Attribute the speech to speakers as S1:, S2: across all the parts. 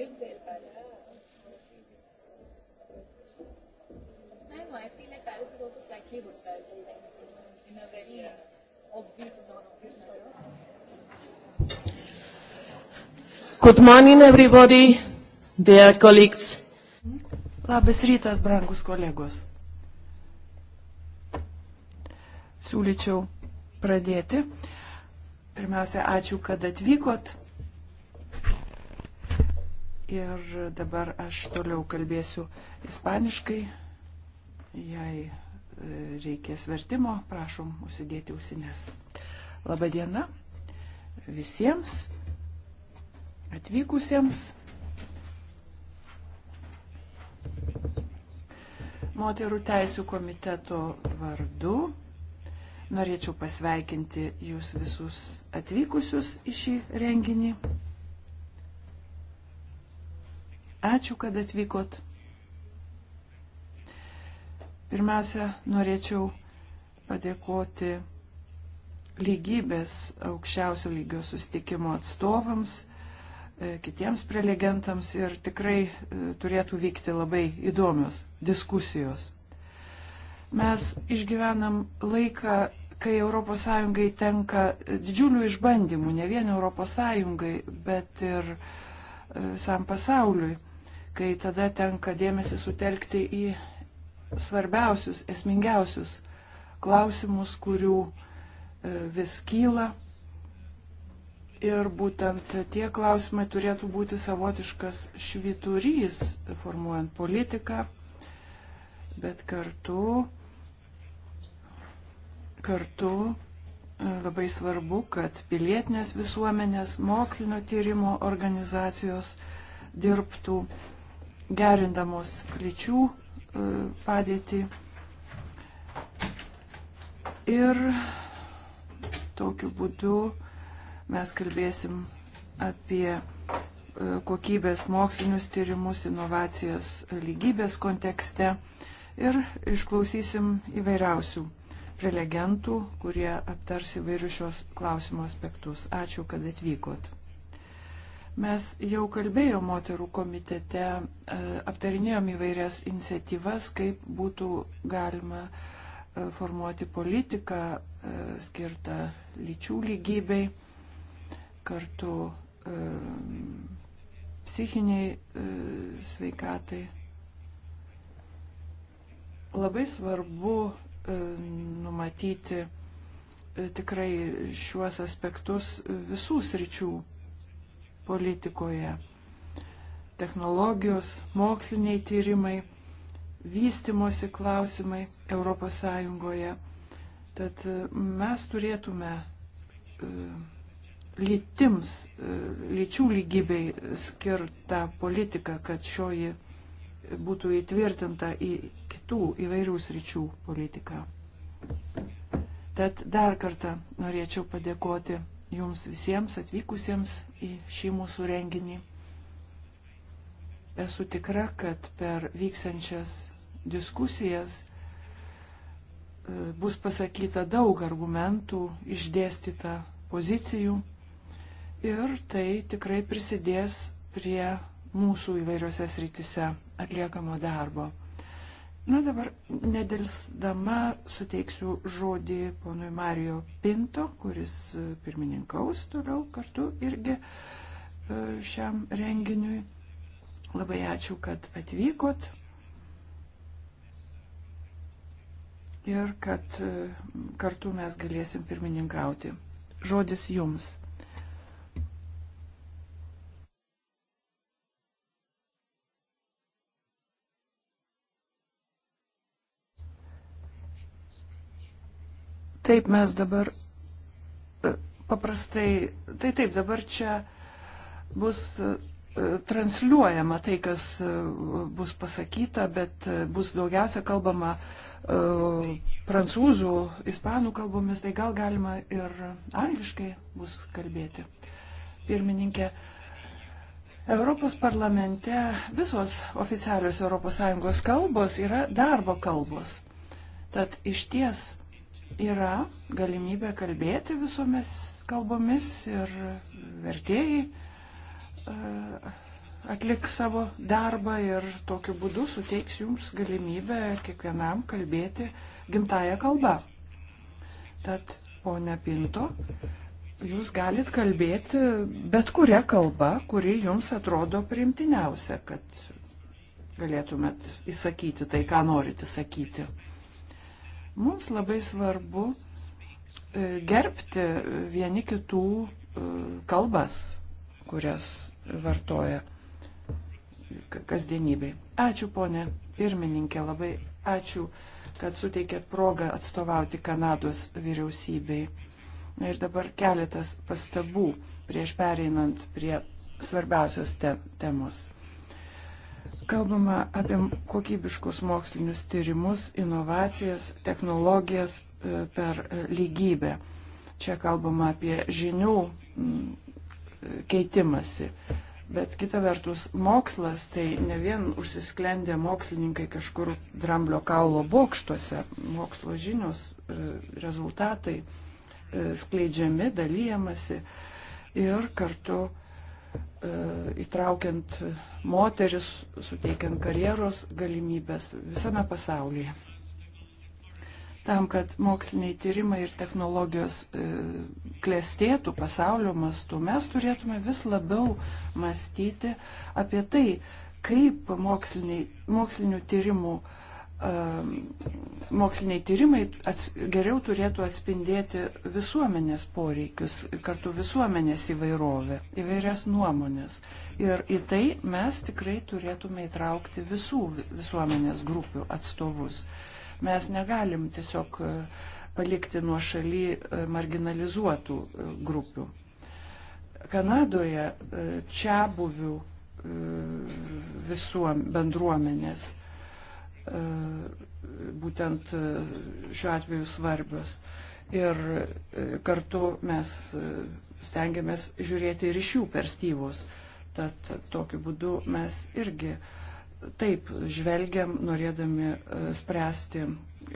S1: lived there for yeah. I
S2: don't know, I feel like Paris is also slightly hostile for its influence in a very yeah. obvious and non-obvious manner. Good morning, everybody, dear colleagues.
S3: Labas rytas, brangus kolegos. Siūlyčiau pradėti. Pirmiausia, ačiū, kad atvykot Ir dabar aš toliau kalbėsiu ispaniškai. Jei e, reikės vertimo, prašom užsidėti ausinės. Labadiena visiems atvykusiems. Moterų teisų komiteto vardu norėčiau pasveikinti jūs visus atvykusius į šį renginį. Ačiū, kad atvykot. Pirmiausia, norėčiau padėkoti lygybės aukščiausio lygio sustikimo atstovams, e, kitiems prelegentams ir tikrai e, turėtų vykti labai įdomios diskusijos. Mes išgyvenam laiką, kai ES tenka didžiulių išbandymų, ne vien ES, bet ir e, visam pasauliui kai tada tenka dėmesį sutelkti į svarbiausius, esmingiausius klausimus, kurių e, vis kyla. Ir būtent tie klausimai turėtų būti savotiškas šviturys, formuojant politiką, bet kartu, kartu e, labai svarbu, kad pilietinės visuomenės, mokslinio tyrimo organizacijos dirbtų gerindamos kličių e, padėtį. Ir tokiu būdu mes kalbėsim apie e, kokybės mokslinius tyrimus, inovacijas lygybės kontekste ir išklausysim įvairiausių prelegentų, kurie aptars įvairius šios klausimo aspektus. Ačiū, kad atvykot. Mes jau kalbėjome moterų komitete, e, aptarinėjom įvairias iniciatyvas, kaip būtų galima e, formuoti politiką e, skirtą lyčių lygybei, kartu psichiniai sveikatai. Labai svarbu numatyti tikrai šiuos aspektus visų sričių politikoje. Technologijos, moksliniai tyrimai, vystimosi klausimai ES. Tad e, mes turėtume e, lytims, e, lyčių lygybei skirtą politiką, kad šioji būtų įtvirtinta į kitų įvairių sričių politiką. Tad dar kartą norėčiau padėkoti jums visiems atvykusiems į šį mūsų renginį. Esu tikra, kad per vyksančias diskusijas e, bus pasakyta daug argumentų, išdėstyta pozicijų ir tai tikrai prisidės prie mūsų įvairiose srityse atliekamo darbo. Na dabar nedelsdama suteiksiu žodį ponui Mario Pinto, kuris e, pirmininkaus toliau kartu irgi e, šiam renginiui. Labai ačiū, kad atvykot ir kad e, kartu mes galėsim pirmininkauti. Žodis jums. Taip mes dabar e, paprastai, tai taip dabar čia bus e, transliuojama tai, kas e, bus pasakyta, bet bus daugiausia kalbama prancūzų, ispanų kalbomis, tai gal galima ir angliškai bus kalbėti. Pirmininkė, Europos parlamente visos oficialios ES kalbos yra darbo kalbos. Tad iš ties yra galimybė kalbėti visomis kalbomis ir vertėjai e, atliks savo darbą ir tokiu būdu suteiks jums galimybę kiekvienam kalbėti gimtają kalbą. Tad, ponia Pinto, jūs galit kalbėti bet kurią kalbą, kuri jums atrodo primtiniausia, kad galėtumėt įsakyti tai, ką norite sakyti. Mums labai svarbu e, gerbti vieni kitų e, kalbas, kurias vartoja kasdienybei. Ačiū, ponė pirmininkė, labai ačiū, kad suteikėt progą atstovauti Kanados vyriausybei. Na ir dabar keletas pastabų prieš pereinant prie svarbiausios te temos. Kalbama apie kokybiškus mokslinius tyrimus, inovacijas, technologijas e, per e, lygybę. Čia kalbama apie žinių e, keitimasi. Bet kita vertus, mokslas tai ne vien užsisklendė mokslininkai kažkur dramblio kaulo bokštuose, mokslo žinios, rezultatai skleidžiami, dalyjamasi ir kartu E, įtraukiant moteris, suteikiant karjeros galimybės visame pasaulyje. Tam, kad moksliniai tyrimai ir technologijos e, klestėtų pasaulio mastu, mes turėtume vis labiau mąstyti apie tai, kaip mokslinių tyrimų uh, Ehm, moksliniai tyrimai ats, geriau turėtų atspindėti visuomenės poreikius, kartu visuomenės įvairovę, įvairias nuomonės. Ir į tai mes tikrai turėtume įtraukti visų visuomenės grupių atstovus. Mes negalim tiesiog e, palikti nuo šaly e, marginalizuotų e, grupių. Kanadoje čia buvių visuom bendruomenės E, būtent e, šiuo atveju svarbios. Ir e, kartu mes stengiamės žiūrėti ir iš jų perstyvos. Tad tokiu būdu mes irgi taip žvelgiam, norėdami spręsti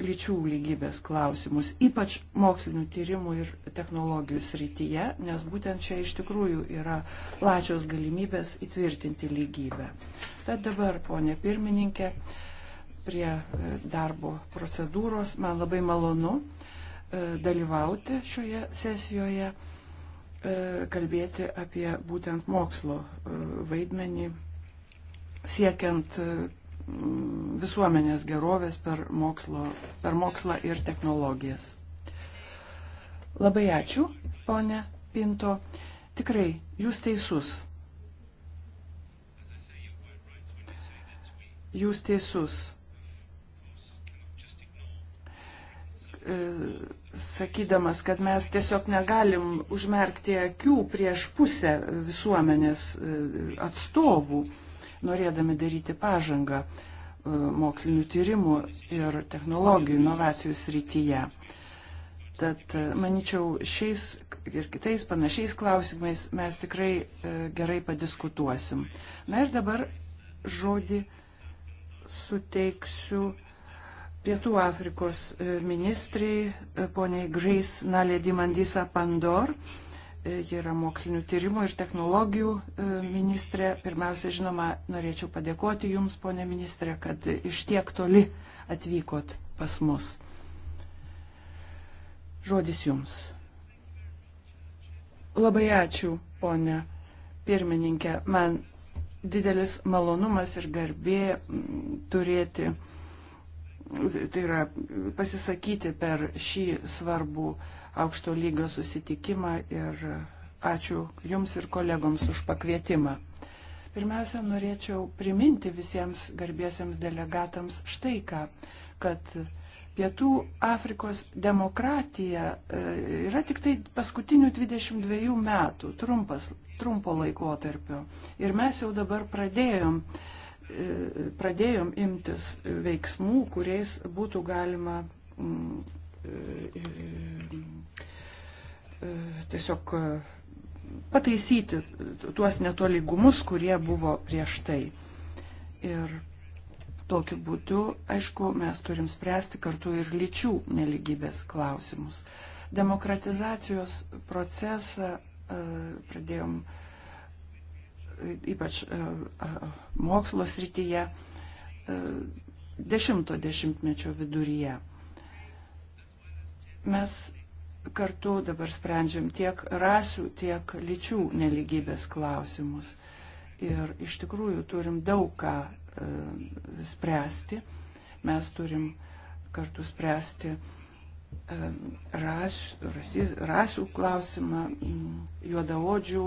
S3: lyčių lygybės klausimus, ypač mokslinių tyrimų ir technologijų srityje, nes būtent čia iš tikrųjų yra plačios galimybės įtvirtinti lygybę. Tad dabar, ponė pirmininkė, prie e, darbo procedūros. Man labai malonu e, dalyvauti šioje sesijoje, e, kalbėti apie būtent mokslo vaidmenį, siekiant visuomenės gerovės per, mokslo, per mokslą ir technologijas. Labai ačiū, ponė Pinto. Tikrai, jūs teisus. Jūs teisus. E, sakydamas, kad mes tiesiog negalim užmerkti akių prieš pusę visuomenės e, atstovų, norėdami daryti pažangą e, mokslinių tyrimų ir technologijų inovacijų srityje. Tad, manyčiau, šiais ir kitais panašiais klausimais mes tikrai gerai padiskutuosim. Na ir dabar žodį suteiksiu Pietų Afrikos e, ministrai, e, poniai Grais Nalė Dimandisa Pandor, e, ji yra mokslinių tyrimų ir technologijų ministrė. Pirmiausia, žinoma, norėčiau padėkoti Jums, ponė ministrė, kad iš tiek toli atvykot pas mus. Žodis Jums. Labai ačiū, ponė pirmininkė. Man didelis malonumas ir garbė turėti tai yra pasisakyti per šį svarbų aukšto lygio susitikimą ir ačiū Jums ir kolegoms už pakvietimą. Pirmiausia, norėčiau priminti visiems garbiesiems delegatams štai ką, kad Pietų Afrikos demokratija e, yra tik tai paskutinių 22 metų, trumpas, trumpo laikotarpio. Ir mes jau dabar pradėjom uh, E, pradėjom imtis veiksmų, kuriais būtų galima mm, e, e, tiesiog pataisyti tuos netoligumus, kurie buvo prieš tai. Ir tokiu būdu, aišku, mes turim spręsti kartu ir lyčių neligybės klausimus. Demokratizacijos procesą pradėjom uh, ypač e, e, mokslo srityje, e, dešimto dešimtmečio viduryje. Mes kartu dabar sprendžiam tiek rasių, tiek lyčių neligybės klausimus. Ir iš tikrųjų turim daug ką spręsti. Mes turim kartu spręsti uh, E, ras, rasis, rasų klausimą, juodaodžių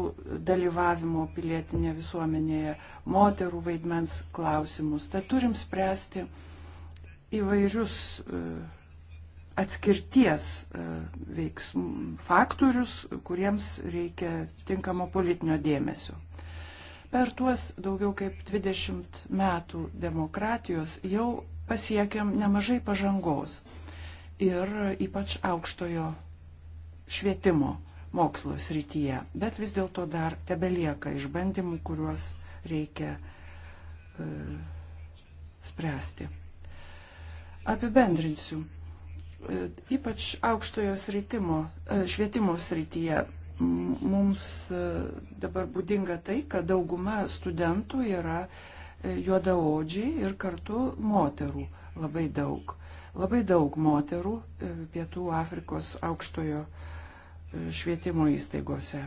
S3: dalyvavimo pilietinėje visuomenėje, moterų vaidmens klausimus. Tad turim spręsti įvairius e, atskirties e, veiksmų faktorius, kuriems reikia tinkamo politinio dėmesio. Per tuos daugiau kaip 20 metų demokratijos jau pasiekėm nemažai pažangos ir ypač aukštojo švietimo mokslo srityje. Bet vis dėlto dar tebelieka išbandymų, kuriuos reikia e, spręsti. Apibendrinsiu. E, ypač aukštojo sritimo, e, švietimo srityje mums e, dabar būdinga tai, kad dauguma studentų yra e, juodaodžiai ir kartu moterų labai daug. Labai daug moterų e, Pietų Afrikos aukštojo e, švietimo įstaigose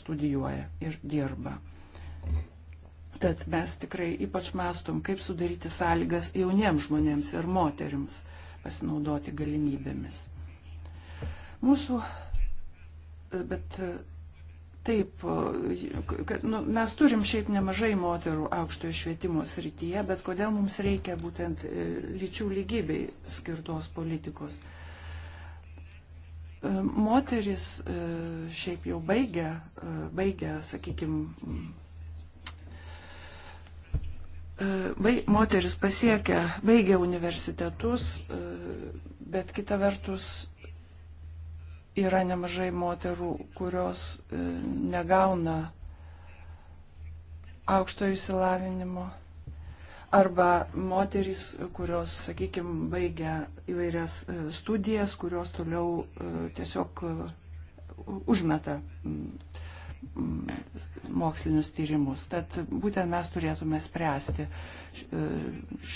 S3: studijuoja ir dirba. Tad mes tikrai ypač mastom, kaip sudaryti sąlygas jauniems žmonėms ir moteriams pasinaudoti galimybėmis. Mūsų, e, bet Taip, kad, nu, mes turim šiaip nemažai moterų aukštojo švietimo srityje, bet kodėl mums reikia būtent e, lyčių lygybei skirtos politikos? E, moteris e, šiaip jau baigia, baigia sakykime, moteris pasiekia, baigia universitetus, bet kita vertus yra nemažai moterų, kurios e, negauna aukšto įsilavinimo arba moterys, kurios, sakykime, baigia įvairias e, studijas, kurios toliau e, tiesiog užmeta mokslinius tyrimus. Tad būtent mes turėtume spręsti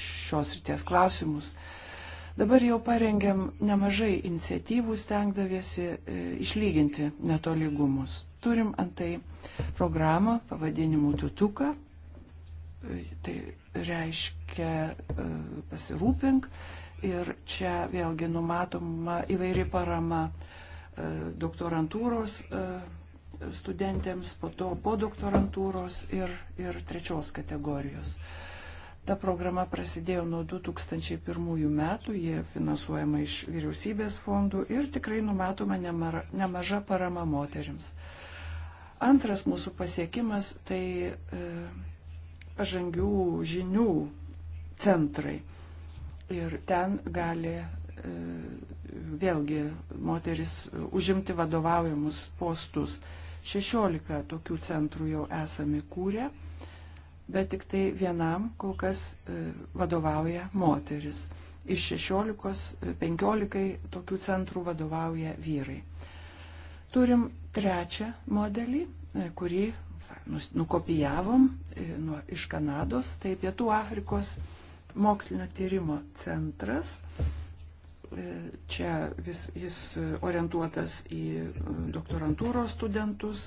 S3: šios ryties klausimus. Dabar jau parengėm nemažai iniciatyvų, stengdavėsi e, išlyginti netolygumus. Turim antai programą pavadinimu Tutuka, e, tai reiškia e, pasirūpink ir čia vėlgi numatoma įvairi parama doktorantūros studentėms, po to po doktorantūros ir, ir trečios kategorijos. Uh, Ta programa prasidėjo nuo 2001 metų, jie finansuojama iš vyriausybės fondų ir tikrai numatoma nemaža parama moteriams. Antras mūsų pasiekimas tai e, pažangių žinių centrai. Ir ten gali e, vėlgi moteris užimti vadovaujamus postus. 16 tokių centrų jau esame kūrę. E, bet tik tai vienam kol kas e, vadovauja moteris. Iš 16-15 e, tokių centrų vadovauja vyrai. Turim trečią modelį, e, kurį nukopijavom nuo, iš Kanados, tai Pietų Afrikos mokslinio tyrimo centras. Čia vis, jis orientuotas į doktorantūros studentus,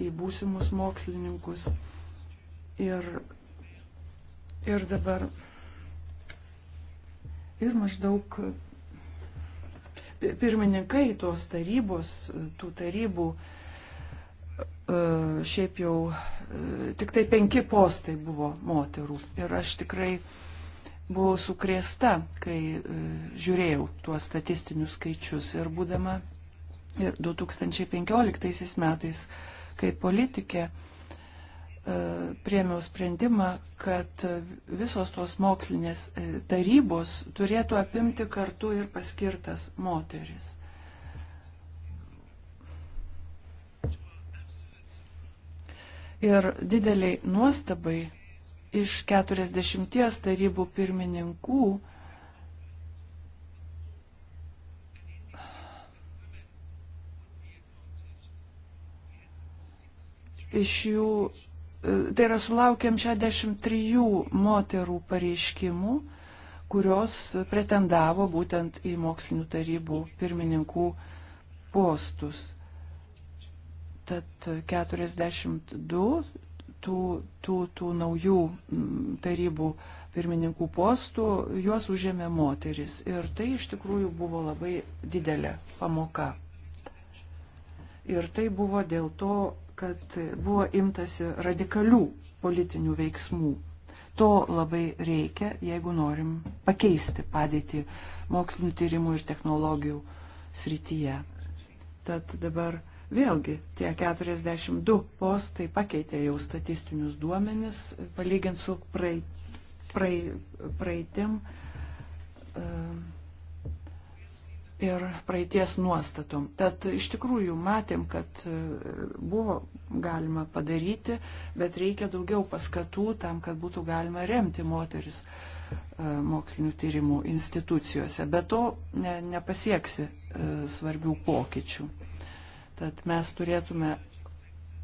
S3: į būsimus mokslininkus. Ir, ir dabar. Ir maždaug pirmininkai tos tarybos, tų tarybų, e, šiaip jau e, tik tai penki postai buvo moterų. Ir aš tikrai buvau sukrėsta, kai e, žiūrėjau tuos statistinius skaičius. Ir būdama ir 2015 metais, kai politikė, E, priemiau sprendimą, kad visos tos mokslinės e, tarybos turėtų apimti kartu ir paskirtas moteris. Ir dideliai nuostabai iš 40 tarybų pirmininkų iš jų tai yra sulaukėm 63 moterų pareiškimų, kurios pretendavo būtent į mokslinių tarybų pirmininkų postus. Tad 42 tų, tų, tų naujų tarybų pirmininkų postų juos užėmė moteris. Ir tai iš tikrųjų buvo labai didelė pamoka. Ir tai buvo dėl to, kad buvo imtasi radikalių politinių veiksmų. To labai reikia, jeigu norim pakeisti padėtį mokslinių tyrimų ir technologijų srityje. Tad dabar vėlgi tie 42 postai pakeitė jau statistinius duomenis, palygint su praeitim. Praeitim ir praeities nuostatom. Tad iš tikrųjų matėm, kad e, buvo galima padaryti, bet reikia daugiau paskatų tam, kad būtų galima remti moteris e, mokslinių tyrimų institucijose. Be to ne, nepasieksi e, svarbių pokyčių. Tad mes turėtume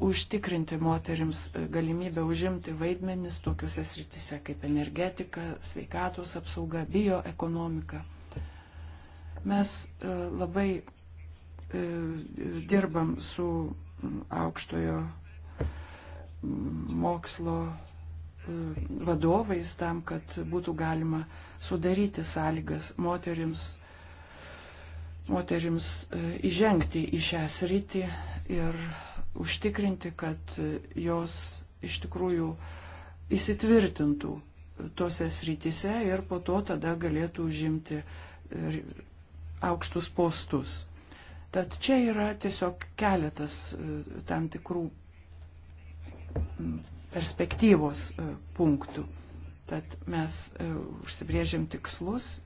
S3: užtikrinti moteriams galimybę užimti vaidmenis tokiuose srityse kaip energetika, sveikatos apsauga, bioekonomika. Mes e, labai e, dirbam su aukštojo mokslo e, vadovais tam, kad būtų galima sudaryti sąlygas moterims, moterims įžengti į šią sritį ir užtikrinti, kad jos iš tikrųjų įsitvirtintų tose srityse ir po to tada galėtų užimti aukštus postus. Tad čia yra tiesiog keletas e, tam tikrų perspektyvos e, punktų. Tad mes e, užsibrėžėm tikslus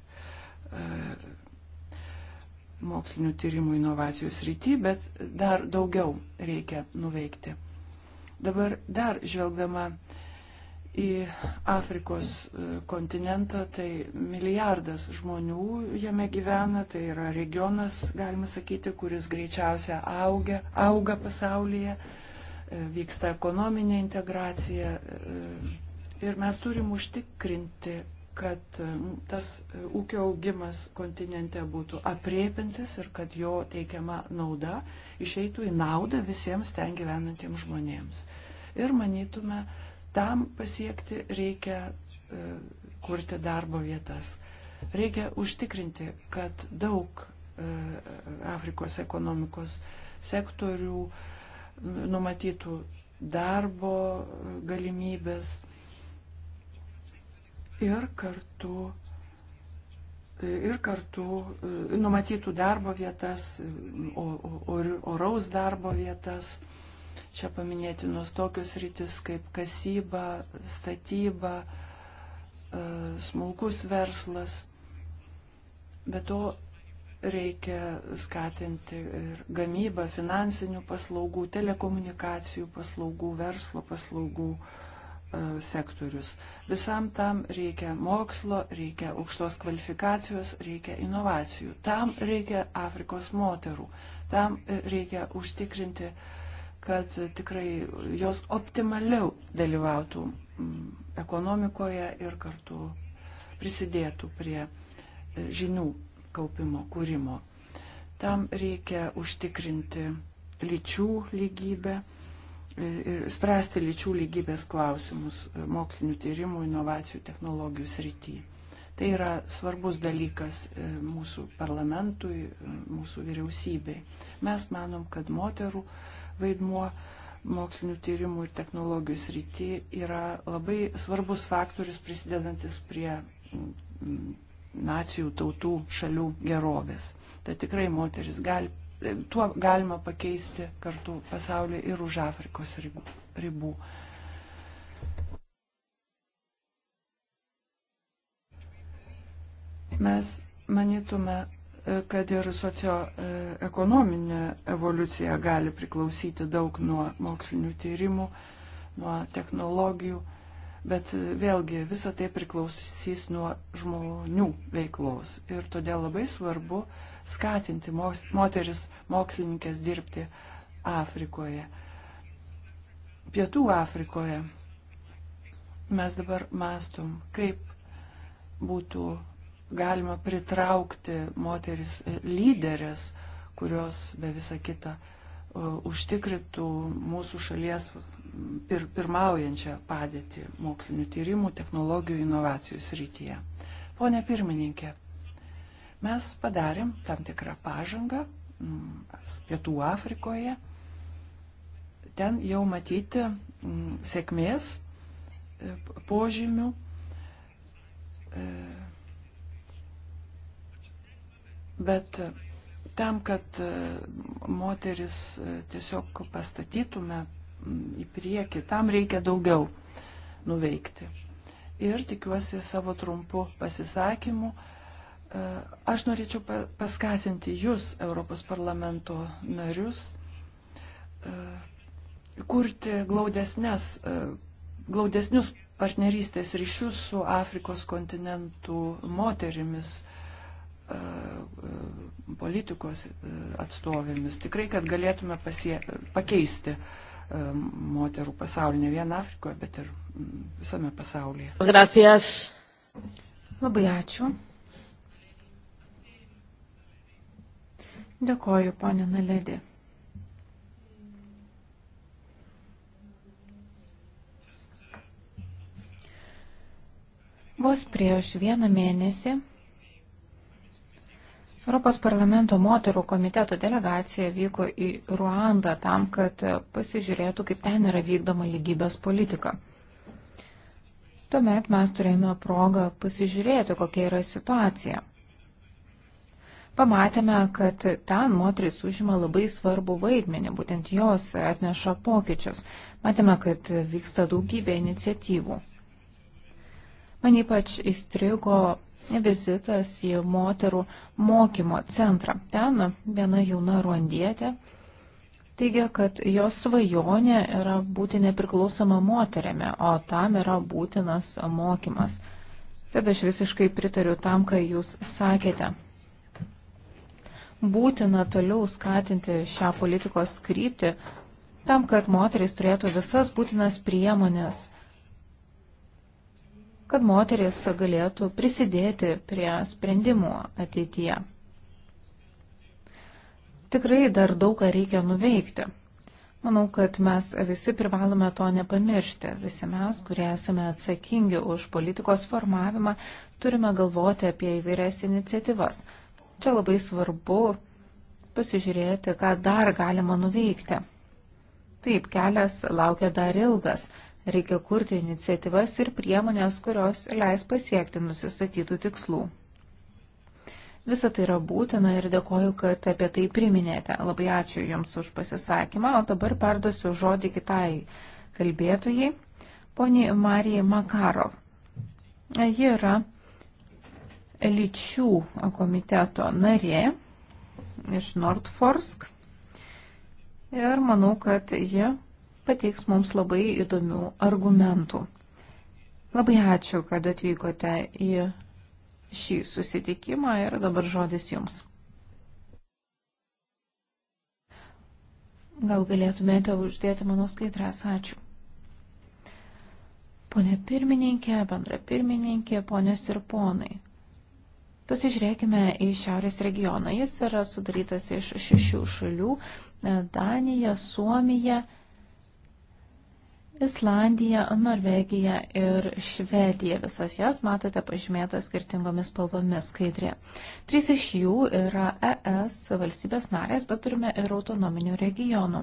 S3: mokslinių tyrimų inovacijų srity, bet dar daugiau reikia nuveikti. Dabar dar žvelgdama į Afrikos e, kontinentą, tai milijardas žmonių jame gyvena, tai yra regionas, galima sakyti, kuris greičiausia auga, auga pasaulyje, e, vyksta ekonominė integracija e, ir mes turim užtikrinti, kad tas ūkio augimas kontinente būtų apriepintis ir kad jo teikiama nauda išeitų į naudą visiems ten gyvenantiems žmonėms. Ir manytume, Tam pasiekti reikia e, kurti darbo vietas. Reikia užtikrinti, kad daug e, Afrikos ekonomikos sektorių numatytų darbo e, galimybės ir kartu, ir kartu numatytų darbo vietas, oraus darbo vietas. Čia paminėtinos tokios rytis kaip kasyba, statyba, e, smulkus verslas. Be to reikia skatinti ir gamybą finansinių paslaugų, telekomunikacijų paslaugų, verslo paslaugų e, sektorius. Visam tam reikia mokslo, reikia aukštos kvalifikacijos, reikia inovacijų. Tam reikia Afrikos moterų. Tam e, reikia užtikrinti uh, kad tikrai jos optimaliau dalyvautų mm, ekonomikoje ir kartu prisidėtų prie e, žinių kaupimo, kūrimo. Tam reikia užtikrinti lyčių lygybę e, ir spręsti lyčių lygybės klausimus e, mokslinių tyrimų, inovacijų, technologijų srityje. Tai yra svarbus dalykas mūsų parlamentui, mūsų vyriausybei. Mes manom, kad moterų uh, vaidmuo mokslinių tyrimų ir technologijų srity yra labai svarbus faktorius prisidedantis prie mm, nacijų, tautų, šalių gerovės. Tai tikrai moteris gali, e, tuo galima pakeisti kartu pasaulį ir už Afrikos ribų. Mes manytume, kad ir socioekonominė evoliucija gali priklausyti daug nuo mokslinių tyrimų, nuo technologijų, bet vėlgi visa tai priklausys nuo žmonių veiklos. Ir todėl labai svarbu skatinti moteris mokslininkės dirbti Afrikoje. Pietų Afrikoje mes dabar mastom, kaip būtų galima pritraukti moteris lyderės, kurios be visą kitą e, užtikrintų mūsų šalies pir, pirmaujančią padėtį mokslinių tyrimų, technologijų, inovacijų srityje. Pone pirmininkė, mes padarėm tam tikrą pažangą mm, Pietų Afrikoje. Ten jau matyti mm, sėkmės e, požymių. E, Bet e, tam, kad e, moteris e, tiesiog pastatytume į priekį, tam reikia daugiau nuveikti. Ir tikiuosi savo trumpu pasisakymu. Aš norėčiau paskatinti jūs, Europos parlamento narius, kurti glaudesnės, glaudesnius partnerystės ryšius su Afrikos kontinentų moterimis E, e, politikos e, atstovėmis, tikrai, kad galėtume pasie, pakeisti moterų pasaulį, ne vien Afrikoje, bet ir visame pasaulyje.
S1: Gracias. Labai ačiū. Dėkoju, ponė Naledė. Vos prieš vieną mėnesį Europos parlamento moterų komiteto delegacija vyko į Ruandą tam, kad pasižiūrėtų, kaip ten yra vykdoma lygybės politika. Tuomet mes turėjome progą pasižiūrėti, kokia yra situacija. Pamatėme, kad ten moteris užima labai svarbu vaidmenį, būtent jos atneša pokyčius. Matėme, kad vyksta daugybė iniciatyvų. Man ypač įstrigo vizitas į moterų mokymo centrą. Ten viena jauna ruandietė teigia, kad jos svajonė yra būti nepriklausoma moterėme, o tam yra būtinas mokymas. Tad aš visiškai pritariu tam, ką jūs sakėte. Būtina toliau skatinti šią politikos kryptį tam, kad moteris turėtų visas būtinas priemonės kad moteris galėtų prisidėti prie sprendimų ateityje. Tikrai dar daug ką reikia nuveikti. Manau, kad mes visi privalome to nepamiršti. Visi mes, kurie esame atsakingi už politikos formavimą, turime galvoti apie įvairias iniciatyvas. Čia labai svarbu pasižiūrėti, ką dar galima nuveikti. Taip, kelias laukia dar ilgas, Reikia kurti iniciatyvas ir priemonės, kurios leis pasiekti nusistatytų tikslų. Visą tai yra būtina ir dėkoju, kad apie tai priminėte. Labai ačiū Jums už pasisakymą, o dabar perduosiu žodį kitai kalbėtojai, poniai Marijai Makarov. Ji yra lyčių komiteto narė iš Nordforsk ir manau, kad ji pateiks mums labai įdomių argumentų. Labai ačiū, kad atvykote į šį susitikimą ir dabar žodis jums. Gal galėtumėte uždėti mano skaidrės. Ačiū. Pone pirmininkė, bendra pirmininkė, ponios ir ponai. Pasižiūrėkime į šiaurės regioną. Jis yra sudarytas iš šešių šalių - Danija, Suomija, Islandija, Norvegija ir Švedija. Visas jas matote pažymėtas skirtingomis spalvomis skaidrė. Trys iš jų yra ES valstybės narės, bet turime ir autonominių regionų.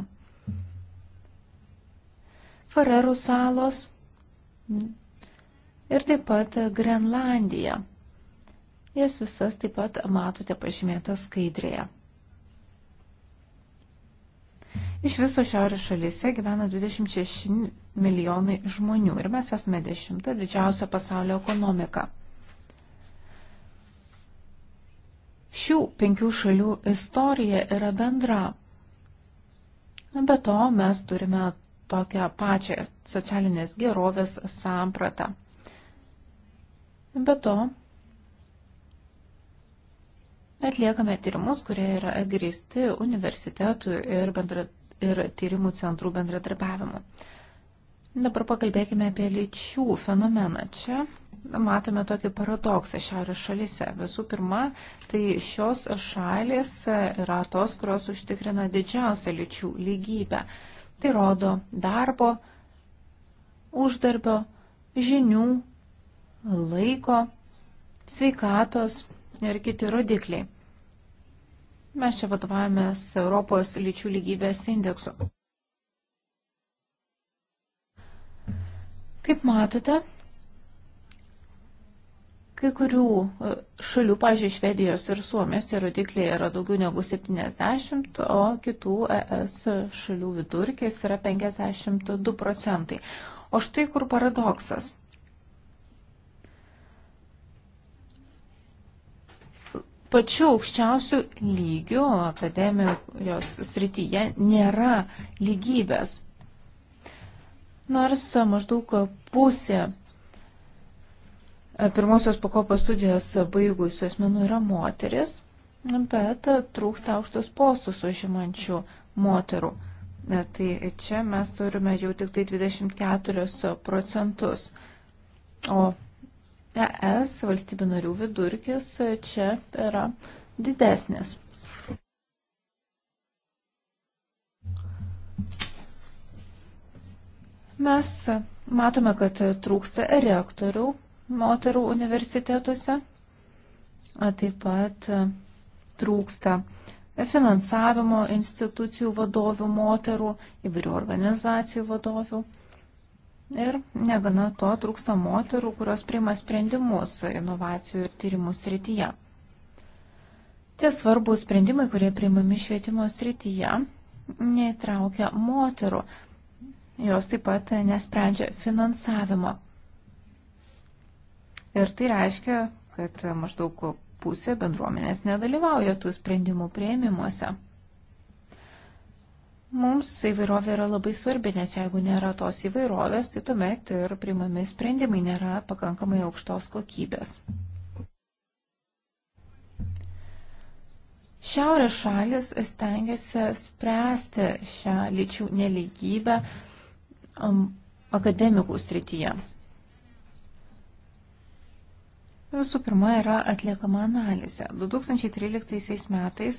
S1: Farerų salos ir taip pat Grenlandija. Jas visas taip pat matote pažymėtas skaidrėje. Iš viso šiaurės šalyse gyvena 26 milijonai žmonių ir mes esame dešimta didžiausia pasaulio ekonomika. Šių penkių šalių istorija yra bendra. Be to mes turime tokią pačią socialinės gerovės sampratą. Be to atliekame tyrimus, kurie yra grįsti universitetų ir, bendra, ir tyrimų centrų bendradarbiavimu. Dabar pakalbėkime apie lyčių fenomeną. Čia matome tokį paradoksą šiaurės šalyse. Visų pirma, tai šios šalis yra tos, kurios užtikrina didžiausią lyčių lygybę. Tai rodo darbo, uždarbio, žinių, laiko, sveikatos ir kiti rodikliai. Mes čia vadovavomės Europos lyčių lygybės indeksu. Kaip matote, kai kurių e, šalių, pažiūrėjau, Švedijos ir Suomijos tie rodikliai yra daugiau negu 70, o kitų ES šalių vidurkis yra 52 procentai. O štai kur paradoksas. pačiu aukščiausiu lygiu akademijos srityje nėra lygybės nors maždaug pusė e, pirmosios pakopos studijas baigusių asmenų yra moteris, bet trūksta aukštus postus užimančių moterų. E, tai čia mes turime jau tik tai 24 procentus, o ES valstybių narių vidurkis e, čia yra
S2: didesnis.
S1: Mes matome, kad trūksta reaktorių moterų universitetuose, taip pat trūksta finansavimo institucijų vadovių moterų, įvairių organizacijų vadovių. Ir negana to trūksta moterų, kurios priima sprendimus inovacijų ir tyrimų srityje. Tie svarbus sprendimai, kurie priimami švietimo srityje, neįtraukia moterų jos taip pat nesprendžia finansavimo. Ir tai reiškia, kad maždaug pusė bendruomenės nedalyvauja tų sprendimų prieimimuose. Mums įvairovė yra labai svarbi, nes jeigu nėra tos įvairovės, tai tuomet ir primami sprendimai nėra pakankamai aukštos kokybės. Šiaurės šalis stengiasi spręsti šią lyčių neligybę akademikų srityje. Visų pirma yra atliekama analizė. 2013 metais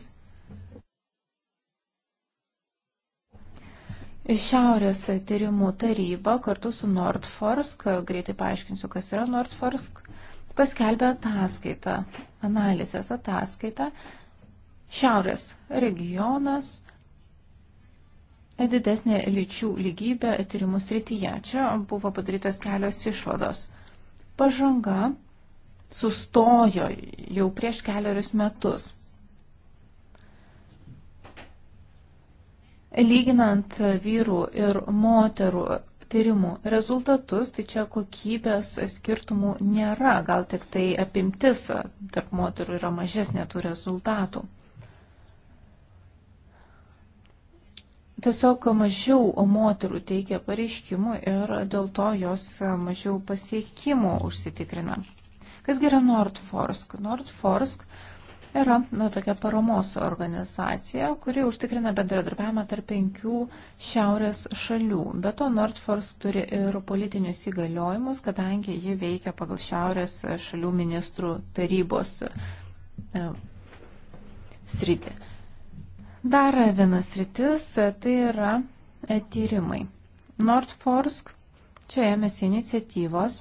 S1: Šiaurės tyrimų taryba kartu su Nordforsk, greitai paaiškinsiu, kas yra Nordforsk, paskelbė ataskaitą, analizės ataskaitą. Šiaurės regionas didesnė lyčių lygybė tyrimų srityje. Čia buvo padarytos kelios išvados. Pažanga sustojo jau prieš keliarius metus. Lyginant vyrų ir moterų tyrimų rezultatus, tai čia kokybės skirtumų nėra, gal tik tai apimtis tarp moterų yra mažesnė tų rezultatų. tiesiog mažiau moterų teikia pareiškimų ir dėl to jos mažiau pasiekimų užsitikrina. Kas yra Nordforsk? Nordforsk yra nu, tokia paramos organizacija, kuri užtikrina bendradarbiavimą tarp penkių šiaurės šalių. Be to, Nordforsk turi ir politinius įgaliojimus, kadangi ji veikia pagal šiaurės šalių ministrų tarybos e, sritį. Dar vienas rytis tai yra e, tyrimai. Nordforsk čia ėmėsi iniciatyvos.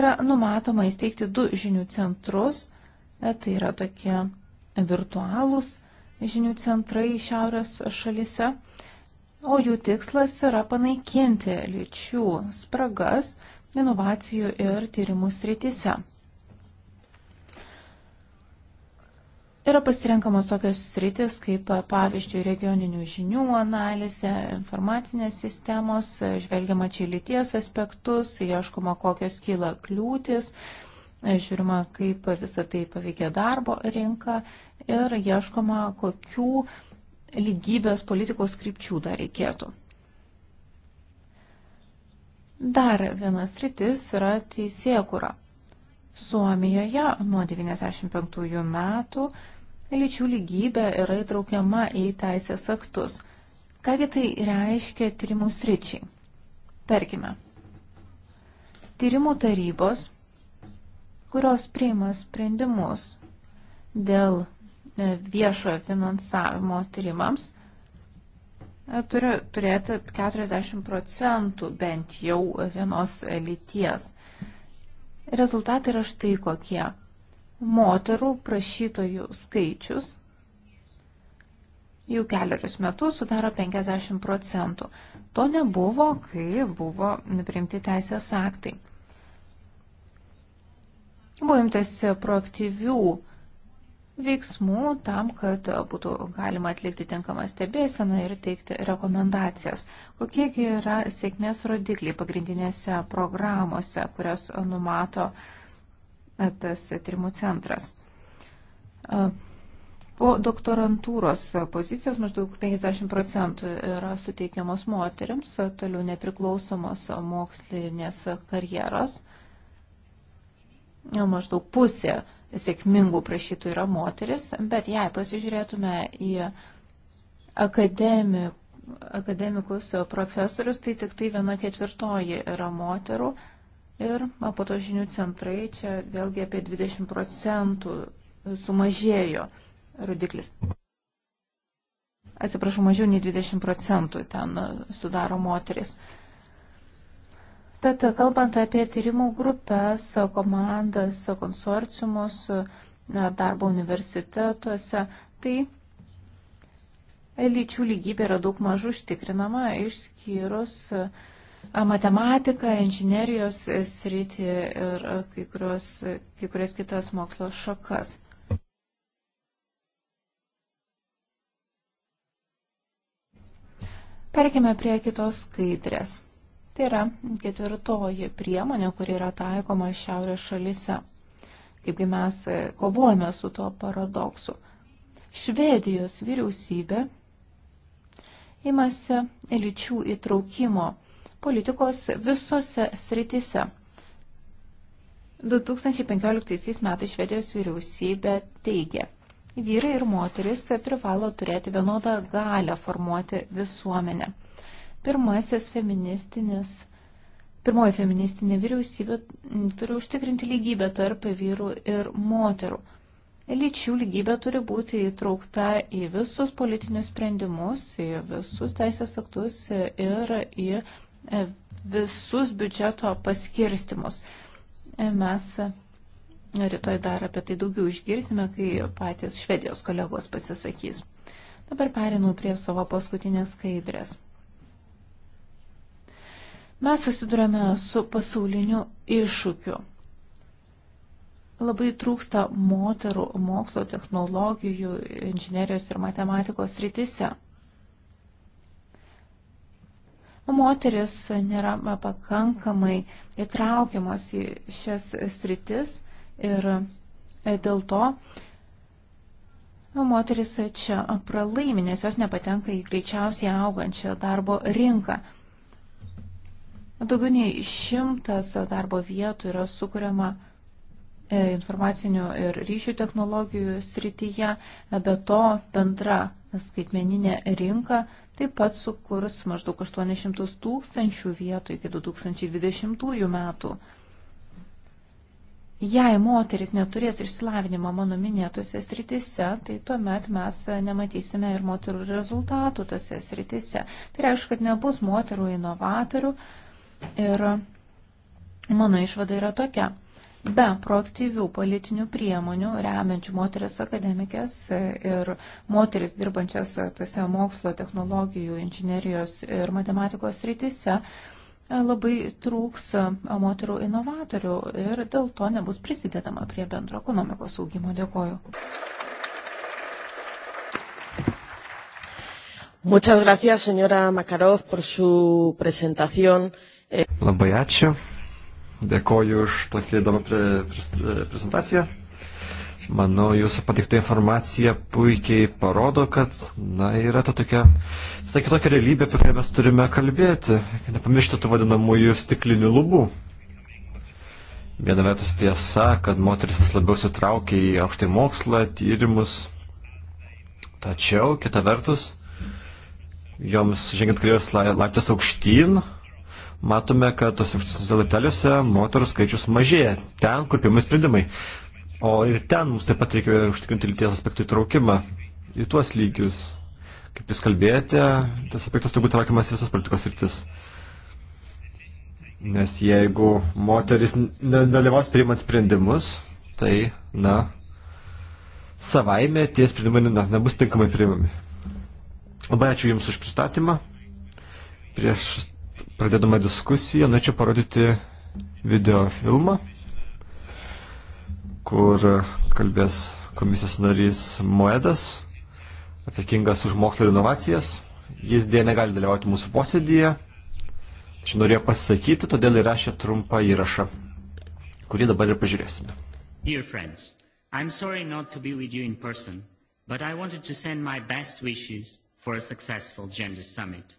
S1: Yra numatoma įsteigti du žinių centrus, e, tai yra tokie virtualūs žinių centrai šiaurės šalyse, o jų tikslas yra panaikinti lyčių spragas inovacijų ir tyrimų srityse. Yra pasirenkamos tokios sritis, kaip pavyzdžiui regioninių žinių analizė, informacinės sistemos, žvelgiama čia lyties aspektus, ieškoma kokios kyla kliūtis, žiūrima, kaip visą tai paveikia darbo rinką ir ieškoma, kokių lygybės politikos krypčių dar reikėtų. Dar vienas rytis yra teisėkura. Suomijoje nuo 1995 metų lyčių lygybė yra įtraukiama į teisės aktus. Kągi tai reiškia tyrimų sričiai? Tarkime, tyrimų tarybos, kurios priima sprendimus dėl e, viešojo finansavimo tyrimams, e, turi turėti 40 procentų bent jau vienos lyties. Rezultatai yra štai kokie moterų prašytojų skaičius jau keliarius metus sudaro 50 procentų. To nebuvo, kai buvo priimti teisės aktai. Buvo imtasi proaktyvių veiksmų tam, kad būtų galima atlikti tinkamą stebėseną ir teikti rekomendacijas. Kokiegi yra sėkmės rodikliai pagrindinėse programuose, kurios numato uh, tas tyrimų centras. Po doktorantūros pozicijos maždaug 50 procentų yra suteikiamos moteriams, toliau nepriklausomos mokslinės karjeros. Maždaug pusė sėkmingų prašytų yra moteris, bet jei pasižiūrėtume į akademik, akademikus profesorius, tai tik tai viena ketvirtoji yra moterų Ir po to žinių centrai čia vėlgi apie 20 procentų sumažėjo rodiklis. Atsiprašau, mažiau nei 20 procentų ten sudaro moteris. Tad kalbant apie tyrimų grupės, komandas, konsorciumus, darbo universitetuose, tai lyčių lygybė yra daug mažų užtikrinama išskyrus uh, matematiką, inžinerijos sritį ir kai, kurios, kai kurias kitas mokslo šakas. Perkime prie kitos skaidrės. Tai yra ketvirtoji priemonė, kuri yra taikoma šiaurės šalise. Kaipgi mes kovojame su tuo paradoksu. Švedijos vyriausybė imasi lyčių įtraukimo politikos visose srityse. 2015 metais Švedijos vyriausybė teigė, vyrai ir moteris privalo turėti vienodą galę formuoti visuomenę. Pirmasis feministinis, pirmoji feministinė vyriausybė turi užtikrinti lygybę tarp vyrų ir moterų. Lyčių lygybė turi būti įtraukta į visus politinius sprendimus, į visus teisės aktus ir į E, visus biudžeto paskirstimus. E, mes e, rytoj dar apie tai daugiau išgirsime, kai patys švedijos kolegos pasisakys. Dabar perinu prie savo paskutinės skaidrės. Mes susidurėme su pasauliniu iššūkiu. Labai trūksta moterų mokslo, technologijų, inžinerijos ir matematikos rytise moteris nėra pakankamai įtraukiamos į šias sritis ir e, dėl to moteris čia pralaimi, nes jos nepatenka į greičiausiai augančią darbo rinką. Daugiau nei šimtas darbo vietų yra sukuriama e, informacinių ir ryšių technologijų srityje, be to bendra skaitmeninė rinka taip pat sukurs maždaug 800 tūkstančių vietų iki 2020 metų. Jei moteris neturės išsilavinimo mano minėtose sritise, tai tuomet mes nematysime ir moterų rezultatų tose sritise. Tai reiškia, kad nebus moterų inovatorių ir mano išvada yra tokia. Be proaktyvių politinių priemonių, remiančių moteris akademikės ir moteris dirbančias tose mokslo, technologijų, inžinerijos ir matematikos rytise, e, labai trūks e, moterų inovatorių ir dėl to nebus prisidedama prie bendro ekonomikos augimo. Dėkoju.
S2: Muchas gracias, señora Makarov, por su presentación.
S4: Labai ačiū. Dėkoju už tokį įdomą prezentaciją. Manau, jūsų patikta informacija puikiai parodo, kad na, yra ta tokia, visai kitokia realybė, apie kurią mes turime kalbėti. Nepamiršti tų vadinamųjų stiklinių lubų. Viena vertus tiesa, kad moteris vis labiau sitraukia į aukštąjį mokslą, tyrimus. Tačiau, kita vertus, joms žengiant karjeros laiptas aukštyn, matome, kad tos laipteliuose moterų skaičius mažėja, ten, kur pirmai sprendimai. O ir ten mums taip pat reikia užtikrinti lyties aspektų įtraukimą į tuos lygius. Kaip jūs kalbėjote, tas aspektas turbūt traukiamas visas politikos rytis. Nes jeigu moteris nedalyvaus priimant sprendimus, tai, na, savaime tie sprendimai na, nebus tinkamai priimami. Labai ačiū Jums už pristatymą. Prieš pradedama diskusija, norėčiau parodyti video filmą, kur kalbės komisijos narys Moedas, atsakingas už mokslo ir inovacijas. Jis dėja negali dalyvauti mūsų posėdėje, tačiau norėjo pasisakyti, todėl įrašė trumpą įrašą, kurį dabar ir pažiūrėsime.
S2: Dear friends, I'm sorry not to be with you in person, but I wanted to send my best wishes for a successful gender summit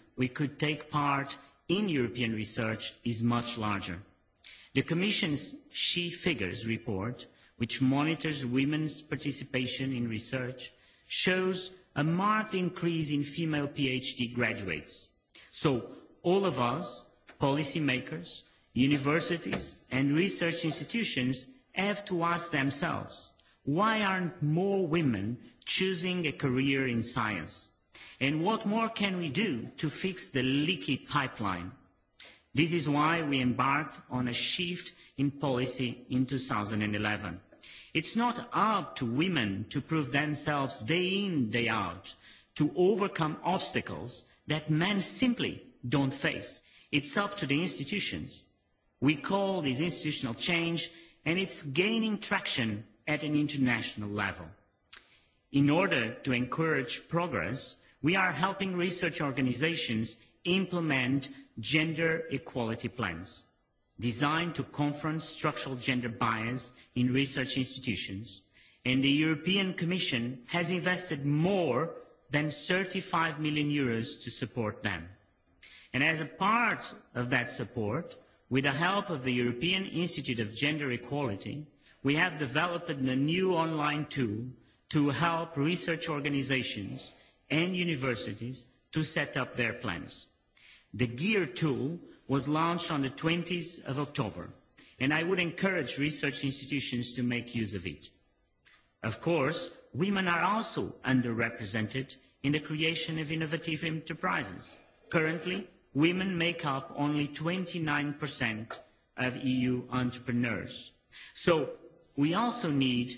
S2: we could take part in European research is much larger. The Commission's She Figures report, which monitors women's participation in research, shows a marked increase in female PhD graduates. So all of us, policymakers, universities and research institutions have to ask themselves, why aren't more women choosing a career in science? And what more can we do to fix the leaky pipeline? This is why we embarked on a shift in policy in 2011. It's not up to women to prove themselves day in, day out, to overcome obstacles that men simply don't face. It's up to the institutions. We call this institutional change, and it's gaining traction at an international level. In order to encourage progress, We are helping research organizations implement gender equality plans designed to confront structural gender bias in research institutions. And the European Commission has invested more than 35 million euros to support them. And as a part of that support, with the help of the European Institute of Gender Equality, we have developed a new online tool to help research organizations and universities to set up their plans. The GEAR tool was launched on the 20th of October, and I would encourage research institutions to make use of it. Of course, women are also underrepresented in the creation of innovative enterprises. Currently, women make up only 29% of EU entrepreneurs. So we also need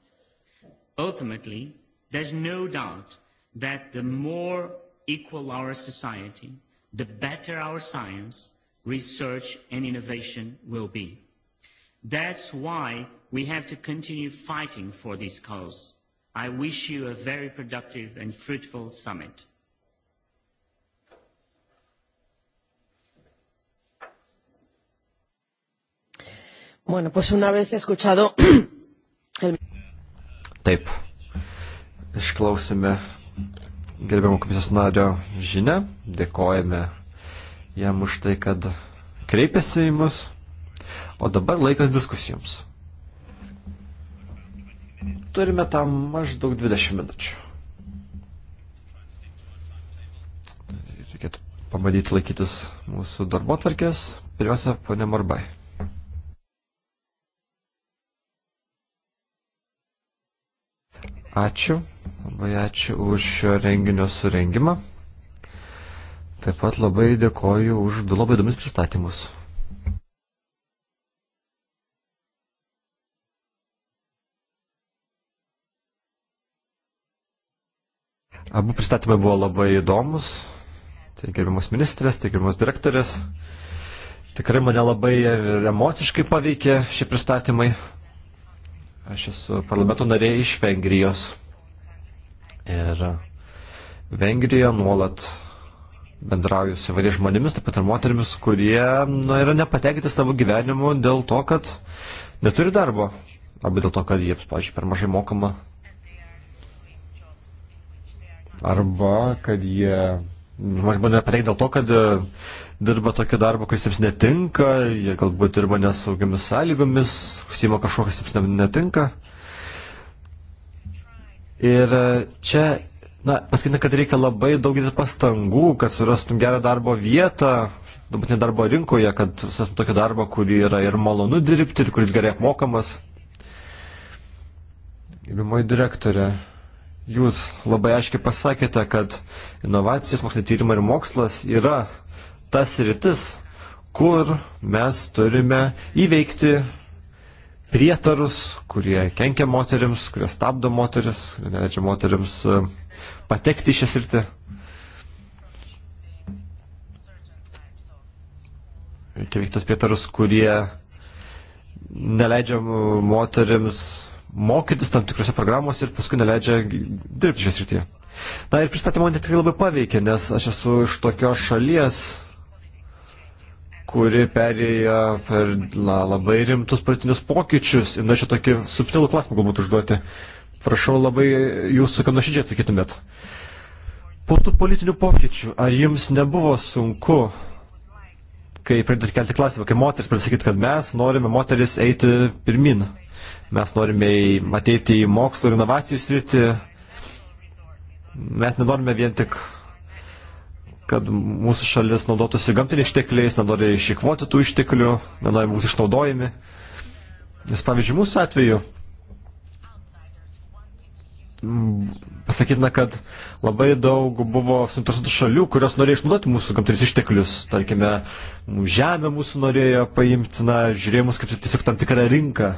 S2: ultimately, there's no doubt that the more equal our society, the better our science, research and innovation will be. That's why we have to continue fighting for this cause. I wish you a very productive and fruitful summit. Bueno, pues una vez escuchado el
S4: Taip. Išklausime gerbiamų komisijos nario žinę. Dėkojame jam už tai, kad kreipėsi į mus. O dabar laikas diskusijoms. Turime tam maždaug 20 minučių. Reikėtų pabandyti laikytis mūsų darbo tvarkės. Pirmiausia, ponė Morbai. Ačiū, labai ačiū už šio renginio surengimą. Taip pat labai dėkoju už du labai įdomius pristatymus. Abu pristatymai buvo labai įdomus. Tai gerbiamas ministrės, tai gerbiamas direktorės. Tikrai mane labai emociškai paveikė šie pristatymai. Aš esu parlamento narė iš Vengrijos. Ir Vengrija nuolat bendrauju su įvairiais žmonėmis, taip pat ir moterimis, kurie nu, yra nepatenkinti savo gyvenimu dėl to, kad neturi darbo. Arba dėl to, kad jiems, pažiūrėjau, per mažai mokama. Arba kad jie žmonės būna pateikti dėl to, kad e, dirba tokį darbą, kuris jiems netinka, jie galbūt dirba nesaugiamis sąlygomis, užsima kažkokas jiems netinka. Ir e, čia, na, pasakyti, kad reikia labai daug pastangų, kad surastum gerą darbo vietą, dabar nedarbo rinkoje, kad surastum tokį darbą, kurį yra ir malonu dirbti, ir kuris gerai apmokamas. Gerimoji direktorė. Jūs labai aiškiai pasakėte, kad inovacijos, mokslinio tyrimai ir mokslas yra tas rytis, kur mes turime įveikti prietarus, kurie kenkia moteriams, kurie stabdo moteris, neleidžia moteriams e, patekti į šią sritį. Reikia veikti tos prietarus, kurie neleidžia moteriams mokytis tam tikrose programuose ir paskui neleidžia dirbti šią srityje. Na ir pristatymą man tikrai labai paveikė, nes aš esu iš tokios šalies, kuri perėjo per la, labai rimtus politinius pokyčius. Ir norėčiau tokį subtilų klausimą galbūt užduoti. Prašau labai jūsų, kad nuoširdžiai atsakytumėt. Po tų politinių pokyčių, ar jums nebuvo sunku kai pradėtų kelti klausimą, kai moteris pradėtų sakyti, kad mes norime moteris eiti pirmin. Mes norime ateiti į mokslo ir inovacijų sritį. Mes nenorime vien tik, kad mūsų šalis naudotųsi gamtiniais ištekliais, nenori išikvoti tų išteklių, nenori būti išnaudojami. Nes pavyzdžiui, mūsų atveju Mm, pasakytina, kad labai daug buvo suinteresuotų šalių, kurios norėjo išnaudoti mūsų gamtinius išteklius. Tarkime, nu, žemę mūsų norėjo paimti, na, žiūrėjo mus kaip tiesiog tam tikrą rinką.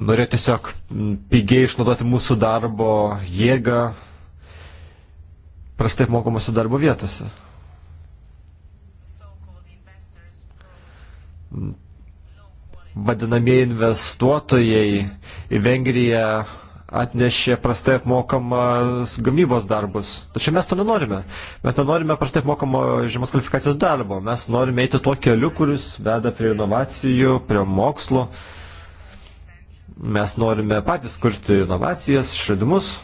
S4: Norėjo tiesiog mm, pigiai išnaudoti mūsų darbo jėgą, prastai mokomasi darbo vietose. Mm, vadinamieji investuotojai į Vengriją atnešė prastai apmokamas gamybos darbus. Tačiau mes to nenorime. Mes nenorime prastai apmokamo žemos kvalifikacijos darbo. Mes norime eiti tuo keliu, kuris veda prie inovacijų, prie mokslo. Mes norime patys kurti inovacijas, išradimus.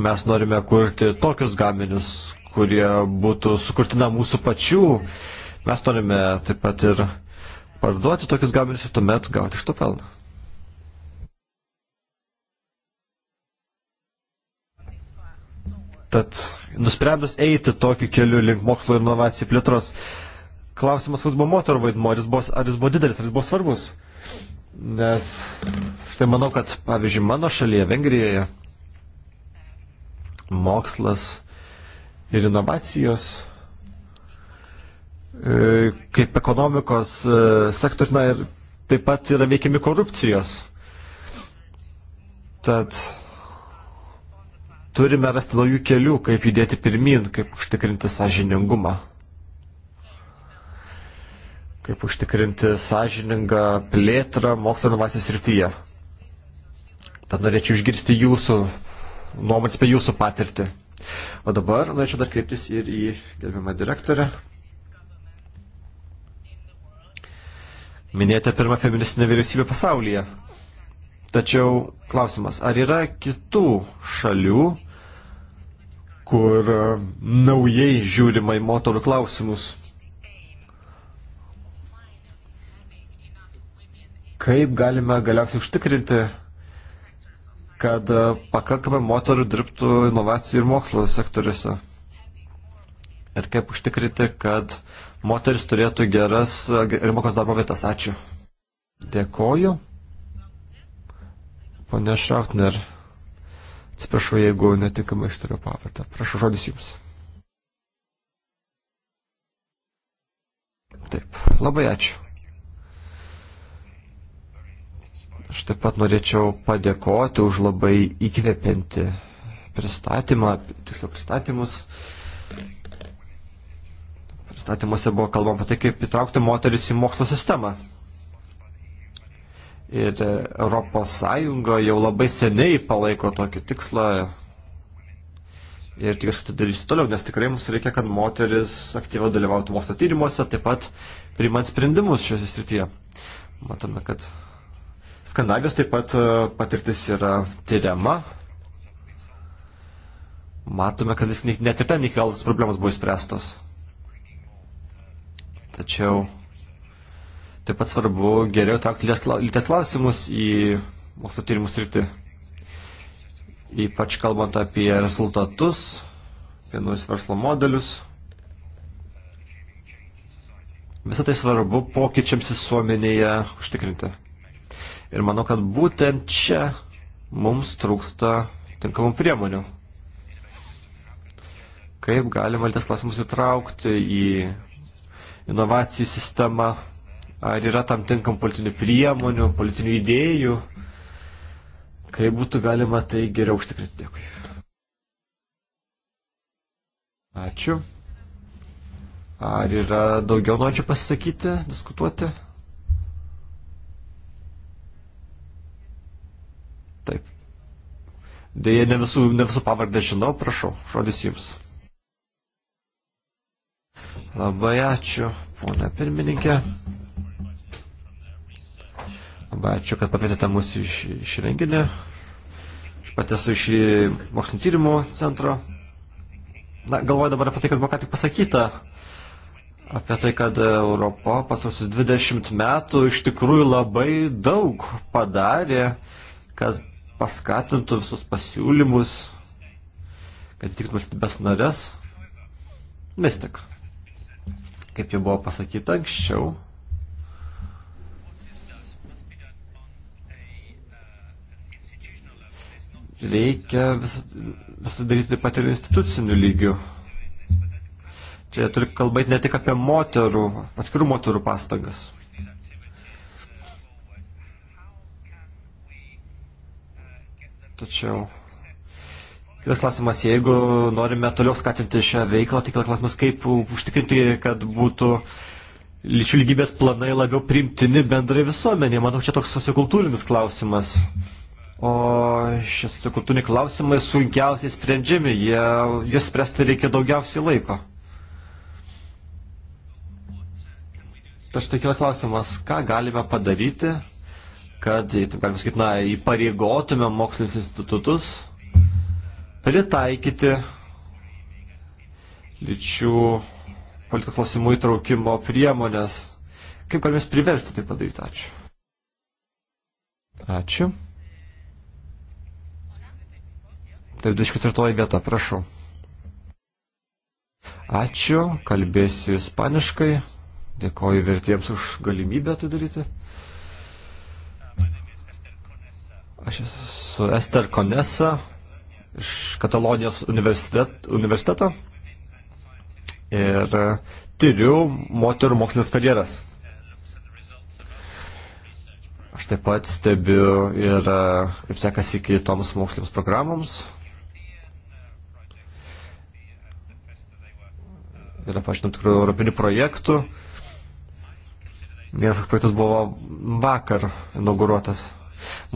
S4: Mes norime kurti tokius gaminius, kurie būtų sukurti na mūsų pačių. Mes norime taip pat ir parduoti tokius gaminius ir tuomet gauti iš to pelną. Tad nusprendus eiti tokiu keliu link mokslo ir inovacijų plėtros, klausimas, koks buvo moterų vaidmo, ar jis buvo, ar jis buvo didelis, ar jis buvo svarbus. Nes štai manau, kad pavyzdžiui mano šalyje, Vengrijoje, mokslas ir inovacijos E, kaip ekonomikos e, sektorius, na ir taip pat yra veikiami korupcijos. Tad turime rasti naujų kelių, kaip judėti pirmin, kaip užtikrinti sąžiningumą, kaip užtikrinti sąžiningą plėtrą mokslo inovacijos rytyje. Tad norėčiau išgirsti jūsų nuomonės apie jūsų patirtį. O dabar norėčiau dar kreiptis ir į gerbimą direktorę, Minėjote pirmą feministinę vyriausybę pasaulyje. Tačiau klausimas, ar yra kitų šalių, kur e, naujai žiūrima į moterų klausimus? Kaip galime galiausiai užtikrinti, kad e, pakankamai moterų dirbtų inovacijų ir mokslo sektoriuose? Ir kaip užtikrinti, kad moteris turėtų geras ir mokas darbo vietas. Ačiū. Dėkoju. Pone Šrautner, atsiprašau, jeigu netinkamai ištariu pavardę. Prašau žodis jums. Taip, labai ačiū. Aš taip pat norėčiau padėkoti už labai įkvepiantį pristatymą, tiksliau pristatymus. Uh, įstatymuose buvo kalbama apie tai, kaip įtraukti moteris į mokslo sistemą. Ir Europos Sąjunga jau labai seniai palaiko tokį tikslą. Ir tikiuosi, kad tai darysiu toliau, nes tikrai mums reikia, kad moteris aktyviau dalyvautų mokslo tyrimuose, taip pat priimant sprendimus šioje srityje. Matome, kad Skandinavijos taip pat e, patirtis yra tyriama. Matome, kad net ir ten iki galo problemos buvo įspręstos. Tačiau taip pat svarbu geriau traukti lyties klausimus į mokslo tyrimų sritį. Ypač kalbant apie rezultatus, apie naujus verslo modelius. Visą tai svarbu pokyčiams visuomenėje užtikrinti. Ir manau, kad būtent čia mums trūksta tinkamų priemonių. Kaip galima lyties klausimus įtraukti į inovacijų sistemą, ar yra tam tinkam politinių priemonių, politinių idėjų, kaip būtų galima tai geriau užtikrinti. Dėkui. Ačiū. Ar yra daugiau norinčių pasisakyti, diskutuoti? Taip. Deja, ne visų, ne visų pavardę žinau, prašau, žodis jums. Labai ačiū, ponė pirmininkė. Labai ačiū, kad pakvietėte mus iš, iš renginį. Aš pati esu iš mokslinio tyrimų centro. Na, galvoju dabar apie tai, kas buvo ką tik pasakyta. Apie tai, kad Europa pastarusius 20 metų iš tikrųjų labai daug padarė, kad paskatintų visus pasiūlymus, kad įtiktų valstybės narės. Vis tik. Kaip jau buvo pasakyta anksčiau, reikia visą vis daryti taip pat ir instituciniu lygiu. Čia turi kalbėti ne tik apie moterų, atskirų moterų pastangas. Tačiau Kitas klausimas, jeigu norime toliau skatinti šią veiklą, tai klausimas, kaip užtikrinti, kad būtų lyčių lygybės planai labiau priimtini bendrai visuomenė. Manau, čia toks sociokultūrinis klausimas. O šie sociokultūriniai klausimai sunkiausiai sprendžiami, jie, jie spręsti reikia daugiausiai laiko. Tad štai kila klausimas, ką galime padaryti, kad, taip galima sakyti, na, įpareigotume mokslinius institutus pritaikyti lyčių politikos klausimų įtraukimo priemonės. Kaip galime priversti tai padaryti? Ačiū. Ačiū. Taip, 24 vieta, prašau. Ačiū, kalbėsiu ispaniškai. Dėkoju vertiems už galimybę tai daryti. Aš esu Ester Konesa, iš Katalonijos universitet, universiteto ir e, tyriu moterų mokslinės karjeras. Aš taip pat stebiu ir e, kaip sekasi kitoms mokslinėms programoms. Yra pažinam tikrų europinių projektų. Vienas projektas buvo vakar inauguruotas.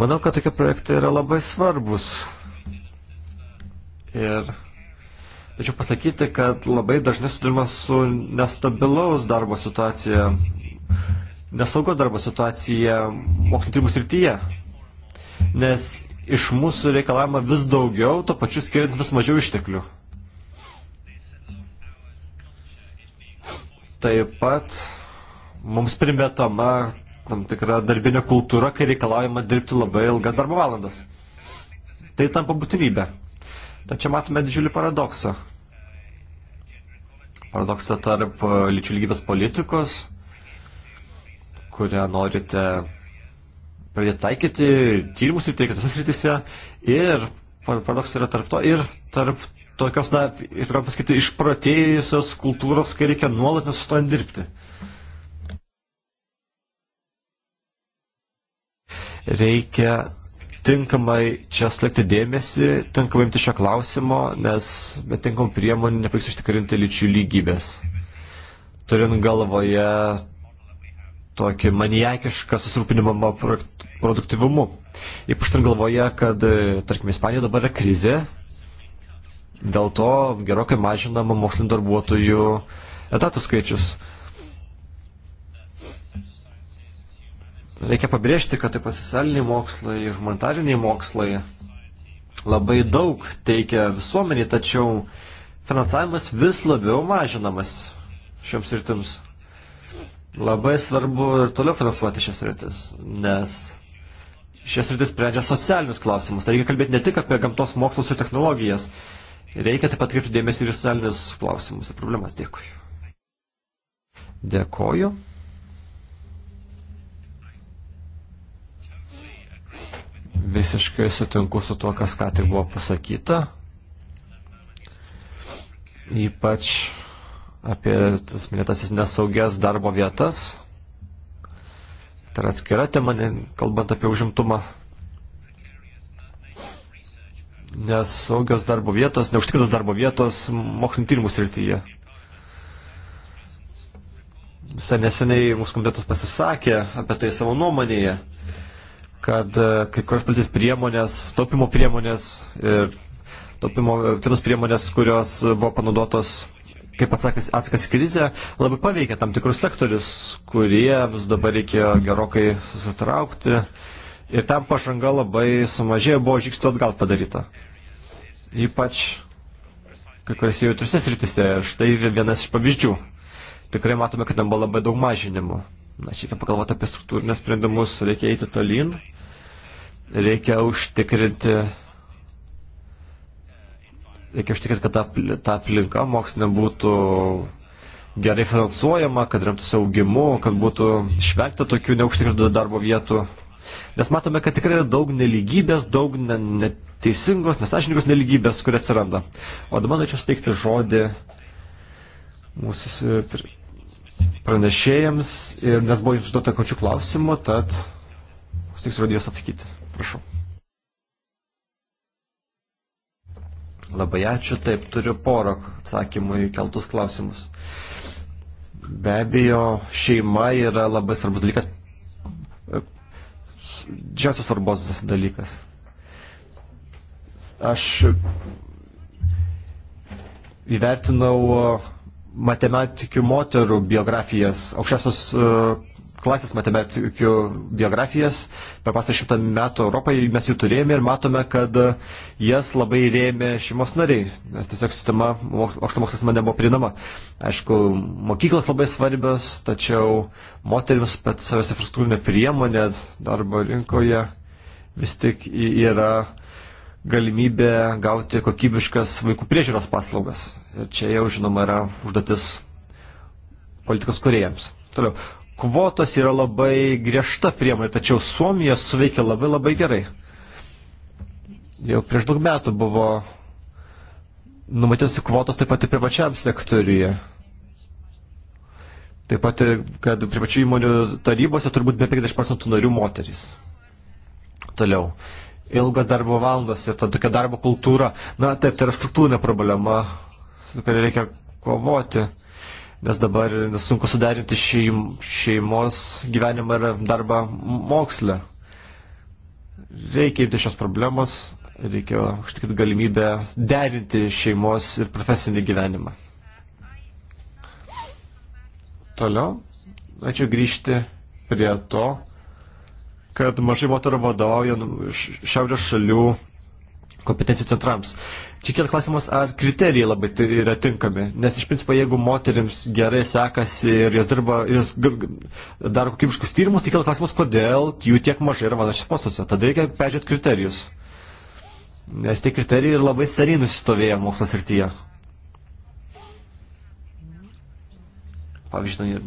S4: Manau, kad tokie projektai yra labai svarbus Ir tačiau pasakyti, kad labai dažnai sudurima su nestabilaus darbo situacija, nesaugos darbo situacija mokslo tyrimų srityje. Nes iš mūsų reikalavimą vis daugiau, to pačiu skiriant vis mažiau išteklių. Taip pat mums primetama tam tikra darbinė kultūra, kai reikalaujama dirbti labai ilgas darbo valandas. Tai tampa būtinybė. Tačiau matome didžiulį paradoksą. Paradoksą tarp e, lyčių lygybės politikos, kurią norite pradėti taikyti tyrimus ir tai kitose srityse, ir paradoksas yra tarp to, ir tarp tokios, na, jis galima pasakyti, išpratėjusios kultūros, kai reikia nuolat nesustojant dirbti. Reikia tinkamai čia slėgti dėmesį, tinkamai imti šio klausimo, nes be tinkamų priemonių nepavyks užtikrinti lyčių lygybės. Turint galvoje tokį manijakišką susirūpinimą produktivumu. Ypač turint galvoje, kad, tarkim, Ispanija dabar yra krizė, dėl to gerokai mažinama mokslinio darbuotojų etatų skaičius. Reikia pabrėžti, kad taip pat socialiniai mokslai ir humanitariniai mokslai labai daug teikia visuomeniai, tačiau finansavimas vis labiau mažinamas šioms rytims. Labai svarbu ir toliau finansuoti šias rytis, nes šias rytis sprendžia socialinius klausimus. Tai reikia kalbėti ne tik apie gamtos mokslus ir technologijas, reikia taip pat kreipti dėmesį ir socialinius klausimus ir problemas. Dėkui. Dėkoju. Visiškai sutinku su tuo, kas ką tik buvo pasakyta. Ypač apie tas minėtasis nesaugias darbo vietas. Tai yra atskira tema, kalbant apie užimtumą. Nesaugios darbo vietos, neužtikrintos darbo vietos mokslinio tyrimų srityje. Visai neseniai mūsų komitetas pasisakė apie tai savo nuomonėje kad e, kai kurios politinės priemonės, taupimo priemonės ir e, taupimo e, kitos priemonės, kurios buvo panaudotos kaip atsakas, atsakas krizė, labai paveikė tam tikrus sektorius, kurie vis dabar reikėjo gerokai susitraukti. Ir tam pažanga labai sumažėjo, buvo žingsnių atgal padaryta. Ypač kai kuriuose jautriuose srityse. Štai vienas iš pavyzdžių. Tikrai matome, kad ten buvo labai daug mažinimų. Na, čia reikia pagalvoti apie struktūrinės sprendimus, reikia eiti tolyn, reikia užtikrinti, reikia užtikrinti, kad ta, ta aplinka mokslinė būtų gerai finansuojama, kad remtųsi augimu, kad būtų išvengta tokių neužtikrintų darbo vietų. Nes matome, kad tikrai yra daug neligybės, daug ne, neteisingos, nesažininkos neligybės, kurie atsiranda. O dabar norėčiau suteikti žodį mūsų pranešėjams, ir, nes buvo jums užduota kočių klausimų, tad sutiksiu rodėjus atsakyti. Prašau. Labai ačiū, taip, turiu porą atsakymų į keltus klausimus. Be abejo, šeima yra labai svarbus dalykas, didžiausios svarbos dalykas. Aš įvertinau matematikių moterų biografijas, aukščiausios e, klasės matematikių biografijas. Per pastarą šimtą metų Europoje mes jų turėjome ir matome, kad jas labai rėmė šeimos nariai, nes tiesiog sistema, aukšto mokslas man nebuvo prieinama. Aišku, mokyklos labai svarbios, tačiau moteriams pat savęs infrastruktūrinė priemonė darbo rinkoje vis tik yra galimybė gauti kokybiškas vaikų priežiūros paslaugas. Ir čia jau, žinoma, yra užduotis politikos kuriejams. Toliau. Kvotos yra labai griežta priemonė, tačiau Suomija suveikia labai labai gerai. Jau prieš daug metų buvo numatytos kvotos taip pat ir privačiam sektoriuje. Taip pat, kad privačių įmonių tarybose turbūt be 50 procentų narių moterys. Toliau ilgas darbo valandos ir ta tokia darbo kultūra. Na taip, tai yra struktūrinė problema, su kuria reikia kovoti, nes dabar nesunku suderinti šeim, šeimos gyvenimą ir darbą mokslę. Reikia imti šios problemos, reikia užtikrinti galimybę derinti šeimos ir profesinį gyvenimą. Toliau, ačiū grįžti prie to, kad mažai moterų vadovauja šiaurės šalių kompetencijų centrams. Čia kiek klausimas, ar kriterijai labai yra tinkami, nes iš principo, jeigu moteriams gerai sekasi ir jos dirba, jos daro kokybiškus tyrimus, tai kiek klausimas, kodėl jų tiek mažai yra mano šiuose postuose. Tada reikia peržiūrėti kriterijus. Nes tie kriterijai ir labai seniai nusistovėjo mokslo srityje. Pavyzdžiui,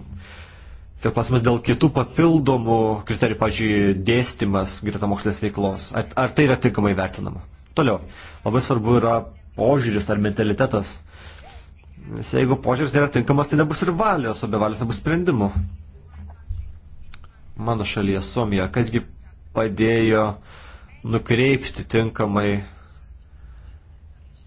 S4: Kad klausimas dėl kitų papildomų kriterijų, pavyzdžiui, dėstymas greta mokslinės veiklos. Ar, ar tai yra tinkamai vertinama? Toliau. Labai svarbu yra požiūris ar mentalitetas. Nes jeigu požiūris nėra tinkamas, tai nebus ir valios, o be valios nebus sprendimų. Mano šalyje, Suomija, kasgi padėjo nukreipti tinkamai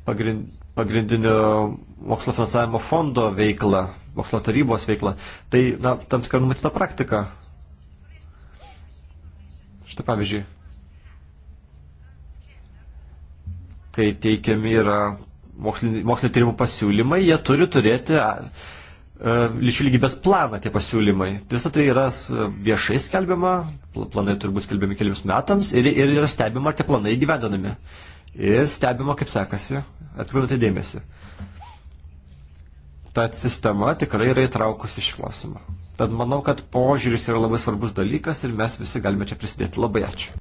S4: pagrind pagrindinio mokslo finansavimo fondo veiklą, mokslo tarybos veiklą. Tai, na, tam tikra numatyta praktika. Štai pavyzdžiui, kai teikiami yra mokslinio tyrimų pasiūlymai, jie turi turėti a, a, e, lyčių lygybės planą tie pasiūlymai. Visą tai yra viešai skelbiama, planai turi būti skelbiami keliams metams ir, ir yra stebima, ar tie planai gyvendinami ir stebima, kaip sekasi, atkreipti dėmesį. Tad sistema tikrai yra įtraukusi šį klausimą. Tad manau, kad požiūris yra labai svarbus dalykas ir mes visi galime čia prisidėti.
S3: Labai ačiū.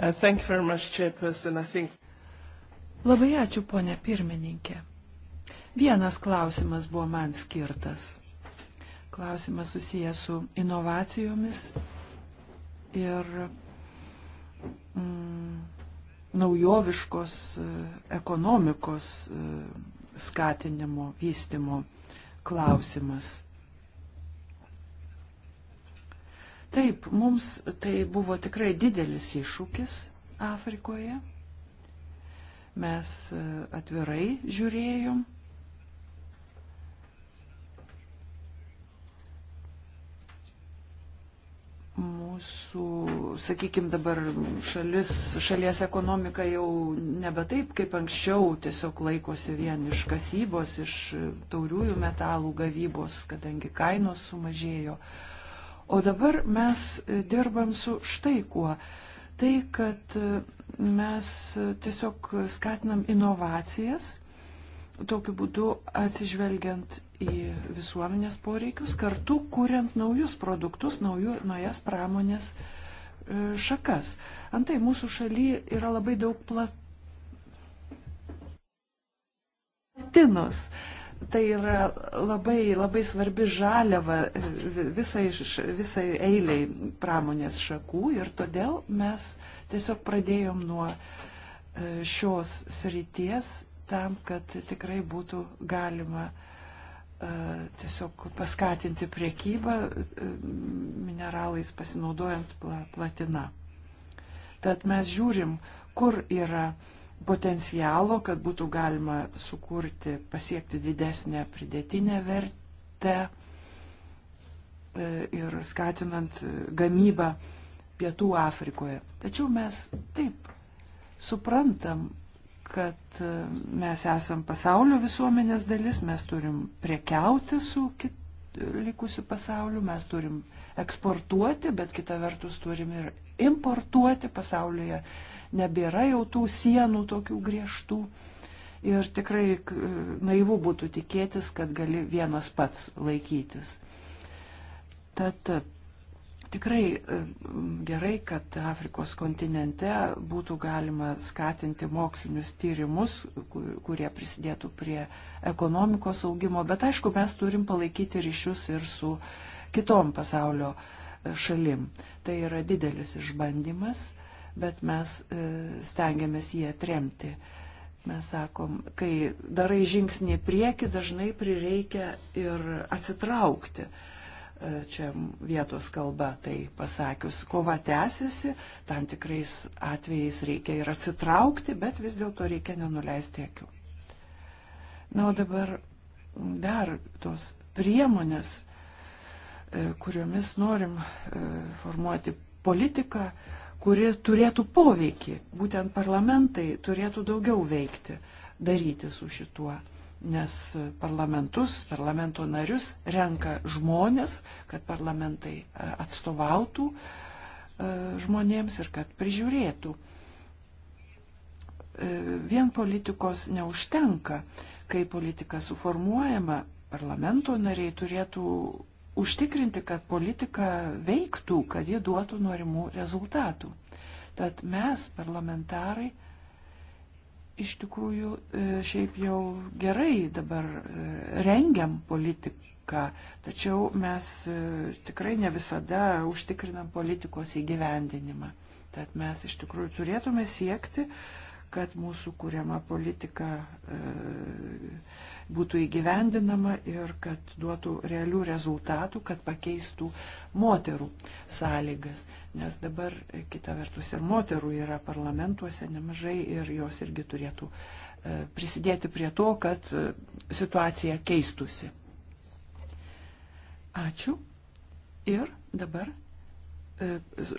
S3: Uh, much, think... Labai ačiū, ponė pirmininkė. Vienas klausimas buvo man skirtas. Klausimas susijęs su inovacijomis ir Mm, naujoviškos e, ekonomikos e, skatinimo, vystimo klausimas. Taip, mums tai buvo tikrai didelis iššūkis Afrikoje. Mes e, atvirai žiūrėjom mūsų, sakykime, dabar šalis, šalies ekonomika jau nebe taip, kaip anksčiau, tiesiog laikosi vien iš kasybos, iš tauriųjų metalų gavybos, kadangi kainos sumažėjo. O dabar mes dirbam su štai kuo. Tai, kad mes tiesiog skatinam inovacijas, tokiu būdu atsižvelgiant į visuomenės poreikius, kartu kuriant naujus produktus, naujų, naujas pramonės e, šakas. Antai mūsų šaly yra labai daug platinos. Tai yra labai, labai svarbi žaliava e, visai, visai eiliai pramonės šakų ir todėl mes tiesiog pradėjom nuo e, šios srities tam, kad tikrai būtų galima uh, E, tiesiog paskatinti priekybą e, mineralais pasinaudojant platiną. Tad mes žiūrim, kur yra potencialo, kad būtų galima sukurti, pasiekti didesnę pridėtinę vertę e, ir skatinant gamybą Pietų Afrikoje. Tačiau mes taip suprantam, kad e, mes esam pasaulio visuomenės dalis, mes turim priekiauti su kit, e, likusiu pasauliu, mes turim eksportuoti, bet kita vertus turim ir importuoti pasaulyje. Nebėra jau tų sienų tokių griežtų. Ir tikrai naivu būtų tikėtis, kad gali vienas pats laikytis. Tad Tikrai e, gerai, kad Afrikos kontinente būtų galima skatinti mokslinius tyrimus, kurie prisidėtų prie ekonomikos augimo, bet aišku, mes turim palaikyti ryšius ir su kitom pasaulio e, šalim. Tai yra didelis išbandymas, bet mes e, stengiamės jį atremti. Mes sakom, kai darai žingsnį prieki, dažnai prireikia ir atsitraukti. Uh, čia vietos kalba tai pasakius. Kova tęsiasi, tam tikrais atvejais reikia ir atsitraukti, bet vis dėlto reikia nenuleisti akių. Na, o dabar dar tos priemonės, e, kuriomis norim e, formuoti politiką, kuri turėtų poveikį. Būtent parlamentai turėtų daugiau veikti, daryti su šituo nes parlamentus, parlamento narius renka žmonės, kad parlamentai e, atstovautų e, žmonėms ir kad prižiūrėtų. E, vien politikos neužtenka, kai politika suformuojama, parlamento nariai turėtų užtikrinti, kad politika veiktų, kad jie duotų norimų rezultatų. Tad mes, parlamentarai, iš tikrųjų e, šiaip jau gerai dabar e, rengiam politiką, tačiau mes e, tikrai ne visada užtikrinam politikos įgyvendinimą. Tad mes iš tikrųjų turėtume siekti, uh, kad mūsų kuriama politika e, būtų įgyvendinama ir kad duotų realių rezultatų, kad pakeistų moterų sąlygas. Nes dabar e, kita vertus ir moterų yra parlamentuose nemažai ir jos irgi turėtų e, prisidėti prie to, kad situacija keistusi. Ačiū. Ir dabar E,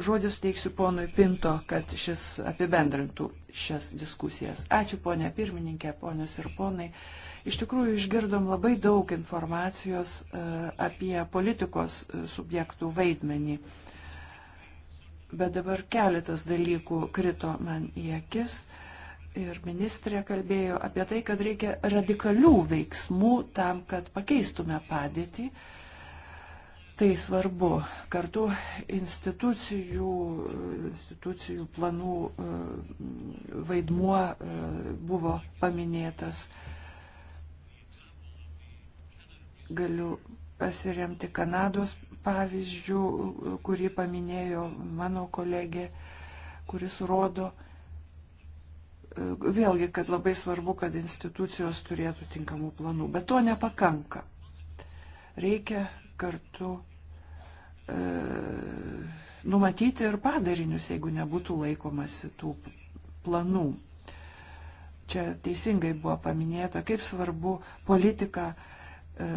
S3: žodį suteiksiu ponui Pinto, kad šis apibendrintų šias diskusijas. Ačiū ponė pirmininkė, ponės ir ponai. Iš tikrųjų išgirdom labai daug informacijos e, apie politikos e, subjektų vaidmenį. Bet dabar keletas dalykų krito man į akis. Ir ministrė kalbėjo apie tai, kad reikia radikalių veiksmų tam, kad pakeistume padėtį. Uh, Tai svarbu. Kartu institucijų, institucijų planų e, vaidmuo e, buvo paminėtas. Galiu pasiremti Kanados pavyzdžių, kurį paminėjo mano kolegė, kuris rodo, e, vėlgi, kad labai svarbu, kad institucijos turėtų tinkamų planų, bet to nepakanka. Reikia kartu E, numatyti ir padarinius, jeigu nebūtų laikomasi tų planų. Čia teisingai buvo paminėta, kaip svarbu politiką e,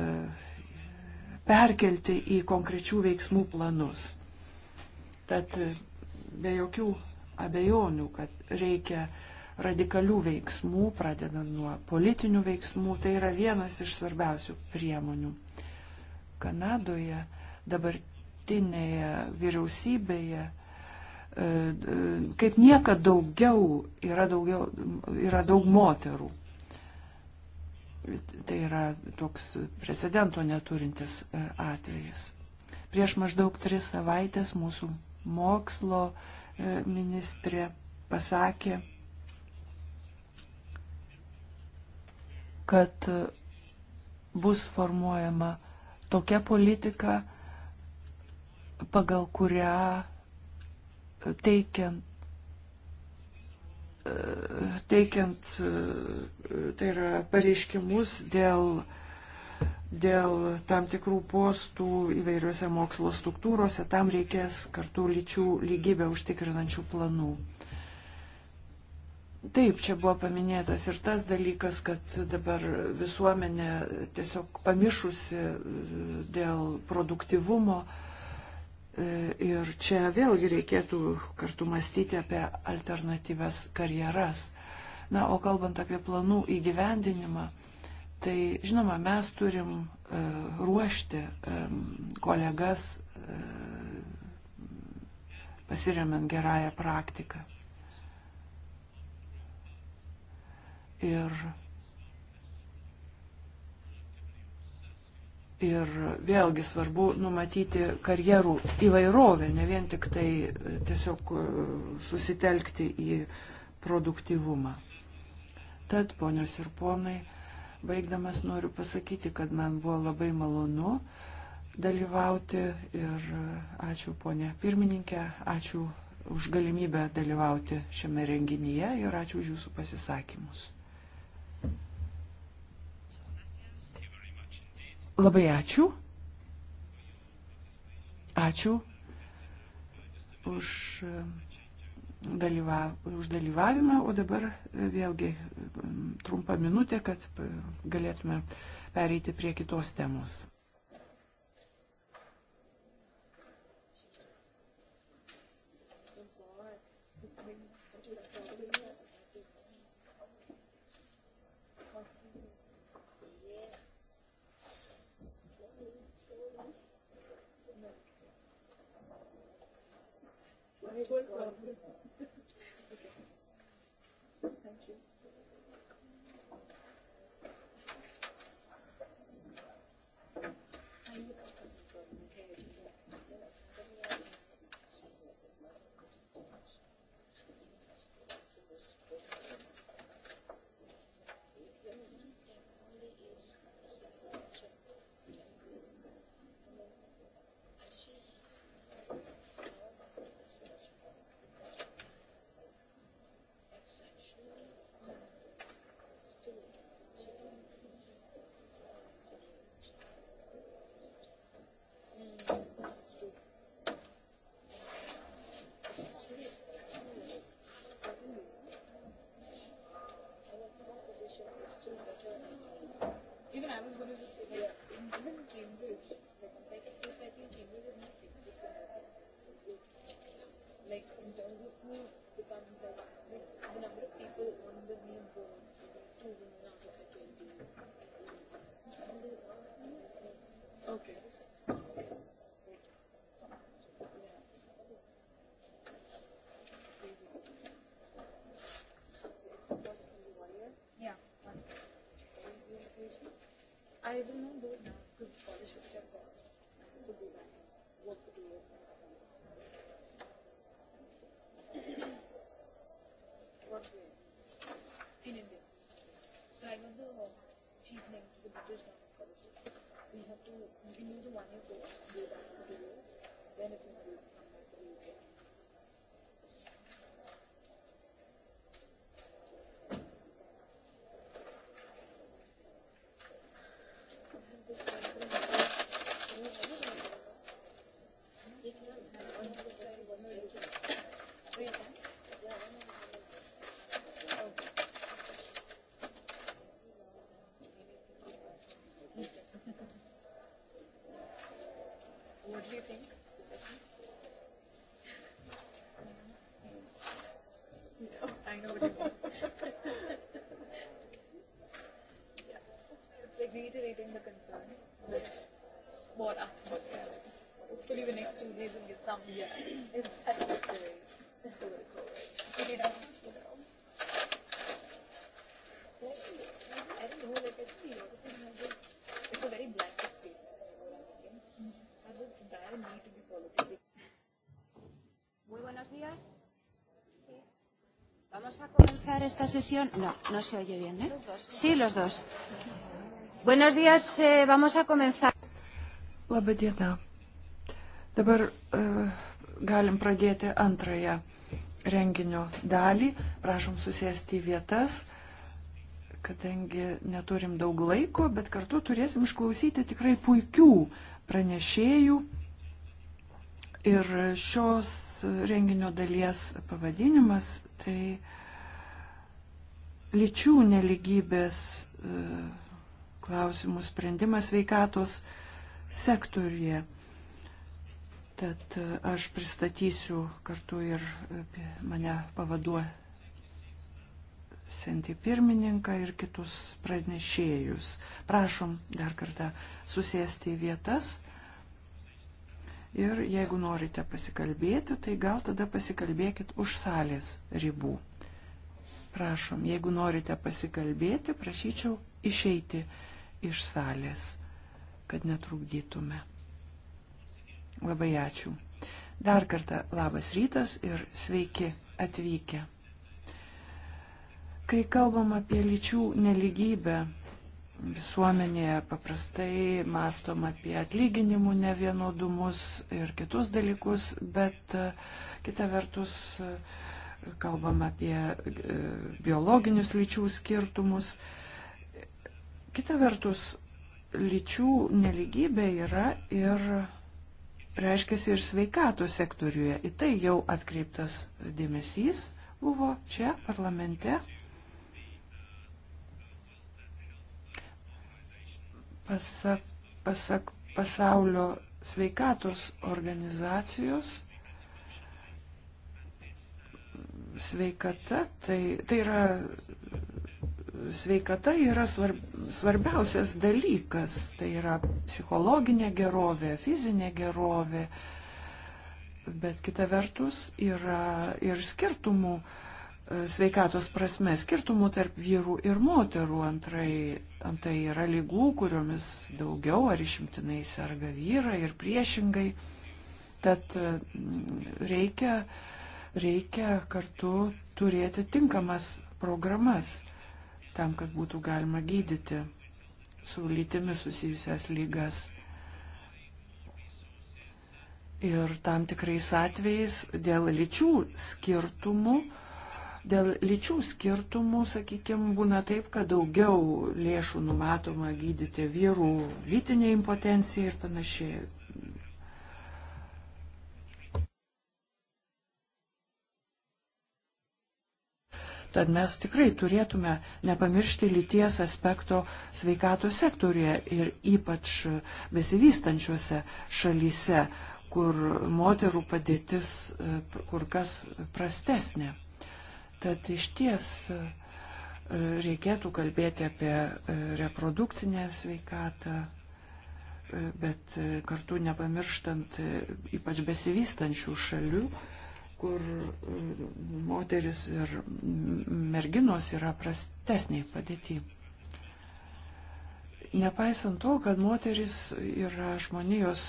S3: perkelti į konkrečių veiksmų planus. Tad e, be jokių abejonių, kad reikia radikalių veiksmų, pradedant nuo politinių veiksmų, tai yra vienas iš svarbiausių priemonių. Kanadoje dabar dabartinėje vyriausybėje e, kaip niekad daugiau yra, daugiau yra daug moterų. Tai yra toks precedento neturintis e, atvejis. Prieš maždaug tris savaitės mūsų mokslo e, ministrė pasakė, kad bus formuojama tokia politika, pagal kurią e, teikiant e, teikiant, e, tai yra pareiškimus dėl, dėl tam tikrų postų įvairiuose mokslo struktūrose, tam reikės kartu lyčių lygybę užtikrinančių planų. Taip, čia buvo paminėtas ir tas dalykas, kad dabar visuomenė tiesiog pamišusi dėl produktivumo, uh, E, ir čia vėlgi reikėtų kartu mąstyti apie alternatyves karjeras. Na, o kalbant apie planų įgyvendinimą, tai žinoma, mes turim e, ruošti e, kolegas e, pasiriamant gerąją praktiką. Ir Ir vėlgi svarbu numatyti karjerų įvairovę, ne vien tik tai e, tiesiog e, susitelkti į produktivumą. Tad, ponios ir ponai, baigdamas noriu pasakyti, kad man buvo labai malonu dalyvauti ir e, ačiū ponė pirmininkė, ačiū už galimybę dalyvauti šiame renginyje ir ačiū už jūsų pasisakymus. Labai ačiū. Ačiū už dalyvavimą, už dalyvavimą, o dabar vėlgi trumpa minutė, kad galėtume pereiti prie kitos temos. I
S2: will not do it now because the scholarship which I've got to go back and work for two years. What way? In India. So I got the cheap name, which is a British government scholarship. So you have to, you can do the one year course and go back. answer that what after what happened. Hopefully the next two days we'll get some yeah. insight into the political right. You know, you know. Like, I don't know, like I think European have this it's a very blanket statement. Okay? Mm-hmm. Have this dire need to be political.
S1: Muy buenos días. Sí. Vamos a comenzar esta sesión. No, no se oye bien, ¿eh? Los dos. Sí, los dos. Buenos días, eh,
S3: vamos a comenzar. Labą dieną. Dabar uh, galim pradėti antrąją renginio dalį. Prašom susėsti į vietas, kadangi neturim daug laiko, bet kartu turėsim išklausyti tikrai puikių pranešėjų. Ir šios renginio dalies pavadinimas tai lyčių neligybės. Uh, klausimų sprendimas veikatos sektoriuje. Tad e, aš pristatysiu kartu ir e, mane pavaduosiantį pirmininką ir kitus pranešėjus. Prašom dar kartą susėsti į vietas. Ir jeigu norite pasikalbėti, tai gal tada pasikalbėkit už salės ribų. Prašom, jeigu norite pasikalbėti, prašyčiau išeiti iš salės, kad netrukdytume. Labai ačiū. Dar kartą labas rytas ir sveiki atvykę. Kai kalbam apie lyčių neligybę, visuomenėje paprastai mastom apie atlyginimų nevienodumus ir kitus dalykus, bet e, kita vertus e, kalbam apie e, biologinius lyčių skirtumus. Kita vertus, lyčių neligybė yra ir reiškiasi ir sveikato sektoriuje. Į tai jau atkreiptas dėmesys buvo čia parlamente. Pasak, pasak pasaulio sveikatos organizacijos sveikata, tai, tai yra sveikata yra svarb, svarbiausias dalykas. Tai yra psichologinė gerovė, fizinė gerovė. Bet kita vertus yra ir skirtumų e, sveikatos prasme, skirtumų tarp vyrų ir moterų. Antrai, antai yra lygų, kuriomis daugiau ar išimtinai serga vyrai ir priešingai. Tad e, reikia, reikia kartu turėti tinkamas programas tam, kad būtų galima gydyti su lytimi susijusias lygas. Ir tam tikrais atvejais dėl lyčių skirtumų, dėl lyčių skirtumų, sakykime, būna taip, kad daugiau lėšų numatoma gydyti vyrų lytinė impotencija ir panašiai. Tad mes tikrai turėtume nepamiršti lyties aspekto sveikato sektorėje ir ypač besivystančiose šalyse, kur moterų padėtis e, kur kas prastesnė. Tad iš ties e, reikėtų kalbėti apie e, reprodukcinę sveikatą, bet kartu nepamirštant ypač besivystančių šalių kur e, moteris ir merginos yra prastesniai padėti. Nepaisant to, kad moteris yra žmonijos,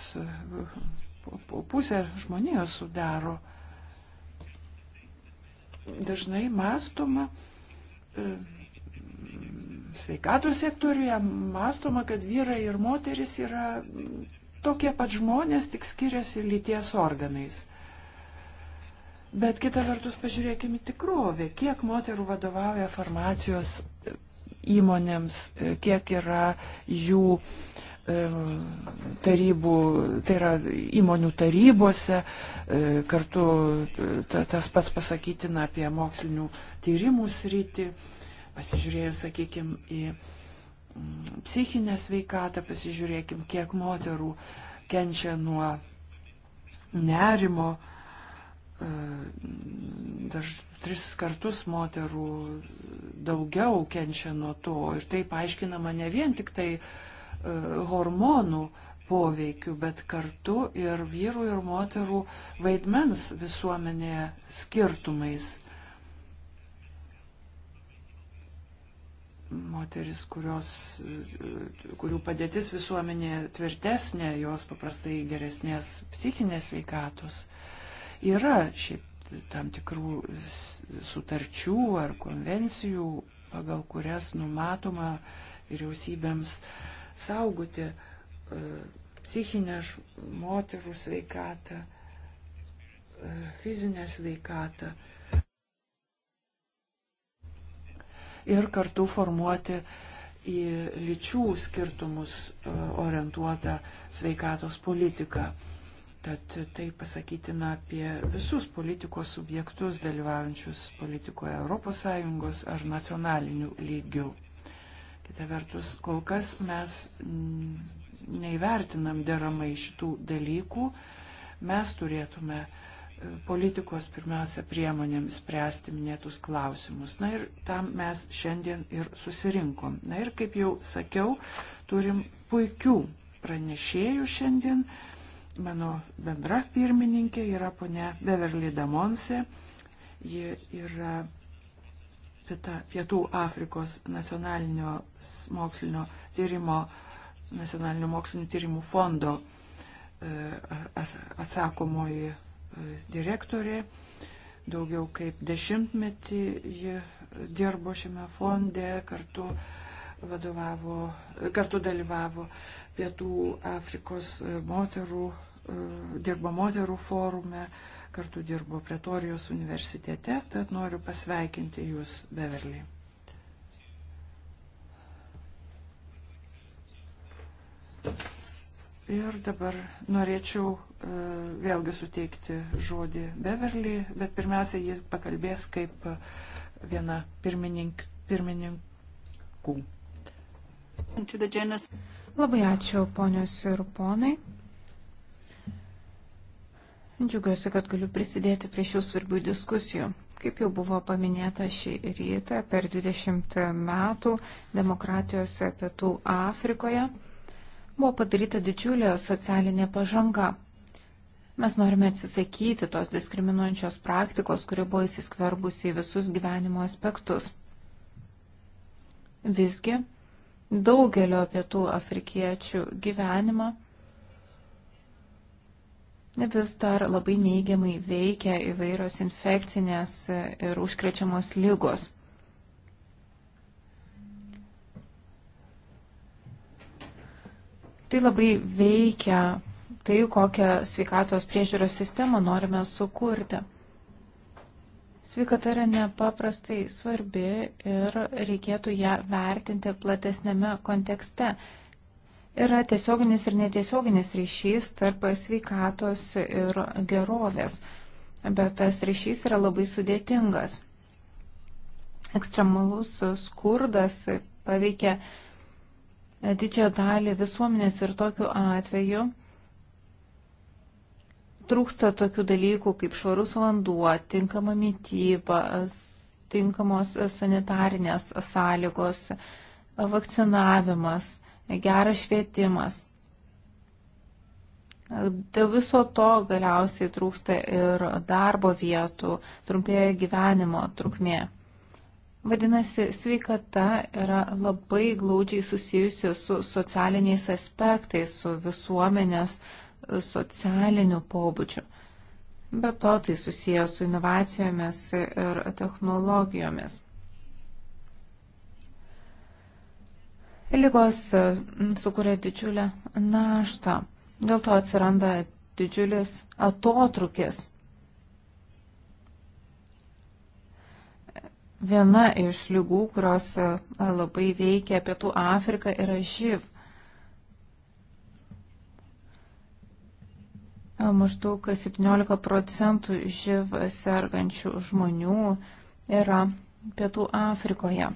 S3: pusė žmonijos sudaro, dažnai mastoma, e, sveikatos sektoriuje mastoma, kad vyrai ir moteris yra tokie pat žmonės, tik skiriasi lyties organais. Bet kita vertus pažiūrėkime tikrovę, kiek moterų vadovauja farmacijos e, įmonėms, e, kiek yra jų e, tarybų, tai yra įmonių tarybose, kartu tas pats pasakytina apie mokslinių tyrimų sritį, pasižiūrėjus, sakykime, į mm, psichinę sveikatą, pasižiūrėkim, kiek moterų kenčia nuo nerimo, E, daž tris kartus moterų daugiau kenčia nuo to. Ir tai paaiškinama ne vien tik tai e, hormonų poveikiu, bet kartu ir vyrų ir moterų vaidmens visuomenėje skirtumais. Moteris, kurios, kurių padėtis visuomenėje tvirtesnė, jos paprastai geresnės psichinės veikatos. Yra šiaip tam tikrų sutarčių ar konvencijų, pagal kurias numatoma vyriausybėms saugoti e, psichinę moterų sveikatą, e, fizinę sveikatą ir kartu formuoti į lyčių skirtumus e, orientuotą sveikatos politiką. Tad tai pasakytina apie visus politikos subjektus dalyvaujančius politikoje ES ar nacionalinių lygių. Kita vertus, kol kas mes neįvertinam deramai šitų dalykų. Mes turėtume e, politikos pirmiausia priemonėm spręsti minėtus klausimus. Na ir tam mes šiandien ir susirinkom. Na ir kaip jau sakiau, turim puikių pranešėjų šiandien Mano bendra pirmininkė yra ponia Beverly Damonse. Ji yra Pietų Afrikos nacionalinio mokslinio tyrimo, nacionalinio mokslinio tyrimų fondo e, atsakomoji e, direktorė. Daugiau kaip dešimtmetį ji dirbo šiame fonde, kartu vadovavo, kartu dalyvavo Pietų Afrikos e, moterų, e, dirbo moterų forume, kartu dirbo Pretorijos universitete, tad noriu pasveikinti Jūs, Beverly. Ir dabar norėčiau uh, vėlgi suteikti žodį Beverly, bet pirmiausia, ji pakalbės kaip viena pirmininkų. Pirminink Labai
S1: ačiū, ponios ir ponai. Džiugiuosi, kad galiu prisidėti prie šių svarbių diskusijų. Kaip jau buvo paminėta šį rytą, per 20 metų demokratijos pietų Afrikoje buvo padaryta didžiulė socialinė pažanga. Mes norime atsisakyti tos diskriminuojančios praktikos, kuri buvo įsiskverbusi į visus gyvenimo aspektus. Visgi daugelio pietų afrikiečių gyvenimą vis dar labai neigiamai veikia įvairios infekcinės ir užkrečiamos lygos. Tai labai veikia tai, kokią sveikatos priežiūros sistemą norime sukurti. Sveikata yra nepaprastai svarbi ir reikėtų ją vertinti platesnėme kontekste. Yra tiesioginis ir netiesioginis ryšys tarp sveikatos ir gerovės, bet tas ryšys yra labai sudėtingas. Ekstremalus skurdas paveikia didžiąją dalį visuomenės ir tokiu atveju trūksta tokių dalykų kaip švarus vanduo, tinkama mytyba, tinkamos sanitarinės sąlygos, vakcinavimas, geras švietimas. Dėl viso to galiausiai trūksta ir darbo vietų, trumpėja gyvenimo trukmė. Vadinasi, sveikata yra labai glaudžiai susijusi su socialiniais aspektais, su visuomenės uh, socialiniu pobūdžiu. Be to, tai susijęs su inovacijomis ir technologijomis. Lygos mm, sukuria didžiulę naštą. Dėl to atsiranda didžiulis atotrukis. Viena iš lygų, kurios e, labai veikia Pietų Afriką, yra živ. maždaug 17 procentų živ sergančių žmonių yra Pietų Afrikoje.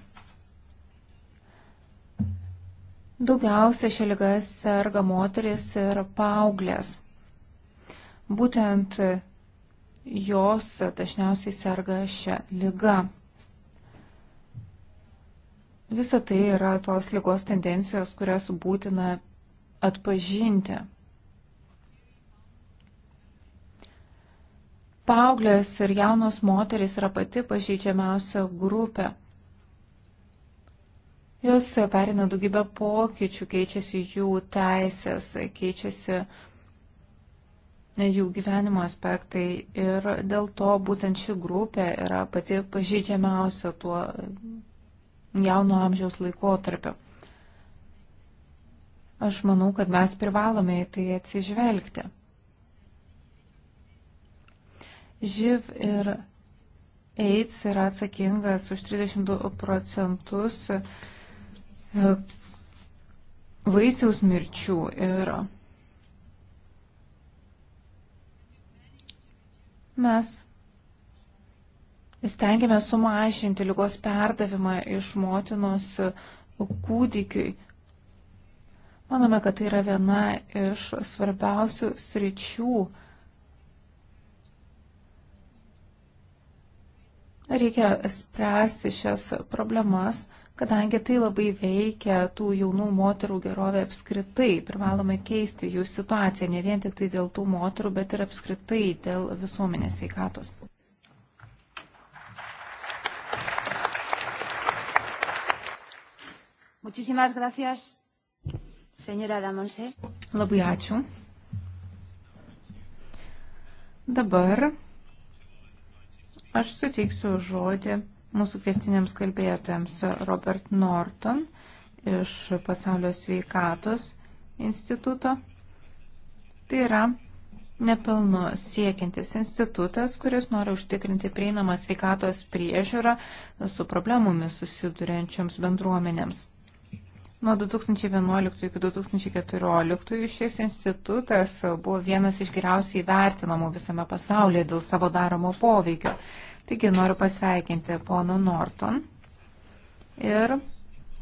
S1: Daugiausia šią lygą serga moteris ir paauglės. Būtent jos dažniausiai serga šią lygą. Visa tai yra tos lygos tendencijos, kurias būtina atpažinti. Pauglės ir jaunos moteris yra pati pažeidžiamiausia grupė. Jos perina daugybę pokyčių, keičiasi jų teisės, keičiasi jų gyvenimo aspektai ir dėl to būtent ši grupė yra pati pažydžiamiausia tuo jauno amžiaus laikotarpiu. Aš manau, kad mes privalome į tai atsižvelgti živ ir AIDS yra atsakingas už 32 procentus e, vaisiaus mirčių ir mes stengiame sumažinti lygos perdavimą iš motinos kūdikiui. Manome, kad tai yra viena iš svarbiausių sričių, Reikia spręsti šias problemas, kadangi tai labai veikia tų jaunų moterų gerovė apskritai. Privalome keisti jų situaciją ne vien tik tai dėl tų moterų, bet ir apskritai dėl visuomenės veikatos. Muchísimas gracias, señora Damonse. Labai ačiū. Dabar Aš suteiksiu žodį mūsų kvestiniams kalbėtojams Robert Norton iš Pasaulio sveikatos instituto. Tai yra nepelno siekiantis institutas, kuris nori užtikrinti prieinamą sveikatos priežiūrą su problemomis susiduriančiams bendruomenėms. Nuo 2011 iki 2014 šis institutas buvo vienas iš geriausiai vertinamų visame pasaulyje dėl savo daromo poveikio. Taigi noriu pasveikinti pono Norton ir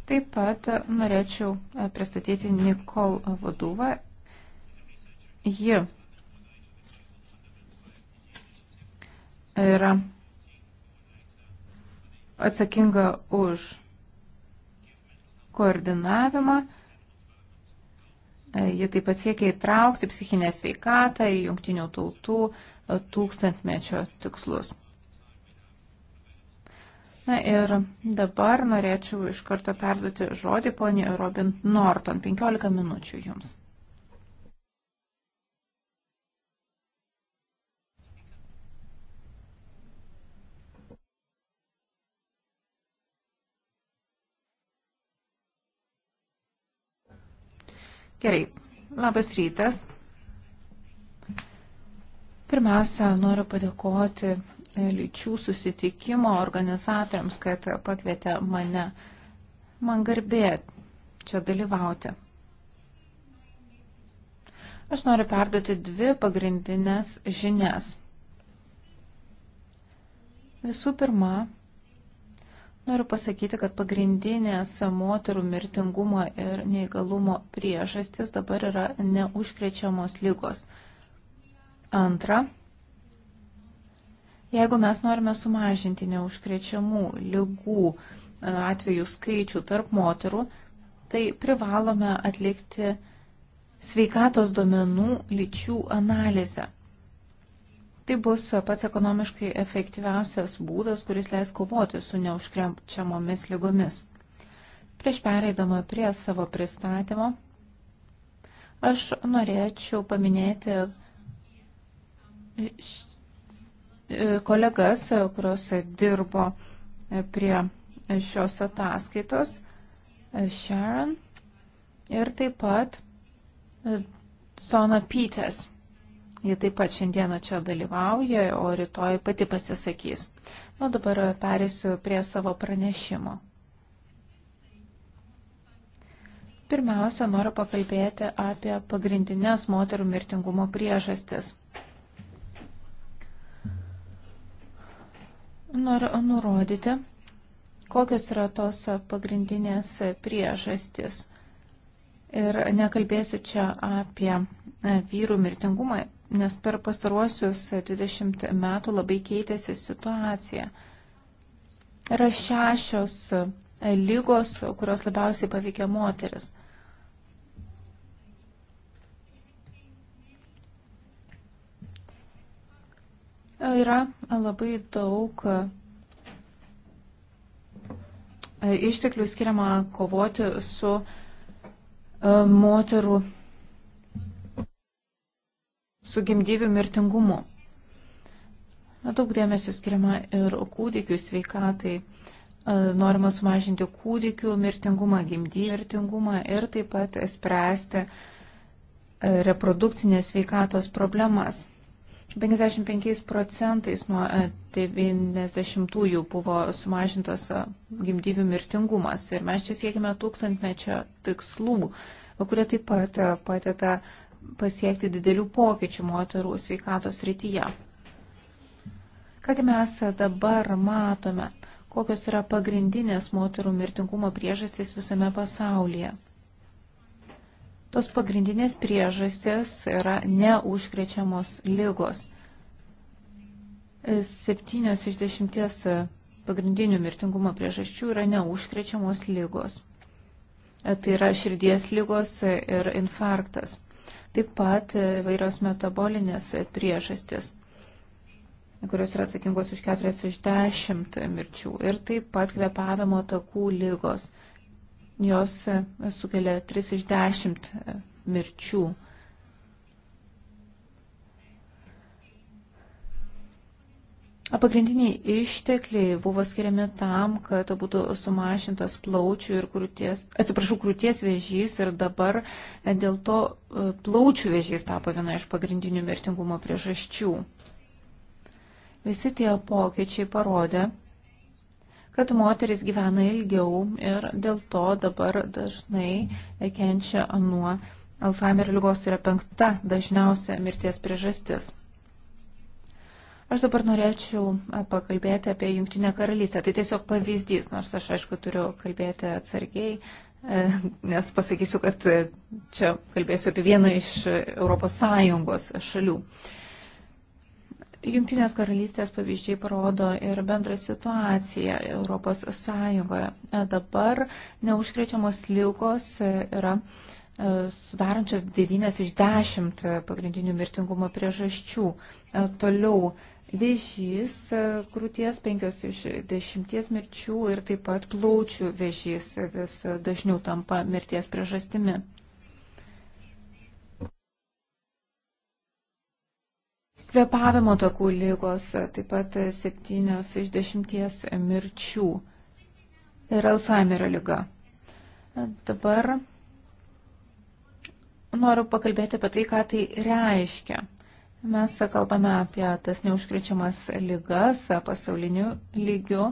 S1: taip pat norėčiau e, pristatyti Nikol vadovą. Ji yra atsakinga už koordinavimą. E, ji taip pat siekia įtraukti psichinę sveikatą į jungtinių tautų tūkstantmečio tikslus. Na ir dabar norėčiau iš karto perduoti žodį poniai Robin Norton. 15 minučių jums. Gerai, labas rytas. Pirmiausia, noriu padėkoti lyčių susitikimo organizatoriams, kad pakvietė mane. Man garbė čia dalyvauti. Aš noriu perduoti dvi pagrindinės žinias. Visų pirma, noriu pasakyti, kad pagrindinės moterų mirtingumo ir neįgalumo priežastis dabar yra neužkrečiamos lygos – Antra, jeigu mes norime sumažinti neužkrečiamų lygų e, atvejų skaičių tarp moterų, tai privalome atlikti sveikatos duomenų lyčių analizę. Tai bus pats ekonomiškai efektyviausias būdas, kuris leis kovoti su neužkrečiamomis lygomis. Prieš pereidama prie savo pristatymo, aš norėčiau paminėti E, kolegas, e, kurios dirbo e, prie šios ataskaitos, Sharon ir taip pat Sona Pytės. Ji taip pat šiandieną čia dalyvauja, o rytoj pati pasisakys. Nu, dabar perėsiu prie savo pranešimo. Pirmiausia, noriu pakalbėti apie pagrindinės moterų mirtingumo priežastis. Noriu nurodyti, kokios yra tos pagrindinės priežastys. Ir nekalbėsiu čia apie e, vyrų mirtingumą, nes per pastaruosius 20 metų labai keitėsi situacija. Yra šešios e, lygos, kurios labiausiai paveikia moteris. Yra labai daug e, išteklių skiriama kovoti su e, moterų su gimdyvių mirtingumu. Daug dėmesio skiriama ir kūdikių sveikatai. E, norima sumažinti kūdikių mirtingumą, gimdyvių mirtingumą ir taip pat spręsti reprodukcinės sveikatos problemas. 55 procentais nuo 90-ųjų e, buvo sumažintas e, gimdyvių mirtingumas. Ir mes čia siekime tūkstantmečio tikslų, kurie taip pat e, padeda pasiekti didelių pokyčių moterų sveikatos rytyje. Kągi mes dabar matome, kokios yra pagrindinės moterų mirtingumo priežastys visame pasaulyje. Tos pagrindinės priežastis yra neužkrečiamos lygos. Septynios iš dešimties pagrindinių mirtingumo priežasčių yra neužkrečiamos lygos. Tai yra širdies lygos ir infarktas. Taip pat vairios metabolinės priežastis, kurios yra atsakingos už 40 mirčių. Ir taip pat kvepavimo takų lygos. Jos e, sukelia 3 iš 10 e, mirčių. Pagrindiniai ištekliai buvo skiriami tam, kad būtų sumažintas plaučių ir krūties, atsiprašau, krūties vėžys ir dabar e, dėl to plaučių vėžys tapo viena iš pagrindinių mirtingumo priežasčių. Visi tie pokyčiai parodė, kad moteris gyvena ilgiau ir dėl to dabar dažnai kenčia nuo Alzheimerio lygos tai yra penkta dažniausia mirties priežastis. Aš dabar norėčiau e, pakalbėti apie Junktinę karalystę. Tai tiesiog pavyzdys, nors aš aišku turiu kalbėti atsargiai, e, nes pasakysiu, kad e, čia kalbėsiu apie vieną iš ES šalių. Junktinės karalystės pavyzdžiai parodo ir bendrą situaciją Europos Sąjungoje. E, dabar neužkrečiamos lygos yra e, sudarančios 9 iš 10 pagrindinių mirtingumo priežasčių. E, toliau vėžys, krūties 5 iš 10 mirčių ir taip pat plaučių vėžys vis dažniau tampa mirties priežastimi. Kvepavimo takų lygos, taip pat 7 iš 10 mirčių ir Alzheimerio lyga. Dabar noriu pakalbėti apie tai, ką tai reiškia. Mes kalbame apie tas neužkrečiamas lygas pasauliniu lygiu,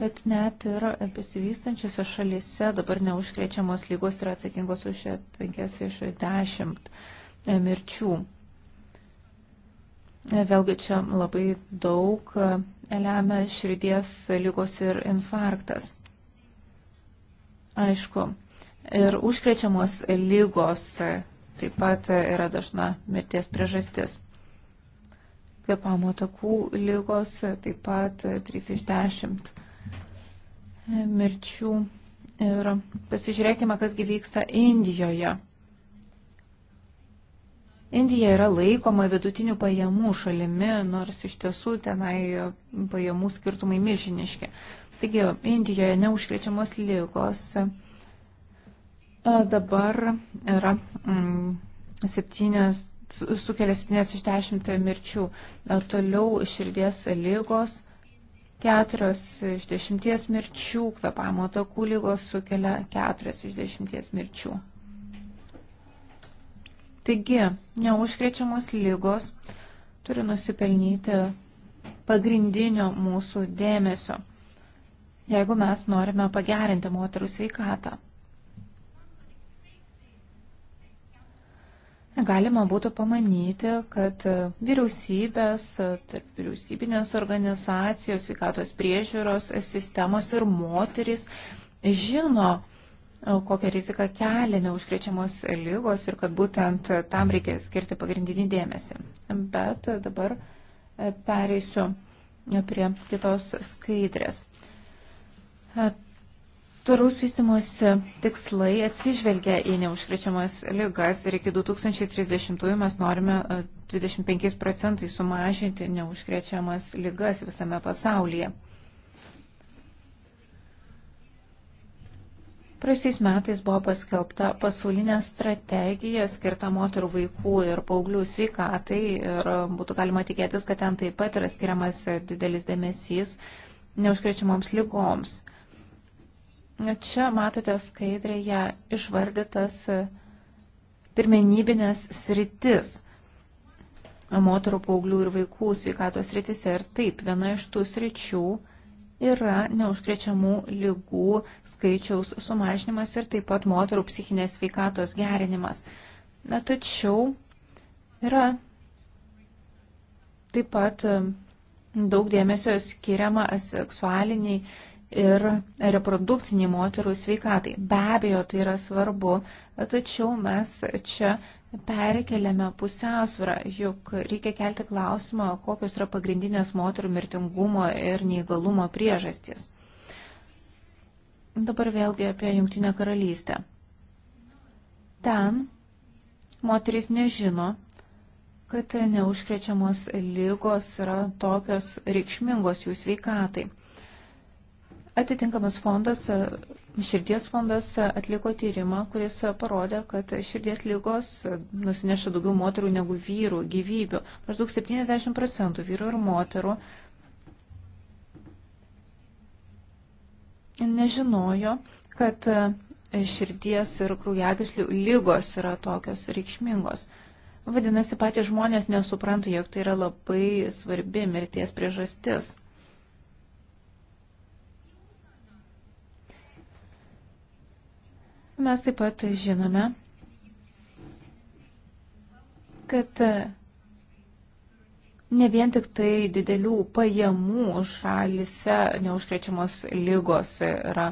S1: bet net ir besivystančiose šalise dabar neužkrečiamos lygos yra atsakingos už 5 iš 10 mirčių. Vėlgi čia labai daug e, lemia širdies lygos ir infarktas. Aišku, ir užkrečiamos lygos e, taip pat e, yra dažna mirties priežastis. Kvepamo takų lygos taip pat 3 iš 10 mirčių. Ir pasižiūrėkime, kas gyvyksta Indijoje. Indija yra laikoma vidutinių pajamų šalimi, nors iš tiesų tenai pajamų skirtumai milžiniški. Taigi, Indijoje neužkrečiamos lygos dabar yra mm, septynios sukelia 7 iš 10 mirčių. Toliau širdies lygos, 4 iš 10 mirčių, kvepamo takų lygos sukelia 4 iš 10 mirčių. Taigi, neužkrečiamos lygos turi nusipelnyti pagrindinio mūsų dėmesio, jeigu mes norime pagerinti moterų sveikatą. Galima būtų pamanyti, kad vyriausybės, tarp vyriausybinės organizacijos, sveikatos priežiūros sistemos ir moteris žino, kokią riziką kelia neužkrečiamos lygos ir kad būtent tam reikia skirti pagrindinį dėmesį. Bet dabar pereisiu prie kitos skaidrės. Tvaraus vystimosi tikslai atsižvelgia į neužkrečiamas lygas ir iki 2030 mes norime 25 e, procentai sumažinti neužkrečiamas lygas visame pasaulyje. Praėjusiais metais buvo paskelbta pasaulinė strategija skirta moterų vaikų ir paauglių sveikatai ir būtų galima tikėtis, kad ten taip pat yra skiriamas didelis dėmesys neužkrečiamoms lygoms. Čia matote skaidrėje išvardytas pirmenybinės sritis moterų paauglių ir vaikų sveikatos sritis ir taip viena iš tų sričių yra neužkrečiamų lygų skaičiaus sumažinimas ir taip pat moterų psichinės sveikatos gerinimas. Na, tačiau yra taip pat e, daug dėmesio skiriama seksualiniai ir reprodukciniai moterų sveikatai. Be abejo, tai yra svarbu, tačiau mes čia perkeliame pusiausvyrą, juk reikia kelti klausimą, kokios yra pagrindinės moterų mirtingumo ir neįgalumo priežastys. Dabar vėlgi apie Junktinę karalystę. Ten moterys nežino, kad neužkrečiamos lygos yra tokios reikšmingos jų sveikatai. Atitinkamas fondas, širdies fondas atliko tyrimą, kuris parodė, kad širdies lygos nusineša daugiau moterų negu vyrų gyvybių. Maždaug 70 procentų vyrų ir moterų nežinojo, kad širdies ir kraujagyslių lygos yra tokios reikšmingos. Vadinasi, patys žmonės nesupranta, jog tai yra labai svarbi mirties priežastis. Mes taip pat žinome, kad ne vien tik tai didelių pajamų šalise neužkrečiamos lygos yra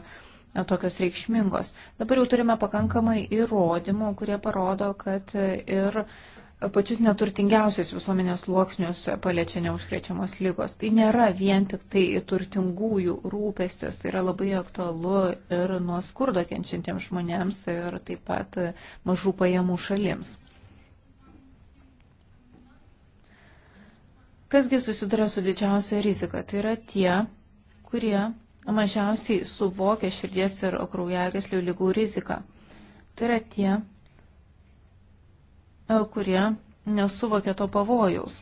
S1: tokios reikšmingos. Dabar jau turime pakankamai įrodymų, kurie parodo, kad ir pačius neturtingiausius visuomenės sluoksnius paliečia neužkrečiamos lygos. Tai nėra vien tik tai turtingųjų rūpestis, tai yra labai aktualu ir nuo skurdo kenčiantiems žmonėms ir taip pat mažų pajamų šalims. Kasgi susiduria su didžiausia rizika? Tai yra tie, kurie mažiausiai suvokia širdies ir kraujagyslių lygų riziką. Tai yra tie, E, kurie nesuvokė to pavojaus.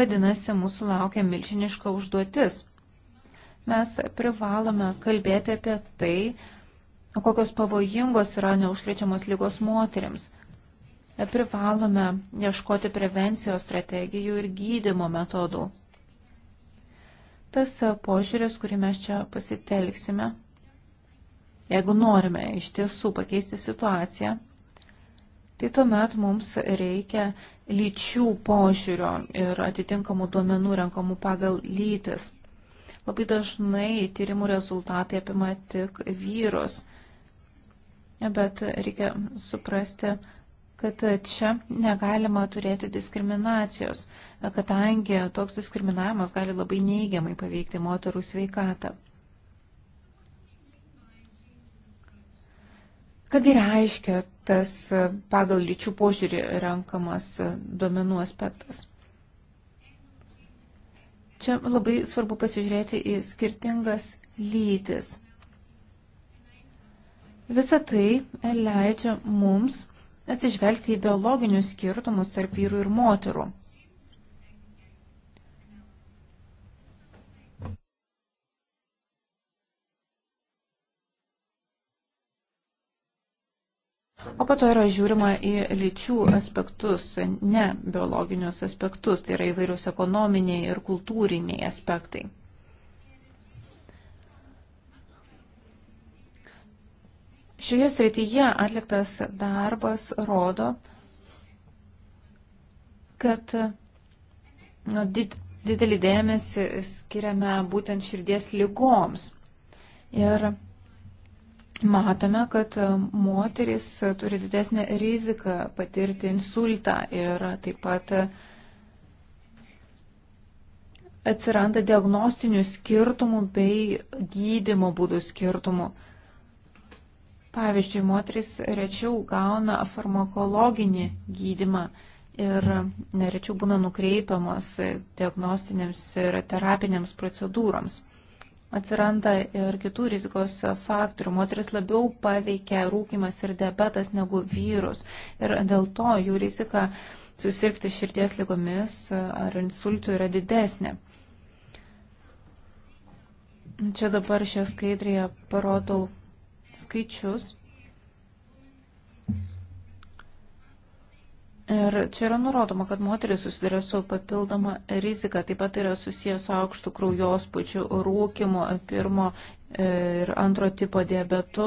S1: Vadinasi, mūsų laukia milžiniška užduotis. Mes privalome kalbėti apie tai, kokios pavojingos yra neužkrečiamos lygos moteriams. Privalome ieškoti prevencijos strategijų ir gydimo metodų. Tas požiūris, kurį mes čia pasitelksime, jeigu norime iš tiesų pakeisti situaciją, tai tuomet mums reikia lyčių požiūrio ir atitinkamų duomenų renkamų pagal lytis. Labai dažnai tyrimų rezultatai apima tik vyrus, bet reikia suprasti, kad čia negalima turėti diskriminacijos, kadangi toks diskriminavimas gali labai neigiamai paveikti moterų sveikatą. Kągi reiškia tas e, pagal lyčių požiūrį renkamas e, duomenų aspektas? Čia labai svarbu pasižiūrėti į skirtingas lytis. Visą tai leidžia mums atsižvelgti į biologinius skirtumus tarp vyrų ir moterų. O po to yra žiūrima į lyčių aspektus, ne biologinius aspektus, tai yra įvairius ekonominiai ir kultūriniai aspektai. Šioje srityje atliktas darbas rodo, kad nu, did, didelį dėmesį skiriame būtent širdies lygoms. Ir matome, kad moteris turi didesnę riziką patirti insultą ir taip pat atsiranda diagnostinių skirtumų bei gydimo būdų skirtumų. Pavyzdžiui, moteris rečiau gauna farmakologinį gydimą ir nerečiau būna nukreipiamas diagnostiniams ir terapiniams procedūrams atsiranda ir kitų rizikos faktorių. Moteris labiau paveikia rūkimas ir diabetas negu vyrus. Ir dėl to jų rizika susirgti širdies lygomis ar insultų yra didesnė. Čia dabar šią skaidrėje parodau skaičius. Ir čia yra nurodoma, kad moteris susiduria su papildoma rizika, taip pat yra susijęs su aukštų kraujospūdžių, rūkimu, pirmo e, ir antro tipo diabetu.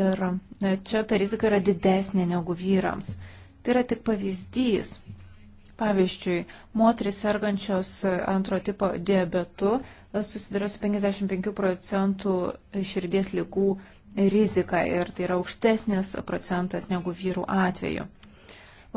S1: Ir e, čia ta rizika yra didesnė negu vyrams. Tai yra tik pavyzdys. Pavyzdžiui, moteris sergančios antro tipo diabetu e, susiduria su 55 procentų širdies lygų rizika ir tai yra aukštesnis procentas negu vyrų atveju.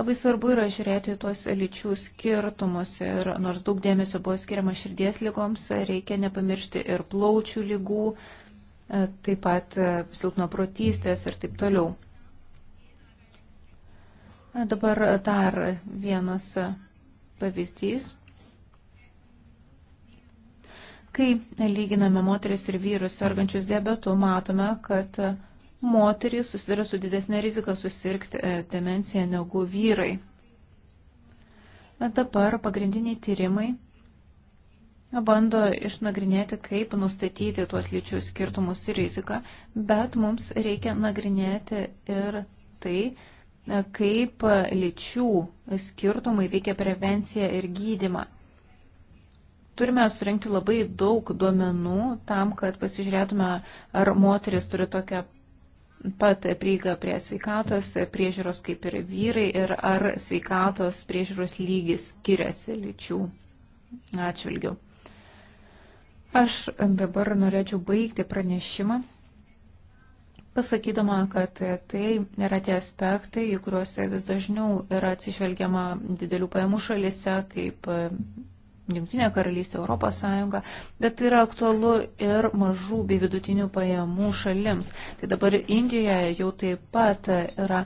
S1: Labai svarbu yra žiūrėti tuos lyčių skirtumus ir nors daug dėmesio buvo skiriama širdies lygoms, reikia nepamiršti ir plaučių lygų, e, taip pat e, silpno protystės ir taip toliau. E, dabar dar vienas pavyzdys. Kai lyginame moteris ir vyrus sergančius diabetu, matome, kad moterys susiduria su didesnė rizika susirgti e, demenciją negu vyrai. Bet dabar pagrindiniai tyrimai bando išnagrinėti, kaip nustatyti tuos lyčių skirtumus ir riziką, bet mums reikia nagrinėti ir tai, e, kaip lyčių skirtumai veikia prevenciją ir gydimą. Turime surinkti labai daug duomenų tam, kad pasižiūrėtume, ar moteris turi tokią pat prieiga prie sveikatos priežiūros kaip ir vyrai ir ar sveikatos priežiūros lygis skiriasi lyčių atšvilgių. Aš dabar norėčiau baigti pranešimą, pasakydama, kad tai yra tie aspektai, į kuriuos vis dažniau yra atsižvelgiama didelių pajamų šalise, kaip Junktinė karalystė, Europos Sąjunga, bet tai yra aktualu ir mažų bei vidutinių pajamų šalims. Tai dabar Indijoje jau taip pat yra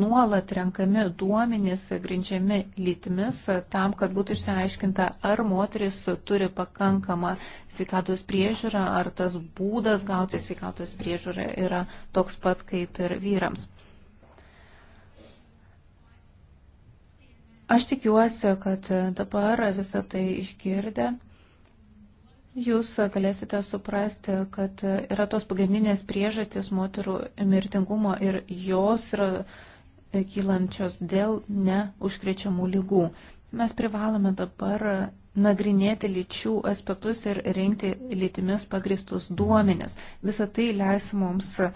S1: nuolat renkami duomenys, grindžiami lytimis, tam, kad būtų išsiaiškinta, ar moteris turi pakankamą sveikatos priežiūrą, ar tas būdas gauti sveikatos priežiūrą yra toks pat kaip ir vyrams. Aš tikiuosi, kad dabar visą tai išgirdę. Jūs galėsite suprasti, kad yra tos pagrindinės priežastys moterų mirtingumo ir jos yra kylančios dėl neužkrečiamų lygų. Mes privalome dabar nagrinėti lyčių aspektus ir rinkti lytimis pagristus duomenis. Visą tai leis mums uh,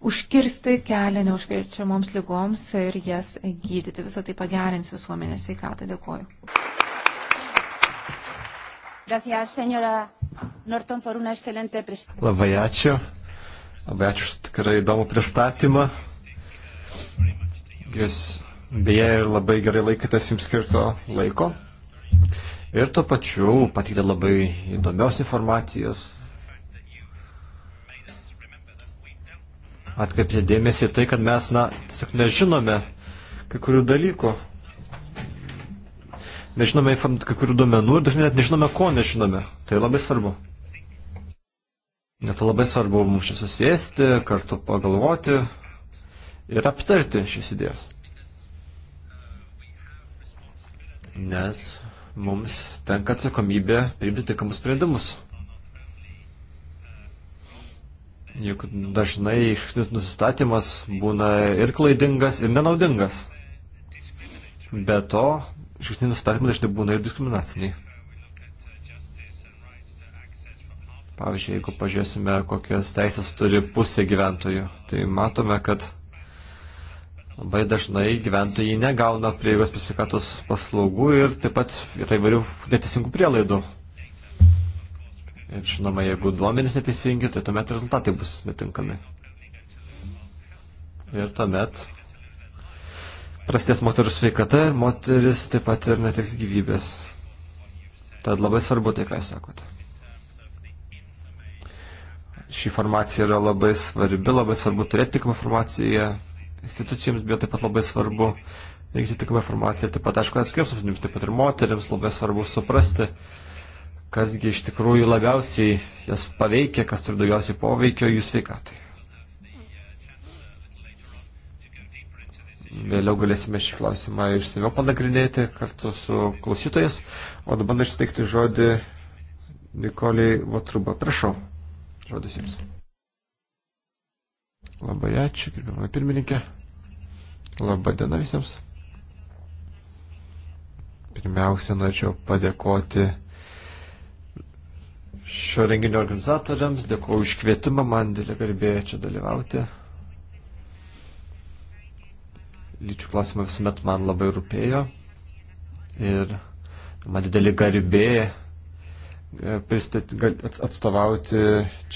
S1: užkirsti kelią neužkrečiamoms lygoms ir jas gydyti. Visą tai pagerins visuomenės sveikatą. Dėkuoju. Gracias, Norton, excelente...
S4: Labai ačiū. Labai ačiū už tikrai įdomų pristatymą. Jūs beje ir labai gerai laikytės jums skirto laiko. Ir tuo pačiu patikė labai įdomios informacijos, atkreipti dėmesį tai, kad mes, na, tiesiog nežinome kai kurių dalykų. Nežinome kai kurių duomenų ir dažnai net nežinome, ko nežinome. Tai labai svarbu. Net labai svarbu mums čia susėsti, kartu pagalvoti ir aptarti šis idėjas. Nes mums tenka atsakomybė priimti tikamus sprendimus juk dažnai ištinis nusistatymas būna ir klaidingas, ir nenaudingas. Be to, ištinis nusistatymai dažnai būna ir diskriminaciniai. Pavyzdžiui, jeigu pažiūrėsime, kokias teisės turi pusė gyventojų, tai matome, kad labai dažnai gyventojai negauna prieigos prie sveikatos paslaugų ir taip pat yra įvairių neteisingų prielaidų. Ir žinoma, jeigu duomenys neteisingi, tai tuomet rezultatai bus netinkami. Ir tuomet prasties moterų sveikata ir moteris taip pat ir neteks gyvybės. Tad labai svarbu tai, ką jūs sakote. Ši informacija yra labai svarbi, labai svarbu turėti tikrą informaciją institucijoms, bet taip pat labai svarbu rinkti tikrą informaciją ir taip pat, aišku, atskirsiams, taip pat ir moteriams labai svarbu suprasti, kasgi iš tikrųjų labiausiai jas paveikia, kas turi daugiausiai poveikio jų sveikatai. Vėliau galėsime šį klausimą išsimiau panagrinėti kartu su klausytojas, o dabar noriu suteikti žodį Nikolai Vatruba. Prašau, žodis jums. Labai ačiū, gerbiamai pirmininkė. Labai diena visiems. Pirmiausia, norėčiau padėkoti šio renginio organizatoriams, dėkuoju už kvietimą, man didelė garbė čia dalyvauti. Lyčių klausimai visuomet man labai rūpėjo ir man didelė garbė e, pristaty, atstovauti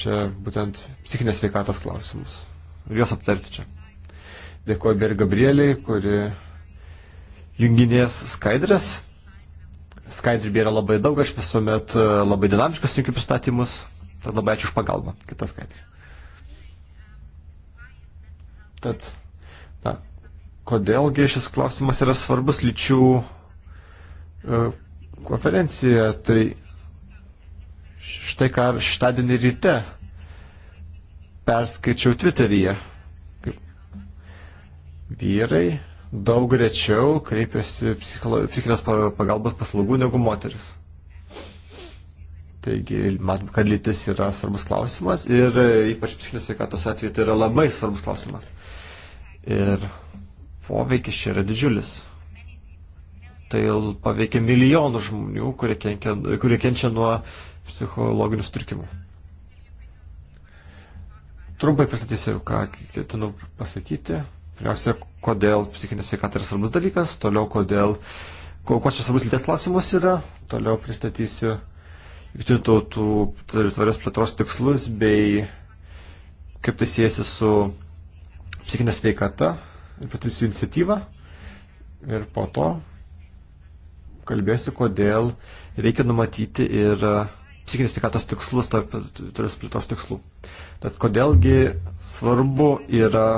S4: čia būtent psichinės veikatos klausimus ir juos aptarti čia. Dėkuoju Beri Gabrieliai, kuri junginės skaidrės skaidrybė yra labai daug, aš visuomet e, labai dinamiškas rinkiu pristatymus. Tad labai ačiū už pagalbą. Kita skaidrė. Tad, na, kodėlgi šis klausimas yra svarbus lyčių e, konferencija, tai štai ką šeštadienį ryte perskaičiau Twitteryje. Vyrai daug rečiau kreipiasi psichinės pagalbos paslaugų negu moteris. Taigi, matom, kad lytis yra svarbus klausimas ir e, ypač psichinės sveikatos atveju tai yra labai svarbus klausimas. Ir poveikis čia yra didžiulis. Tai paveikia milijonų žmonių, kurie, kenkia, kurie kenčia nuo psichologinių sutrikimų. Trumpai pristatysiu, ką ketinu pasakyti. Pirmiausia, kodėl psichinė sveikata yra svarbus dalykas, toliau kodėl, kuo čia svarbus lyties klausimas yra, toliau pristatysiu jungtinių tautų teritorijos plėtros tikslus bei kaip tai siejasi su psichinė sveikata ir pristatysiu iniciatyvą ir po to kalbėsiu, kodėl reikia numatyti ir psichinės sveikatos tikslus tarp teritorijos plėtros tikslų. Tad kodėlgi svarbu yra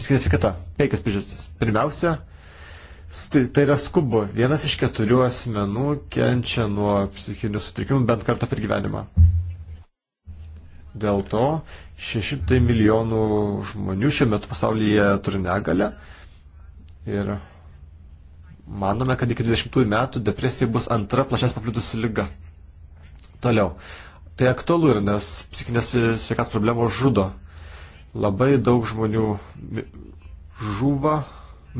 S4: psichinė sveikata. Penkias priežastis. Pirmiausia, tai yra skubu. Vienas iš keturių asmenų kenčia nuo psichinių sutrikimų bent kartą per gyvenimą. Dėl to 600 milijonų žmonių šiuo metu pasaulyje turi negalę. Ir manome, kad iki 20 metų depresija bus antra plačias paplitusi lyga. Toliau. Tai aktualu yra, nes psichinės sveikatos problemos žudo Labai daug žmonių žūva,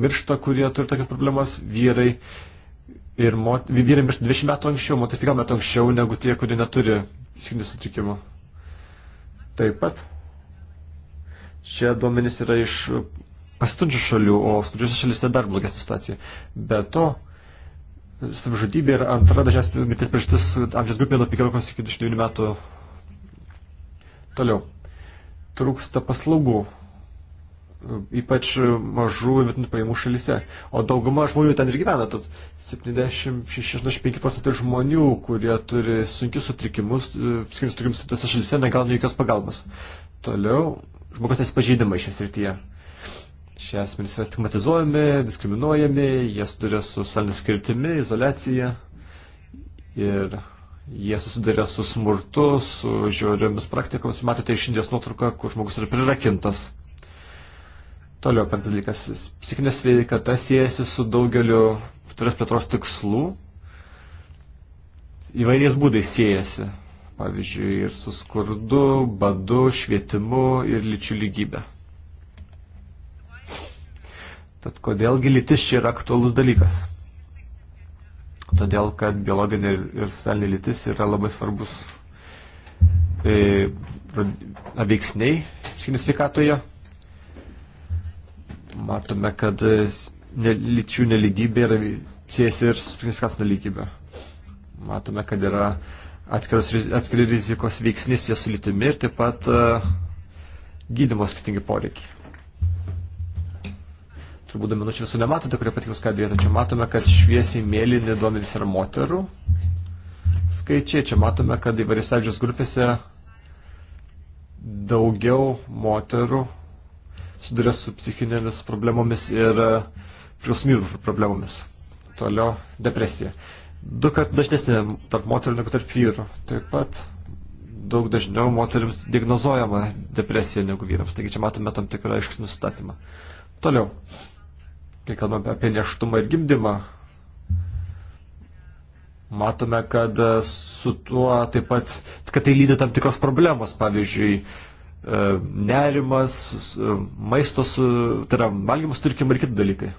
S4: miršta, kurie turi tokias problemas, vyrai. Ir mot, vyrai miršta 20 metų anksčiau, moteris 5 metų anksčiau negu tie, kurie neturi psichinių sutrikimų. Taip pat. Čia duomenys yra iš pasitundžių šalių, o skurdžiose šalise dar blogesnė situacija. Be to, savižudybė yra antra dažniausiai mirties priežastis amžiaus grupėje nuo 15 iki 29 metų. Toliau trūksta paslaugų, ypač mažų ir vidutinių pajamų šalyse. O dauguma žmonių ten ir gyvena, tad 76-65 procentai žmonių, kurie turi sunkius sutrikimus, psichinius e, sutrikimus tose šalyse, negauna jokios pagalbos. Toliau, žmogus nesipažydimai šią srityje. Šie asmenys yra stigmatizuojami, diskriminuojami, jie suduria su salinės skirtimi, izolacija ir Jie susiduria su smurtu, su žiauriomis praktikomis. Matote iš Indijos nuotrauką, kur žmogus yra prirakintas. Toliau penktas dalykas. Psichinė sveikata siejasi su daugeliu turės plėtros tikslų. Įvairiais būdais siejasi. Pavyzdžiui, ir su skurdu, badu, švietimu ir lyčių lygybė. Tad kodėlgi lytis čia yra aktualus dalykas? todėl kad biologinė ir socialinė lytis yra labai svarbus e, veiksniai psichinės sveikatoje. Matome, kad e, lyčių neligybė yra siejasi ir su psichinės sveikatos neligybė. Matome, kad yra atskiros, atskiri rizikos veiksnys jos lytimi ir taip pat e, gydimo skirtingi poreikiai. Turbūt duomenų čia visų nematote, kurie patikrų skaidrėje, tačiau matome, kad šviesiai mėlyni duomenys yra moterų skaičiai. Čia matome, kad įvairiose amžiaus grupėse daugiau moterų suduria su psichinėmis problemomis ir e, priklausomybių problemomis. Toliau depresija. Du kart dažnesnė tarp moterų negu tarp vyrų. Taip pat daug dažniau moteriams diagnozuojama depresija negu vyrams. Taigi čia matome tam tikrą aiškus nusistatymą. Toliau kai kalbame apie neštumą ir gimdymą, matome, kad e, su tuo taip pat, kad tai lydi tam tikros problemos, pavyzdžiui, e, nerimas, e, maistos, tai yra valgymas turkimai ir kiti dalykai.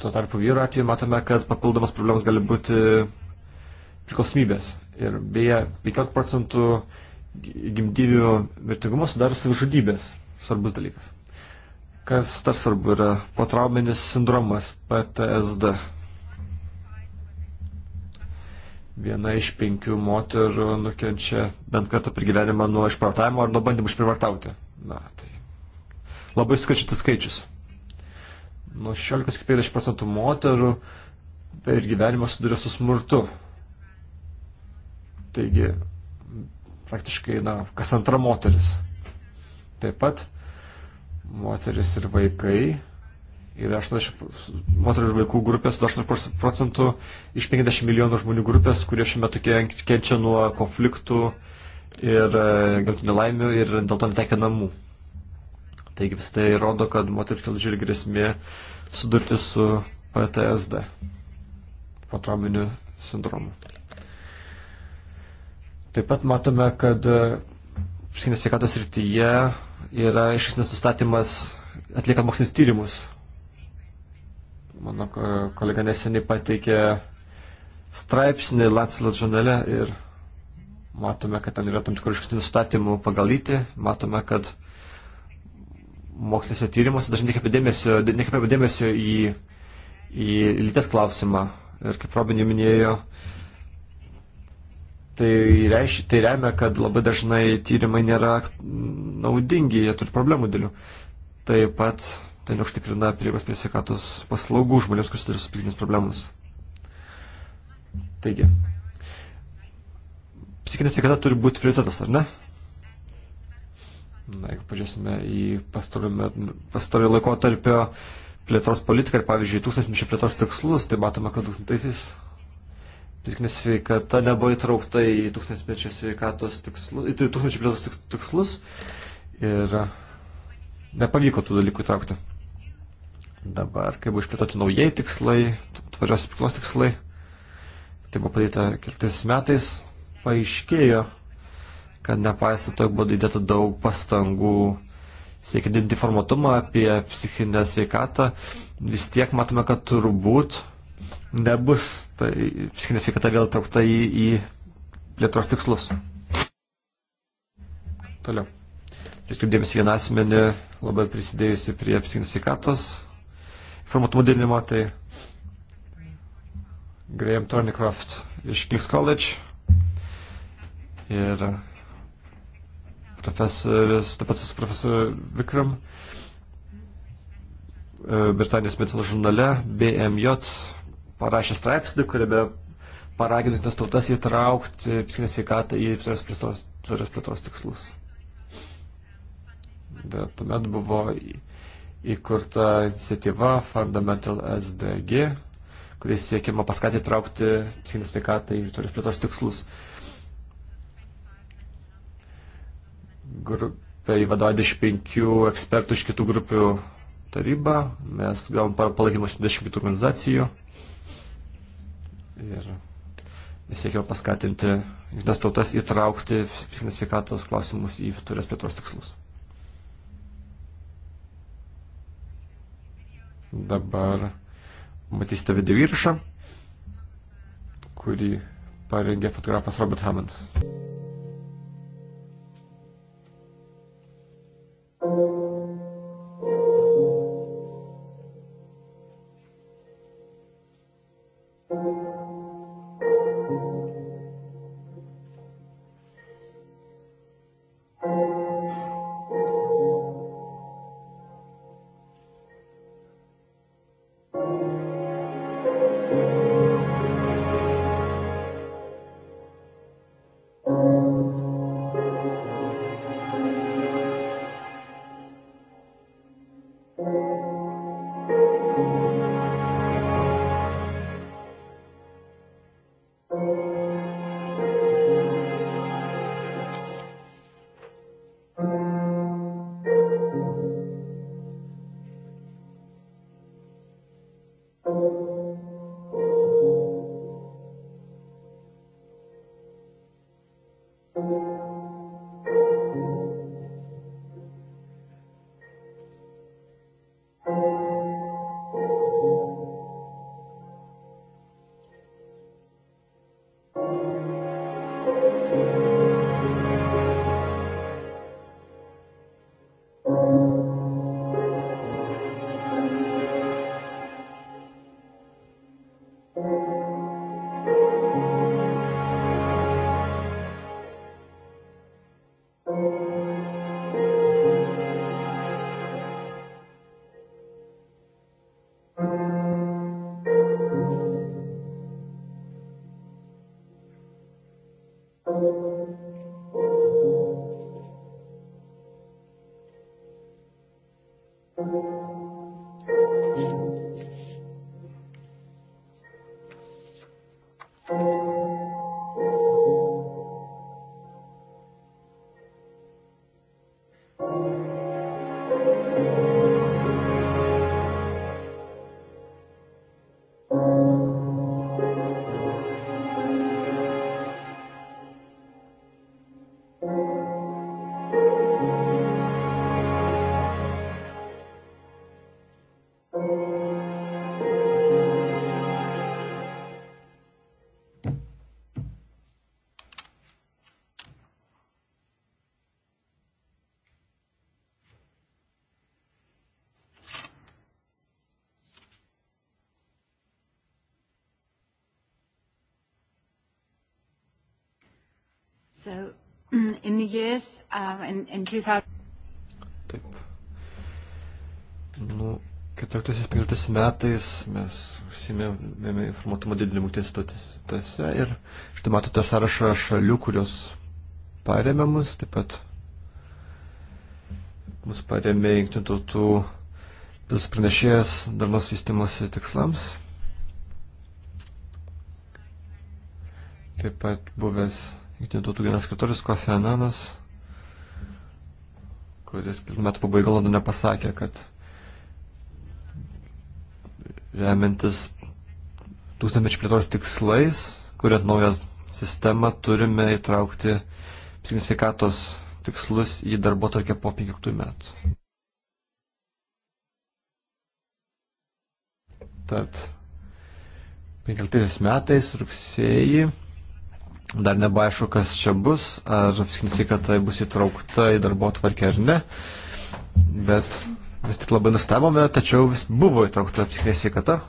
S4: Tuo tarpu vyru atveju matome, kad papildomas problemas gali būti priklausomybės. Ir beje, 15 procentų gimdyvių mirtingumo sudaro savižudybės. Svarbus dalykas. Kas dar svarbu yra potrauminis sindromas PTSD. Viena iš penkių moterų nukenčia bent kartą per gyvenimą nuo išprotavimo ar nuo bandymų išprivartauti. Na, tai labai skačitas skaičius. Nuo 16 iki 50 procentų moterų per gyvenimą suduria su smurtu. Taigi, praktiškai, na, kas antra moteris. Taip pat moteris ir vaikai yra 80 moterų ir vaikų grupės, 80 procentų iš 50 milijonų žmonių grupės, kurie šiuo metu kenčia nuo konfliktų ir e, gamtinių laimių ir dėl to netekia namų. Taigi visą tai rodo, kad moteris kėl žiūri grėsmė sudurti su PTSD, potrauminiu sindromu. Taip pat matome, kad e, psichinės sveikatos rytyje yra iš esmės nustatymas atliekant mokslinis tyrimus. Mano kolega neseniai pateikė straipsnį Lancelot žurnale ir matome, kad ten yra tam tikrų iškastinių nustatymų pagal lytį, matome, kad moksliniuose tyrimuose dažnai nekreipiame dėmesio į, į lyties klausimą. Ir kaip Robin jau minėjo, uh, Tai, reiš, tai remia, kad labai dažnai tyrimai nėra naudingi, jie turi problemų dėlių. Taip pat tai neužtikrina prieigos prie sveikatos paslaugų žmonėms, kuris turi psichinės problemas. Taigi, psichinė sveikata turi būti prioritetas, ar ne? Na, jeigu pažiūrėsime į pastarojų laikotarpio plėtros politiką ir, pavyzdžiui, tūkstantmečio plėtros tikslus, tai matome, kad tūkstantaisiais Psichiklinė sveikata nebuvo įtraukta į tūkstantmečio sveikatos tikslus, į tūkstantmečio plėtos tikslus ir nepavyko tų dalykų įtraukti. Dabar, kai buvo išplėtoti naujai tikslai, tvarios veiklos tikslai, tai buvo padaryta 14 metais, paaiškėjo, kad nepaisant to, buvo įdėta daug pastangų siekiant didinti formatumą apie psichinę sveikatą, vis tiek matome, kad turbūt nebus tai psichinė sveikata vėl traukta į, į plėtros tikslus. Toliau. Priskirpdėmės vieną asmenį, labai prisidėjusi prie psichinės sveikatos informatų modelinimo, tai Graham Thornycroft iš King's College ir profesorius, taip pat su profesoriu Vikram, e, Britanijos medicinos žurnale BMJ parašė straipsnį, kuriame paragino jungtinės tautas įtraukti psichinę sveikatą į tvarios plėtros, tvarios plėtros tikslus. Bet tuomet buvo įkurta iniciatyva Fundamental SDG, kuris siekiama paskatinti traukti psichinę sveikatą į tvarios plėtros tikslus. Grupė įvadavo 25 ekspertų iš kitų grupių tarybą, mes gavom palaikymą iš 20 kitų organizacijų ir siekiau paskatinti jungtinės tautas įtraukti psichinės sveikatos klausimus į turės plėtros tikslus. Dabar matysite video įrašą, kurį parengė fotografas Robert Hammond.
S1: So in the years uh, in, in 2000. Taip.
S4: Nu, 14-15 metais mes užsimėmėme informatumo didinimų tiesiotose ir štai matote sąrašą šalių, kurios paremė mus, taip pat mus paremė jungtinių tautų vis pranešėjas darnos vystimosi tikslams. Taip pat buvęs Jungtinių tautų vienas sekretorius Kofenanas, kuris metų pabaiga Londone pasakė, kad remiantis tūkstantmečių plėtros tikslais, kuriant naują sistemą, turime įtraukti psichinės sveikatos tikslus į darbo tarkę po 15 metų. Tad 15 metais rugsėjį Dar nebuvo aišku, kas čia bus, ar apskin tai, sveikata bus įtraukta į darbo tvarkę ar ne. Bet vis tik labai nustebome, tačiau vis buvo įtraukta psichinė sveikata.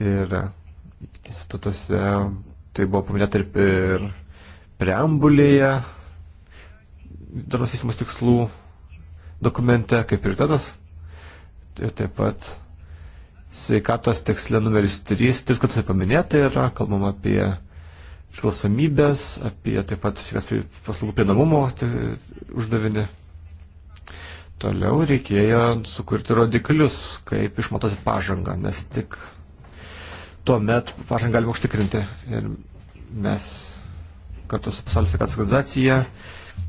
S4: Ir institutuose tai buvo paminėta ir, ir preambulėje, daros vystimas tikslų dokumente kaip prioritetas. Ir taip pat sveikatos tiksle numeris 3, 3 kartus tai paminėta yra, kalbama apie priklausomybės, apie taip pat paslaugų prieinamumo tai, uždavinį. Toliau reikėjo sukurti rodiklius, kaip išmatuoti pažangą, nes tik tuo met pažangą galima užtikrinti. Ir mes kartu su pasaulio sveikatos organizacija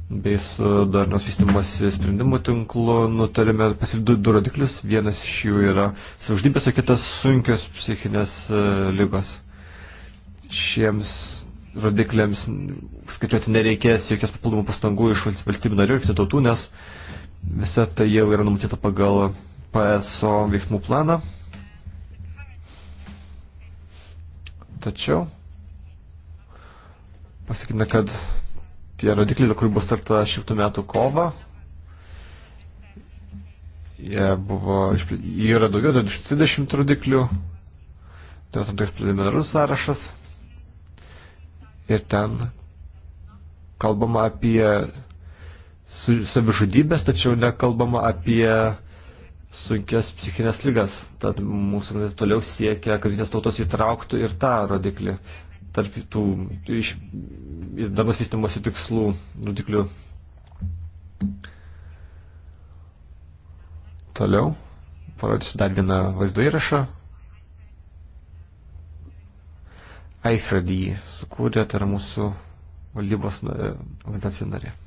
S4: bei su darnos vystimosi sprendimų tinklu nutarėme pasiūlyti du rodiklius. Vienas iš jų yra savižudybės, o kitas sunkios psichinės e, lygos. Šiems rodikliams skaičiuoti nereikės jokios papildomų pastangų iš valstybių narių ir kitų tautų, nes visa tai jau yra numatyta pagal PSO veiksmų planą. Tačiau pasakytume, kad tie rodikliai, dėl kurių buvo starta šimtų metų kova, jie buvo, jie yra daugiau, 20 tai rodiklių, tai yra tam tikras preliminarus sąrašas ir ten kalbama apie savižudybės, tačiau nekalbama apie sunkias psichinės lygas. Tad mūsų toliau siekia, kad jungtinės tautos įtrauktų ir tą rodiklį tarp tų iš, darbas vystimosi tikslų rodiklių. Toliau parodysiu dar vieną vaizdo įrašą. Eifredį sukūrė, tai yra mūsų valdybos e, organizacijų narė.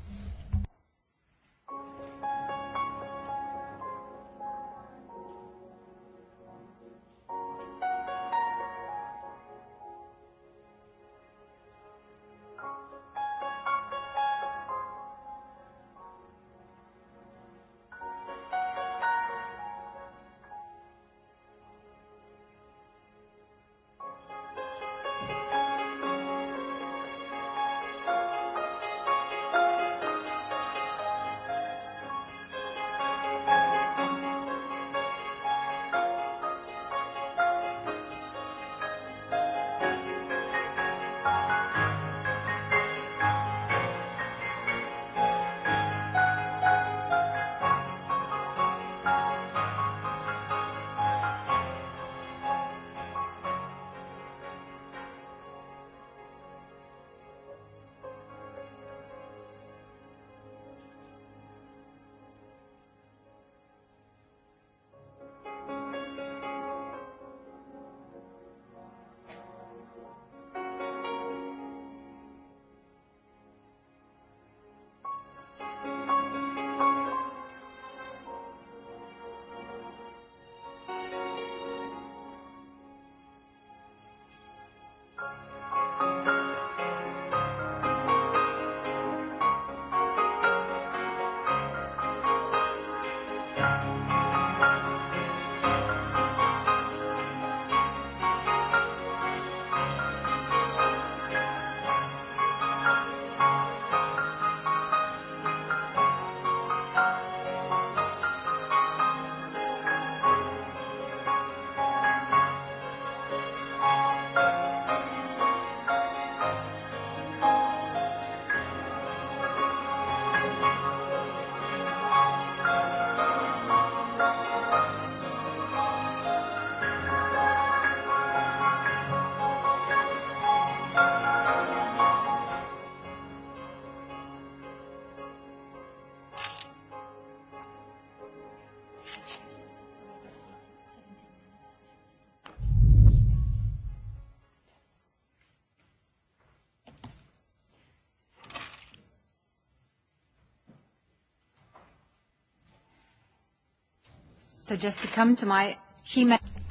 S1: So to to my...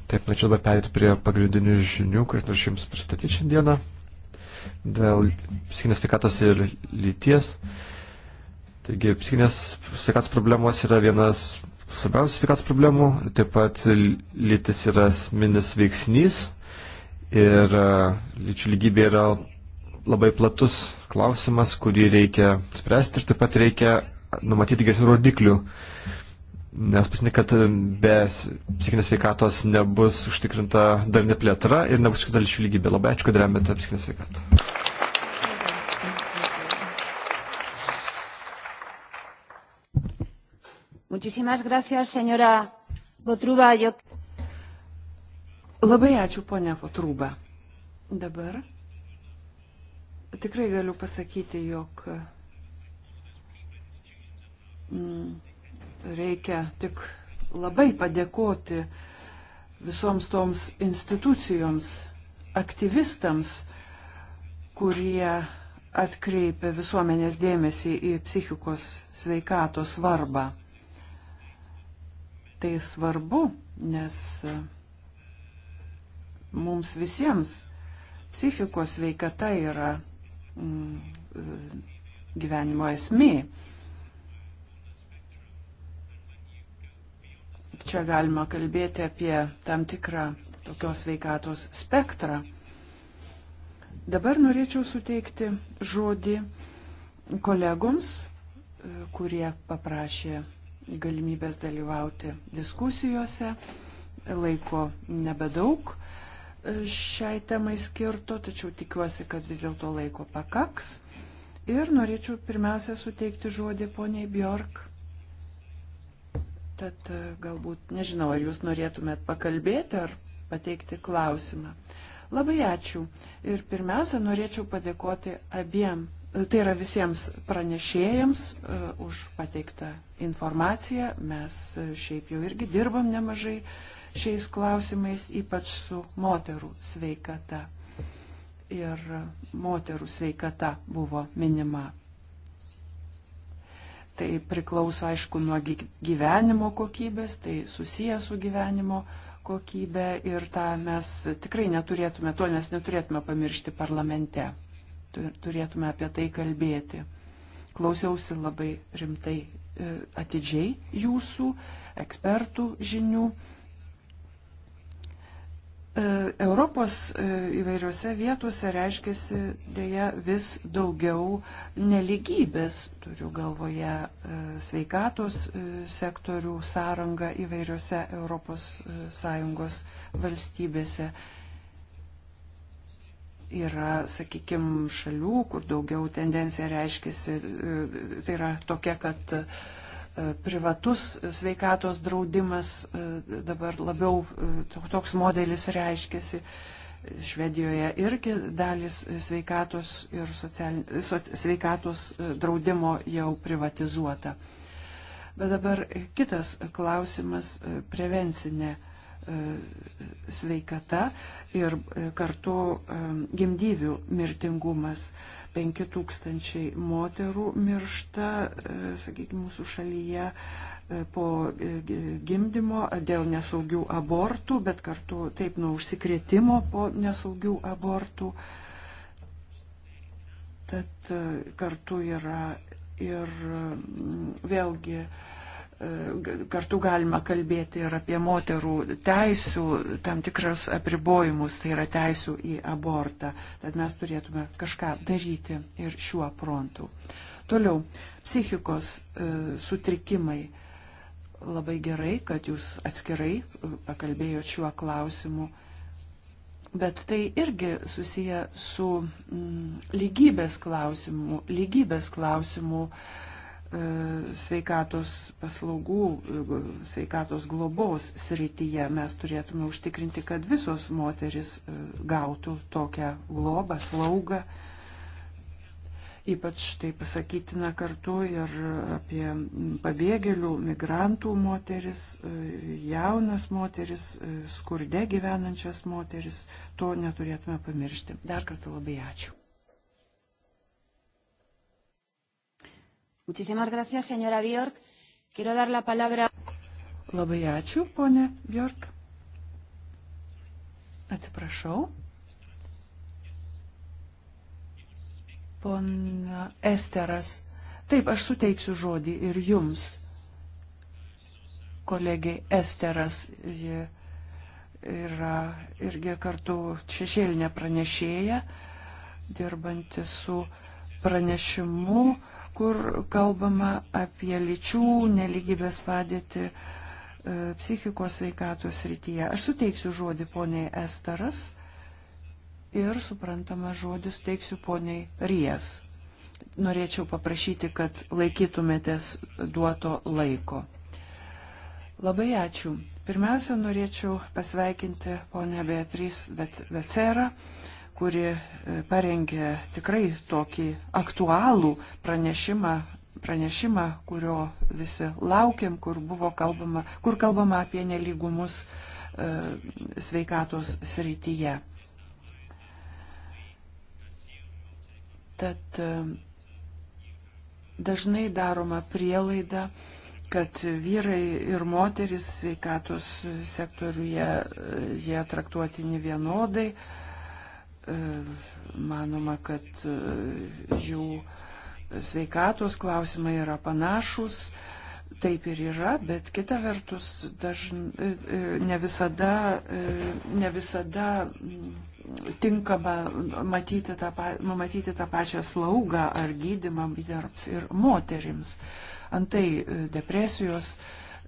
S4: Taip, plačiau dabar perėti prie pagrindinių žinių, kurias noriu jums pristatyti šiandieną dėl psichinės sveikatos ir lyties. Taigi, psichinės sveikatos problemos yra vienas svarbiausių sveikatos problemų, taip pat lytis yra asmenis veiksnys ir e, lyčių lygybė yra labai platus klausimas, kurį reikia spręsti ir taip pat reikia numatyti geresnių rodiklių, nes pasinė, kad be psichinės sveikatos nebus užtikrinta darni plėtra ir nebus užtikrinta lyčių lygybė. Labai ačiū, kad remiate psichinę sveikatą.
S3: Muchísimas gracias, señora Botruba. Yo... Labai ačiū, ponia Botruba. Dabar tikrai galiu pasakyti, jog mm, reikia tik labai padėkoti visoms toms institucijoms, aktyvistams, kurie atkreipia visuomenės dėmesį į psichikos sveikato svarbą. Tai svarbu, nes mums visiems psichikos sveikata yra mm, gyvenimo esmė. čia galima kalbėti apie tam tikrą tokios veikatos spektrą. Dabar norėčiau suteikti žodį kolegoms, e, kurie paprašė galimybės dalyvauti diskusijose. Laiko nebedaug e, šiai temai skirto, tačiau tikiuosi, kad vis dėlto laiko pakaks. Ir norėčiau pirmiausia suteikti žodį poniai Bjork Tad e, galbūt nežinau, ar jūs norėtumėt pakalbėti ar pateikti klausimą. Labai ačiū. Ir pirmiausia, norėčiau padėkoti abiem, e, tai yra visiems pranešėjams uh, už pateiktą informaciją. Mes šiaip jau irgi dirbam nemažai šiais klausimais, ypač su moterų sveikata. Ir moterų sveikata buvo minima. Tai priklauso, aišku, nuo gyvenimo kokybės, tai susijęs su gyvenimo kokybė ir tą mes tikrai neturėtume, to mes neturėtume pamiršti parlamente. Turėtume apie tai kalbėti. Klausiausi labai rimtai e, atidžiai jūsų, ekspertų žinių E, Europos e, įvairiose vietose reiškiasi dėja vis daugiau neligybės, turiu galvoje e, sveikatos sektorių sąrangą įvairiose ES valstybėse. Yra, sakykime, šalių, kur daugiau tendencija reiškiasi, tai yra tokia, kad E, privatus sveikatos draudimas e, dabar labiau e, toks modelis reiškiasi. Švedijoje irgi dalis sveikatos ir socialin... sveikatos draudimo jau privatizuota. Bet dabar kitas klausimas - prevencinė sveikata ir kartu gimdyvių mirtingumas. 5 tūkstančiai moterų miršta, e, sakykime, mūsų šalyje e, po e, gimdymo dėl nesaugių abortų, bet kartu taip nuo užsikrėtimo po nesaugių abortų. Tad kartu yra ir vėlgi E, kartu galima kalbėti ir apie moterų teisų tam tikras apribojimus, tai yra teisų į abortą. Tad mes turėtume kažką daryti ir šiuo prontu. Toliau, psichikos e, sutrikimai. Labai gerai, kad jūs atskirai e, pakalbėjote šiuo klausimu. Bet tai irgi susiję su mm, lygybės klausimu, lygybės klausimu uh, E, sveikatos paslaugų, sveikatos globos srityje mes turėtume užtikrinti, kad visos moteris e, gautų tokią globą, slaugą. Ypač tai pasakytina kartu ir apie pabėgėlių, migrantų moteris, e, jaunas moteris, skurde gyvenančias moteris. To neturėtume pamiršti. Dar kartą labai ačiū. Muchísimas gracias, señora Bjork. Quiero dar la palabra. Labai ačiū, ponė Bjork. Atsiprašau. Pona Esteras. Taip, aš suteiksiu žodį ir jums, kolegiai Esteras. Ji yra irgi kartu šešėlinė pranešėja, dirbanti su pranešimu. Mhm kur kalbama apie lyčių neligybės padėtį e, psichikos sveikatos srityje. Aš suteiksiu žodį poniai Estaras ir suprantama žodį suteiksiu poniai Rijas. Norėčiau paprašyti, kad laikytumėtės duoto laiko. Labai ačiū. Pirmiausia, norėčiau pasveikinti ponę Beatrys Vecerą. Bet kuri e, parengė tikrai tokį aktualų pranešimą, pranešimą, kurio visi laukiam, kur buvo kalbama, kur kalbama apie neligumus e, sveikatos srityje. Tad e, dažnai daroma prielaida, kad vyrai ir moteris sveikatos sektoriuje jie traktuotini vienodai, manoma, kad e, jų sveikatos klausimai yra panašus. Taip ir yra, bet kita vertus dažn, e, e, ne, visada, ne visada mm, tinkama matyti tą, matyti tą pačią slaugą ar gydimą vyrams ir moterims. Antai depresijos uh,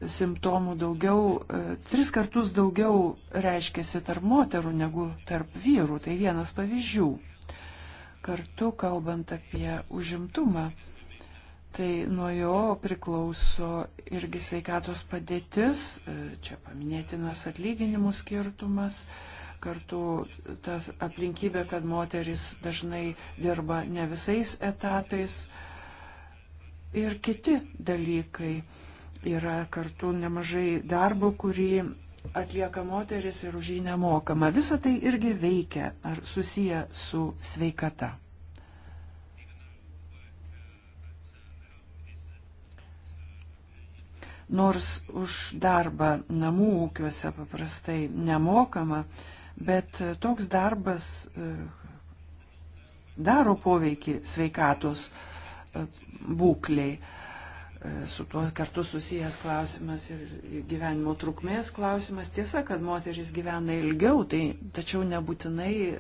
S3: simptomų daugiau, e, tris kartus daugiau reiškėsi tarp moterų negu tarp vyrų. Tai vienas pavyzdžių. Kartu kalbant apie užimtumą, tai nuo jo priklauso irgi sveikatos padėtis, e, čia paminėtinas atlyginimų skirtumas, kartu tas aplinkybė, kad moteris dažnai dirba ne visais etatais ir kiti dalykai Yra kartu nemažai darbo, kurį atlieka moteris ir už jį nemokama. Visa tai irgi veikia ar susiję su sveikata. Nors už darbą namų ūkiuose paprastai nemokama, bet toks darbas e, daro poveikį sveikatos e, būkliai su tuo kartu susijęs klausimas ir gyvenimo trukmės klausimas. Tiesa, kad moteris gyvena ilgiau, tai tačiau nebūtinai e,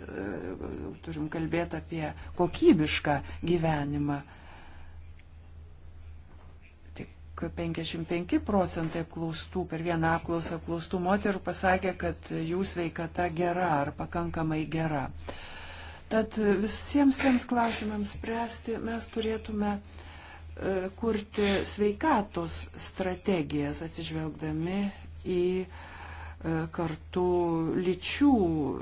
S3: turim kalbėti apie kokybišką gyvenimą. Tik 55 procentai klaustų per vieną apklausą klaustų moterų pasakė, kad jų sveikata gera ar pakankamai gera. Tad visiems tiems klausimams spręsti mes turėtume uh, E, kurti sveikatos strategijas atsižvelgdami į e, kartu lyčių e,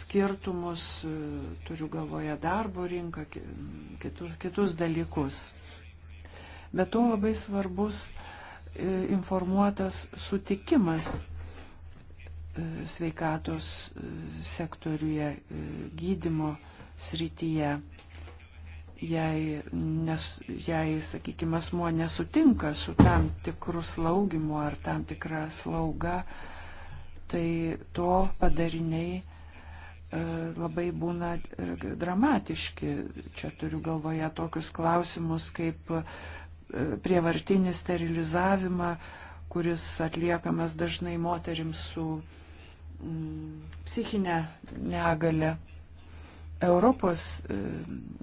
S3: skirtumus, turiu galvoje darbo rinką, kitus, kitus dalykus. Bet to labai svarbus informuotas sutikimas sveikatos sektoriuje, gydimo srityje jei, nes, jei sakykime, asmuo nesutinka su tam tikru slaugimu ar tam tikra slauga, tai to padariniai e, labai būna e, dramatiški. Čia turiu galvoje tokius klausimus kaip e, prievartinį sterilizavimą, kuris atliekamas dažnai moterims su psichinė negalė. Europos e,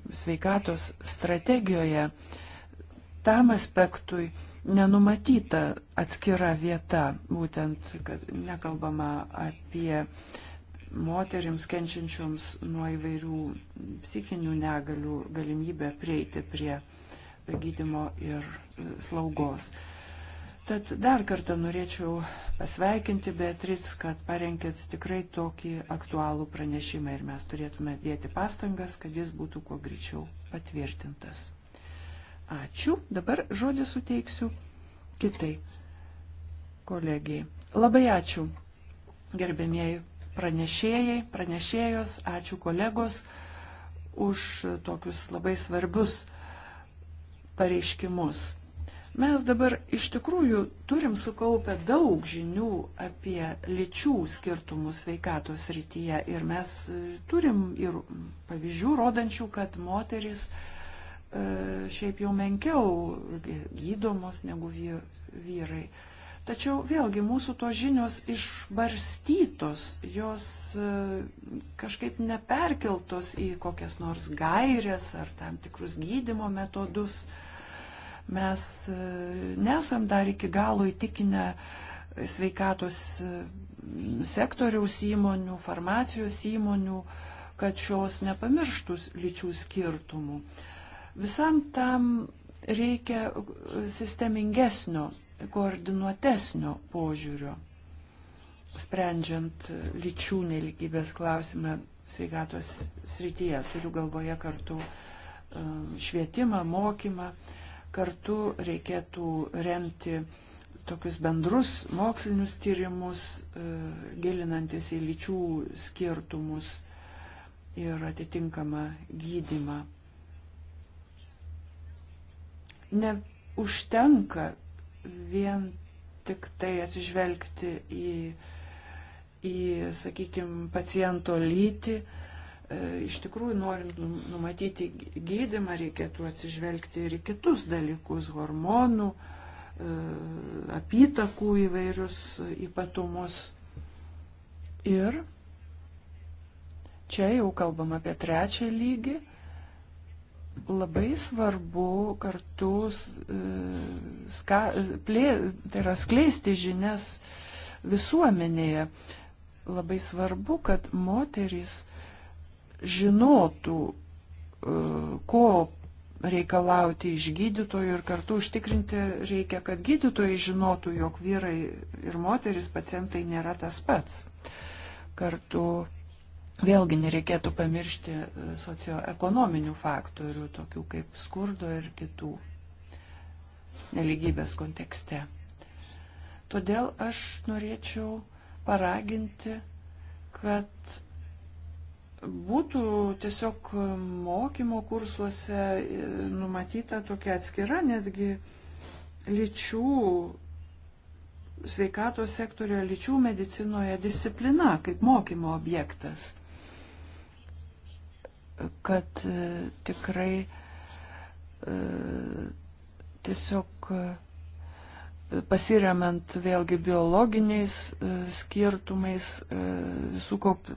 S3: sveikatos strategijoje tam aspektui nenumatyta atskira vieta, būtent, kad nekalbama apie moteriams kenčiančioms nuo įvairių psichinių negalių galimybę prieiti prie gydimo ir slaugos. Tad dar kartą norėčiau pasveikinti Beatric, kad parengėt tikrai tokį aktualų pranešimą ir mes turėtume dėti pastangas, kad jis būtų kuo greičiau patvirtintas. Ačiū. Dabar žodį suteiksiu kitai kolegijai. Labai ačiū, gerbėmieji pranešėjai, pranešėjos, ačiū kolegos už tokius labai svarbius pareiškimus Mes dabar iš tikrųjų turim sukaupę daug žinių apie lyčių skirtumus sveikatos rytyje ir mes e, turim ir pavyzdžių rodančių, kad moteris e, šiaip jau menkiau gydomos negu vyrai. Tačiau vėlgi mūsų to žinios išbarstytos, jos e, kažkaip neperkeltos į kokias nors gairias ar tam tikrus gydimo metodus. Mes e, nesam dar iki galo įtikinę sveikatos e, sektoriaus įmonių, farmacijos įmonių, kad šios nepamirštų lyčių skirtumų. Visam tam reikia e, sistemingesnio, koordinuotesnio požiūrio, sprendžiant lyčių neligybės klausimą sveikatos srityje. Turiu galvoje kartu švietimą, mokymą. Kartu reikėtų remti tokius bendrus mokslinius tyrimus, e, gilinantis į lyčių skirtumus ir atitinkamą gydimą. Neužtenka vien tik tai atsižvelgti į, į sakykime, paciento lytį, E, iš tikrųjų, norint numatyti gydimą, reikėtų atsižvelgti ir į kitus dalykus - hormonų, e, apytakų įvairius ypatumus. Ir čia jau kalbam apie trečią lygį. Labai svarbu kartu e, ska, plė, tai yra skleisti žinias visuomenėje. Labai svarbu, kad moterys uh, žinotų, e, ko reikalauti iš gydytojų ir kartu užtikrinti reikia, kad gydytojai žinotų, jog vyrai ir moteris pacientai nėra tas pats. Kartu vėlgi nereikėtų pamiršti e, socioekonominių faktorių, tokių kaip skurdo ir kitų neligybės kontekste. Todėl aš norėčiau paraginti, kad būtų tiesiog mokymo kursuose e, numatyta tokia atskira netgi lyčių sveikatos sektorioje, lyčių medicinoje disciplina kaip mokymo objektas. Kad e, tikrai e, tiesiog pasiriamant vėlgi biologiniais skirtumais visų kaup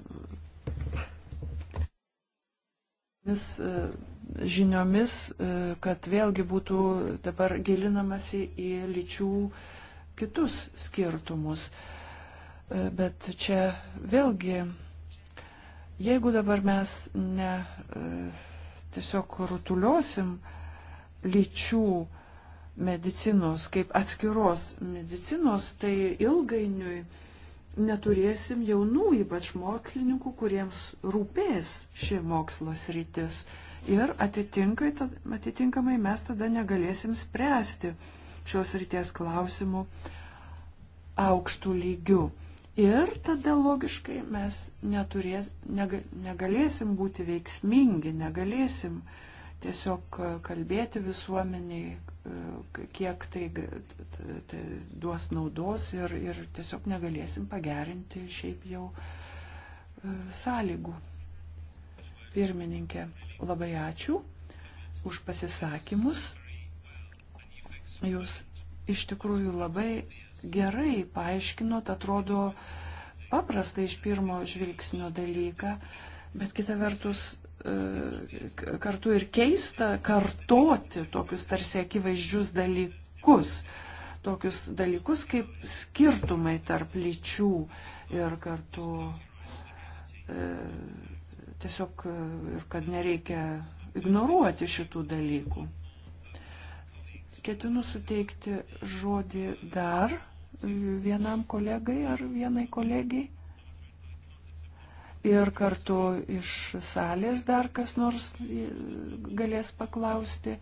S3: E, žiniomis, e, kad vėlgi būtų dabar gilinamasi į lyčių kitus skirtumus. E, bet čia vėlgi, jeigu dabar mes ne tiesiog rutuliosim lyčių medicinos kaip atskiros medicinos, tai ilgainiui neturėsim jaunų, ypač mokslininkų, kuriems rūpės ši mokslos rytis. Ir atitinkamai mes tada negalėsim spręsti šios ryties klausimų aukštų lygių. Ir tada logiškai mes neturės, negalėsim būti veiksmingi, negalėsim uh, tiesiog e, kalbėti visuomeniai, e, kiek tai, tai duos naudos ir, ir tiesiog negalėsim pagerinti šiaip jau e, sąlygų. Pirmininkė, labai ačiū už pasisakymus. Jūs iš tikrųjų labai gerai paaiškinot, atrodo, paprastą iš pirmo žvilgsnio dalyką, bet kita vertus E, kartu ir keista kartoti tokius tarsi akivaizdžius dalykus, tokius dalykus kaip skirtumai tarp lyčių ir kartu e, tiesiog e, ir kad nereikia ignoruoti šitų dalykų. Ketinu suteikti žodį dar vienam kolegai ar vienai kolegijai ir kartu iš salės dar kas nors galės paklausti.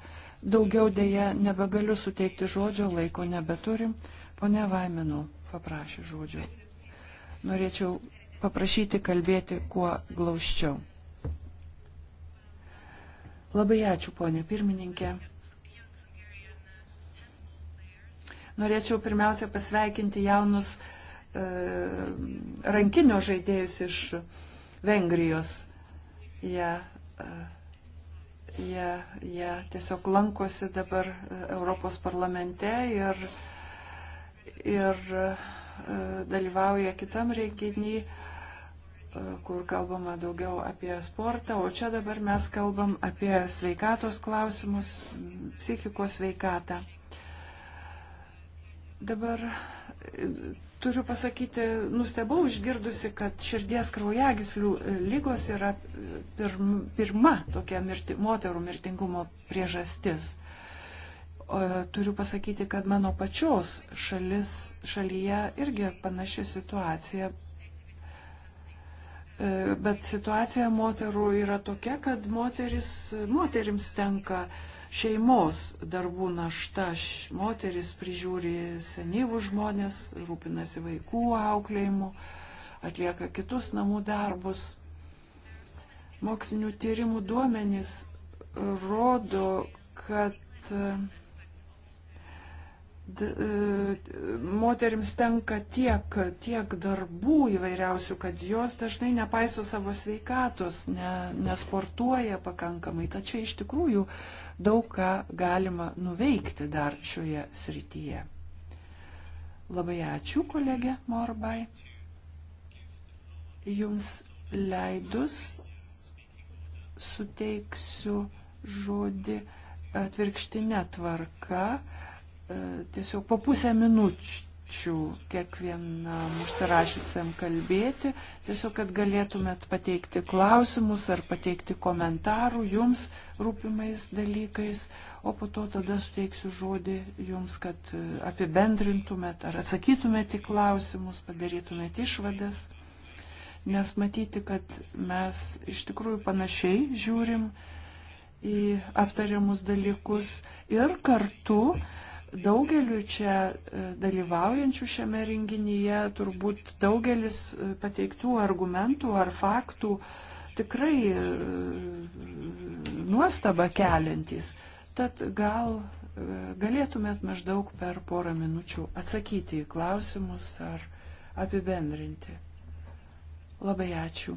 S3: Daugiau dėja nebegaliu suteikti žodžio, laiko nebeturim. Pone Vaimenu paprašė žodžio. Norėčiau paprašyti kalbėti kuo glaučiau. Labai ačiū, ponė pirmininkė. Norėčiau pirmiausia pasveikinti jaunus e, rankinio žaidėjus iš Vengrijos. Jie, e, jie, jie tiesiog lankosi dabar e, Europos parlamente ir, ir e, dalyvauja kitam reikinyje kur kalbama daugiau apie sportą, o čia dabar mes kalbam apie sveikatos klausimus, psichikos sveikatą. Dabar turiu pasakyti, nustebau išgirdusi, kad širdies kraujagislių e, lygos yra e, pirma tokia mirti, moterų mirtingumo priežastis. O, e, turiu pasakyti, kad mano pačios šalis, šalyje irgi panaši situacija. Bet situacija moterų yra tokia, kad moteris, moterims tenka uh, šeimos darbų našta. Moteris prižiūri senyvų žmonės, rūpinasi vaikų auklėjimu, atlieka kitus namų darbus. Mokslinių tyrimų duomenys rodo, kad e, moterims tenka tiek, tiek darbų įvairiausių, kad jos dažnai nepaiso savo sveikatos, ne, nesportuoja pakankamai. Tačiau iš tikrųjų uh, daug ką galima nuveikti dar šioje srityje. Labai ačiū, kolegė Morbai. Jums leidus suteiksiu žodį atvirkštinę tvarką, e, tiesiog po pusę minučių minučių kiekvienam užsirašysiam kalbėti, tiesiog kad galėtumėt pateikti klausimus ar pateikti komentarų jums rūpimais dalykais, o po to tada suteiksiu žodį jums, kad apibendrintumėt ar atsakytumėt į klausimus, padarytumėt išvadas, nes matyti, kad mes iš tikrųjų panašiai žiūrim į aptariamus dalykus ir kartu daugeliu čia e, dalyvaujančių šiame renginyje turbūt daugelis e, pateiktų argumentų ar faktų tikrai e, nuostaba keliantis. Tad gal galėtumėt maždaug per porą minučių atsakyti į klausimus ar apibendrinti. Labai ačiū.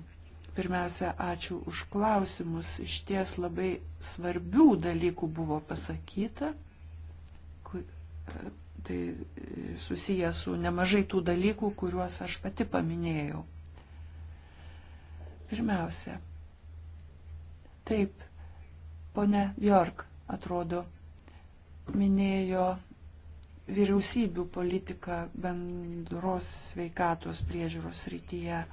S3: Pirmiausia, ačiū už klausimus. Iš ties labai svarbių dalykų buvo pasakyta tai susiję su nemažai tų dalykų, kuriuos aš pati paminėjau. Pirmiausia, taip, ponia Bjork, atrodo, minėjo vyriausybių politiką bendros sveikatos priežiūros rytyje, e,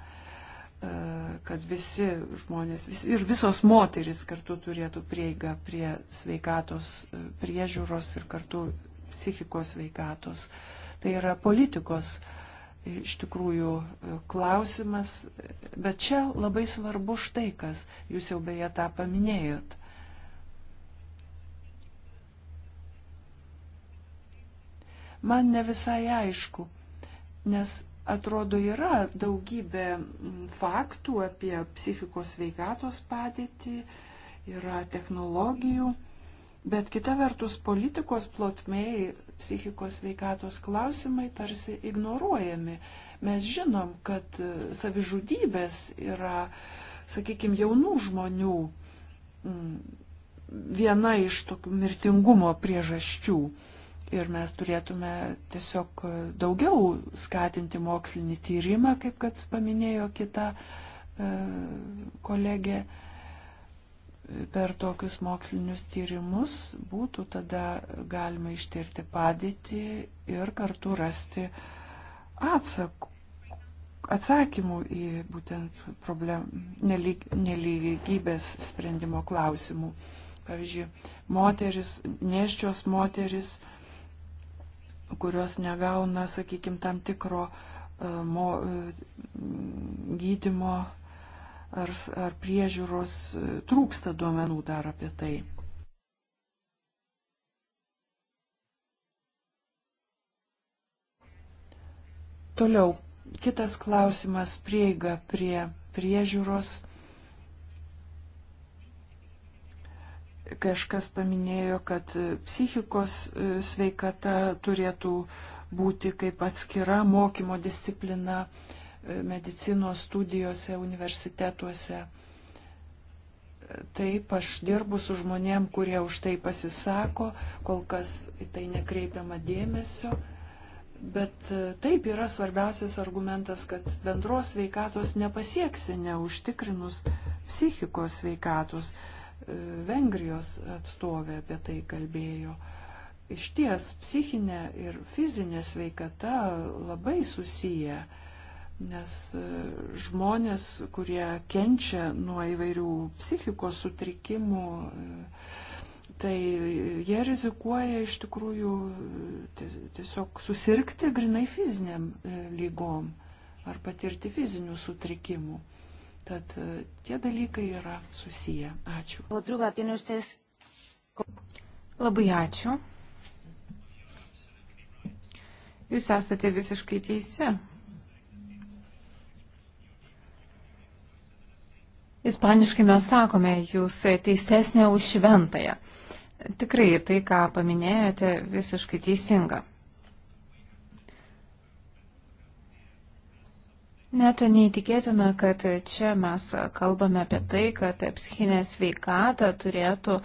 S3: kad visi žmonės visi, ir visos moteris kartu turėtų prieigą prie sveikatos e, priežiūros ir kartu psichikos veikatos. Tai yra politikos e, iš tikrųjų e, klausimas, bet čia labai svarbu štai kas, jūs jau beje tą paminėjot. Man ne visai aišku, nes atrodo yra daugybė faktų apie psichikos veikatos padėtį, yra technologijų, Bet kita vertus, politikos plotmėj psichikos veikatos klausimai tarsi ignoruojami. Mes žinom, kad e, savižudybės yra, sakykime, jaunų žmonių viena iš tokių mirtingumo priežasčių. Ir mes turėtume tiesiog e, daugiau skatinti mokslinį tyrimą, kaip kad paminėjo kita e, kolegė. E, per tokius mokslinius tyrimus būtų tada galima ištirti padėtį ir kartu rasti atsakų, atsakymų į būtent problem, nelyg, nelygybės sprendimo klausimų. Pavyzdžiui, moteris, neščios moteris, kurios negauna, sakykime, tam tikro e, mo, e, gydimo ar, ar priežiūros e, trūksta duomenų dar apie tai. Toliau, kitas klausimas - prieiga prie priežiūros. Kažkas paminėjo, kad e, psichikos e, sveikata turėtų būti kaip atskira mokymo disciplina. Uh, medicinos studijose, universitetuose. Taip, aš dirbu su žmonėm, kurie už tai pasisako, kol kas į tai nekreipiama dėmesio. Bet e, taip yra svarbiausias argumentas, kad bendros sveikatos nepasieksi neužtikrinus psichikos sveikatos. E, Vengrijos atstovė apie tai kalbėjo. Iš ties psichinė ir fizinė sveikata labai susiję nes e, žmonės, kurie kenčia nuo įvairių psichikos sutrikimų, e, tai jie rizikuoja iš tikrųjų e, tiesiog susirgti grinai fiziniam lygom ar patirti fizinių sutrikimų. Tad tie dalykai yra susiję. Ačiū. Tai nu, Labai ačiū.
S1: Jūs esate visiškai teisi. Ispaniškai mes sakome, jūs teisesnė už šventąją. Tikrai tai, ką paminėjote, visiškai teisinga. Net neįtikėtina, kad čia mes kalbame apie tai, kad psichinė sveikata turėtų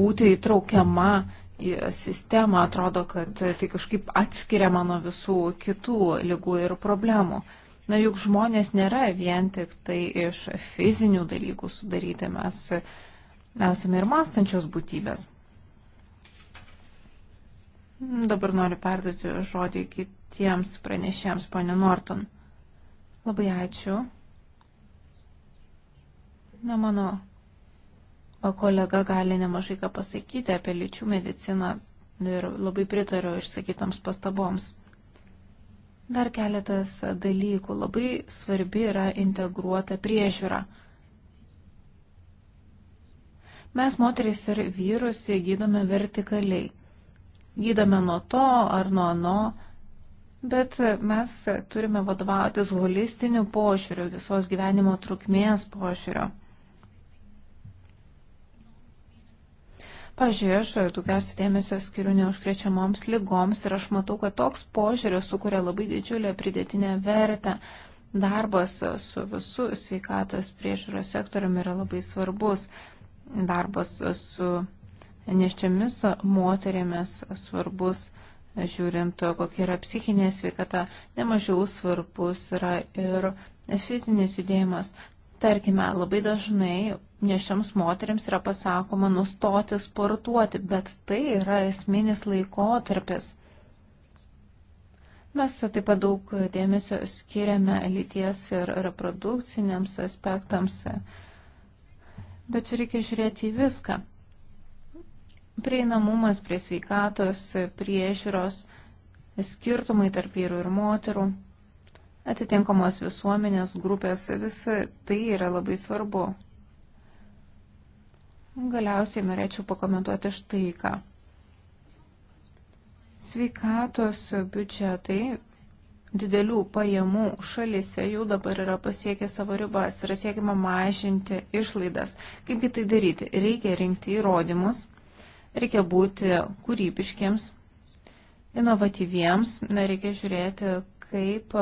S1: būti įtraukiama į sistemą. Atrodo, kad tai kažkaip atskiriama nuo visų kitų lygų ir problemų. Na juk žmonės nėra vien tik tai iš fizinių dalykų sudaryti, mes esame ir mąstančios būtybės. Dabar noriu perduoti žodį kitiems pranešėms, ponė Norton. Labai ačiū. Na, mano kolega gali nemažai ką pasakyti apie lyčių mediciną ir labai pritariu išsakytoms pastaboms. Dar keletas dalykų. Labai svarbi yra integruota priežiūra. Mes moteris ir vyrus gydome vertikaliai. Gydome nuo to ar nuo ano, bet mes turime vadovautis holistiniu požiūriu, visos gyvenimo trukmės požiūriu. Pažiūrėjau, aš daugiausiai dėmesio skiriu neužkrečiamoms lygoms ir aš matau, kad toks požiūris sukuria labai didžiulę pridėtinę vertę. Darbas su visų sveikatos priežiūros sektoriumi yra labai svarbus. Darbas su neščiamis moterėmis svarbus, žiūrint, kokia yra psichinė sveikata, nemažiau svarbus yra ir fizinis judėjimas. Tarkime, labai dažnai nešiams moteriams yra pasakoma nustoti sportuoti, bet tai yra esminis laikotarpis. Mes taip pat daug dėmesio skiriame lyties ir reprodukciniams aspektams, bet čia reikia žiūrėti į viską. Prieinamumas prie sveikatos, priežiūros, skirtumai tarp vyrų ir moterų atitinkamos visuomenės grupės, visa tai yra labai svarbu. Galiausiai norėčiau pakomentuoti štai ką. Sveikatos biudžetai didelių pajamų šalise jau dabar yra pasiekę savo ribas, yra siekiama mažinti išlaidas. Kaipgi tai daryti? Reikia rinkti įrodymus, reikia būti kūrybiškiams, inovatyviems, reikia žiūrėti, kaip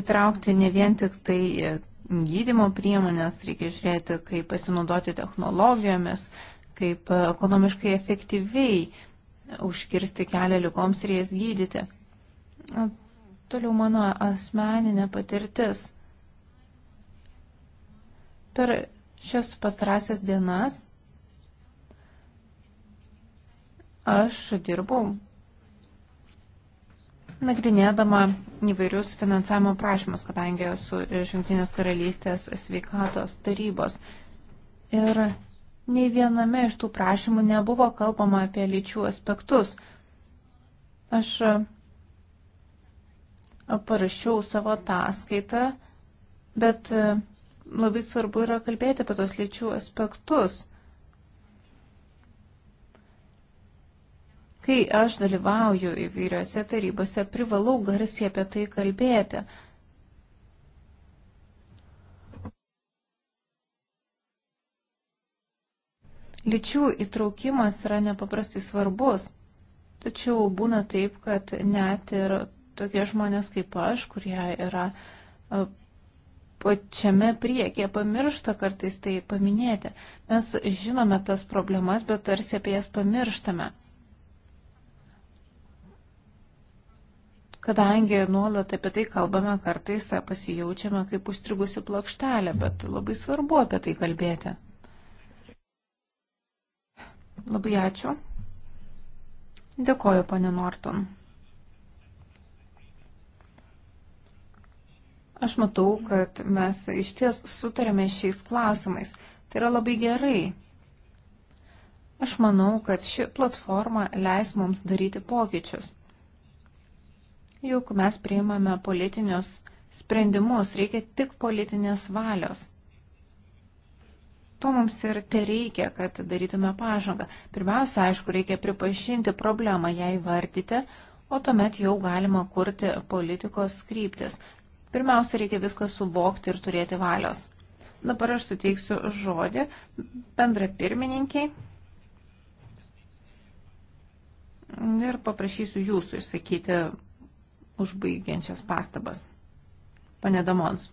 S1: įtraukti ne vien tik tai gydimo priemonės, reikia žiūrėti, kaip pasinaudoti technologijomis, kaip ekonomiškai efektyviai užkirsti kelią likoms ir jas gydyti. Toliau mano asmeninė patirtis. Per šias pastarasias dienas aš dirbau nagrinėdama įvairius finansavimo prašymus, kadangi esu iš Junktinės karalystės sveikatos tarybos. Ir nei viename iš tų prašymų nebuvo kalbama apie lyčių aspektus. Aš parašiau savo ataskaitą, bet labai svarbu yra kalbėti apie tos lyčių aspektus. Kai aš dalyvauju įvairiose tarybose, privalau garsiai apie tai kalbėti. Lyčių įtraukimas yra nepaprastai svarbus, tačiau būna taip, kad net ir tokie žmonės kaip aš, kurie yra pačiame priekyje pamiršta kartais tai paminėti. Mes žinome tas problemas, bet tarsi apie jas pamirštame. Kadangi nuolat apie tai kalbame, kartais pasijaučiame kaip užstrigusi plokštelė, bet labai svarbu apie tai kalbėti. Labai ačiū. Dėkoju, ponė Norton. Aš matau, kad mes iš ties sutarėme šiais klausimais. Tai yra labai gerai. Aš manau, kad ši platforma leis mums daryti pokyčius. Juk mes priimame politinius sprendimus, reikia tik politinės valios. To mums ir te reikia, kad darytume pažangą. Pirmiausia, aišku, reikia pripažinti problemą, ją įvardyti, o tuomet jau galima kurti politikos kryptis. Pirmiausia, reikia viską suvokti ir turėti valios. Dabar aš suteiksiu žodį bendra pirmininkiai ir paprašysiu jūsų išsakyti užbaigiančias pastabas. Pane Damons.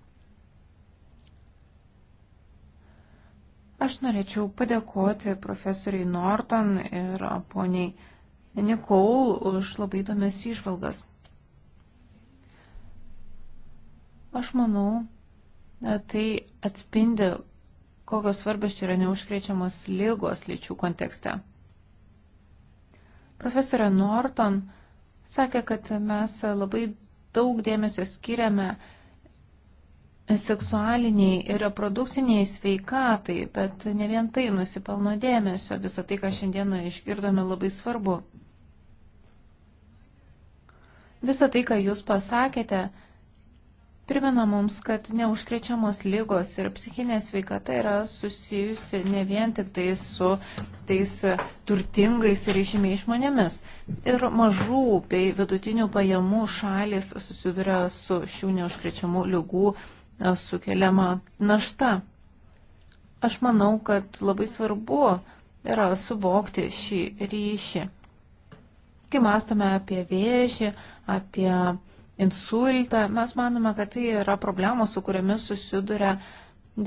S1: Aš norėčiau padėkoti profesoriai Norton ir poniai Nikol už labai įdomias išvalgas. Aš manau, tai atspindi, kokios svarbios yra neužkrečiamos lygos lyčių kontekste. Profesorė Norton sakė, kad mes labai daug dėmesio skiriame seksualiniai ir reprodukciniai sveikatai, bet ne vien tai nusipelno dėmesio, visą tai, ką šiandieną išgirdome, labai svarbu. Visą tai, ką jūs pasakėte, primena mums, kad neužkrečiamos lygos ir psichinė sveikata yra susijusi ne vien tik tai su tais turtingais ir išimiai žmonėmis. Ir mažų bei vidutinių pajamų šalis susiduria su šių neužkrečiamų lygų e, sukeliama našta. Aš manau, kad labai svarbu yra suvokti šį ryšį. Kai mastome apie vėžį, apie insultą. Mes manome, kad tai yra problemos, su kuriamis susiduria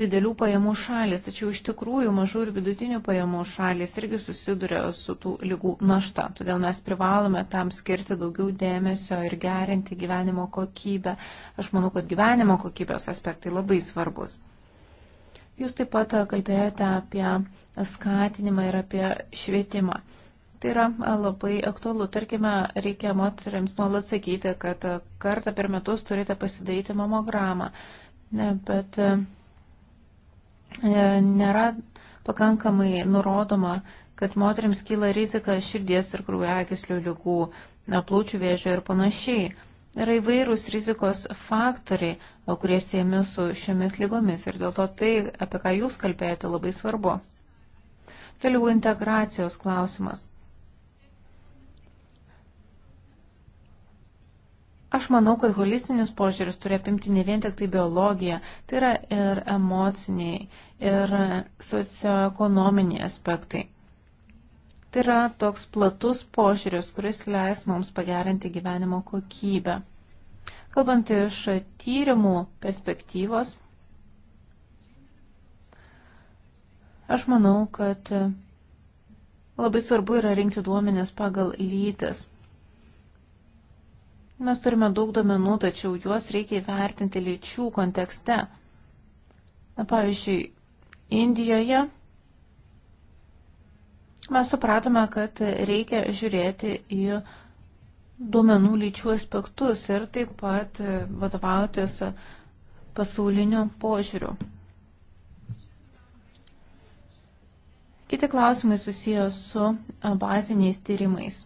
S1: didelių pajamų šalis, tačiau iš tikrųjų mažų ir vidutinių pajamų šalis irgi susiduria su tų lygų našta. Todėl mes privalome tam skirti daugiau dėmesio ir gerinti gyvenimo kokybę. Aš manau, kad gyvenimo kokybės aspektai labai svarbus. Jūs taip pat kalbėjote apie skatinimą ir apie švietimą. Tai yra labai aktualu. Tarkime, reikia moteriams nuolat sakyti, kad kartą per metus turite pasidaryti mamogramą. Ne, bet e, nėra pakankamai nurodoma, kad moteriams kyla rizika širdies ir krūvėkislių lygų, plaučių vėžio ir panašiai. Yra įvairūs rizikos faktoriai, kurie siejami su šiomis lygomis ir dėl to tai, apie ką jūs kalbėjote, labai svarbu. Toliau integracijos klausimas. Aš manau, kad holistinis požiūris turi apimti ne vien tik tai biologiją, tai yra ir emociniai, ir socioekonominiai aspektai. Tai yra toks platus požiūris, kuris leis mums pagerinti gyvenimo kokybę. Kalbant iš tyrimų perspektyvos, aš manau, kad labai svarbu yra rinkti duomenis pagal lytis. Mes turime daug duomenų, tačiau juos reikia įvertinti lyčių kontekste. Na, pavyzdžiui, Indijoje mes supratome, kad reikia žiūrėti į duomenų lyčių aspektus ir taip pat vadovautis pasauliniu požiūriu. Kiti klausimai susijęs su baziniais tyrimais.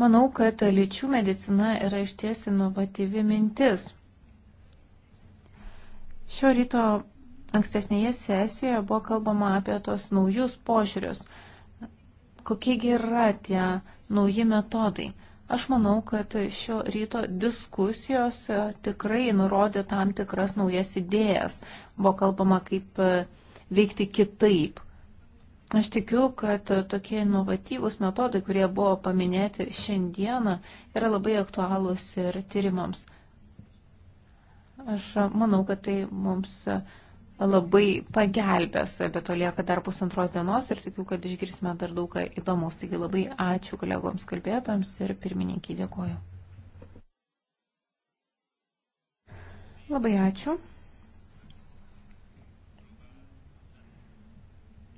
S1: Manau, kad lyčių medicina yra išties inovatyvi mintis. Šio ryto ankstesnėje sesijoje buvo kalbama apie tos naujus požiūrius. Kokiegi yra tie nauji metodai? Aš manau, kad šio ryto diskusijos e, tikrai nurodė tam tikras naujas idėjas. Buvo kalbama, kaip e, veikti kitaip, Aš tikiu, kad tokie inovatyvūs metodai, kurie buvo paminėti šiandieną, yra labai aktualūs ir tyrimams. Aš manau, kad tai mums labai pagelbės, bet to lieka dar pusantros dienos ir tikiu, kad išgirsime dar daug ką įdomus. Taigi labai ačiū kolegoms kalbėtojams ir pirmininkiai dėkoju. Labai ačiū.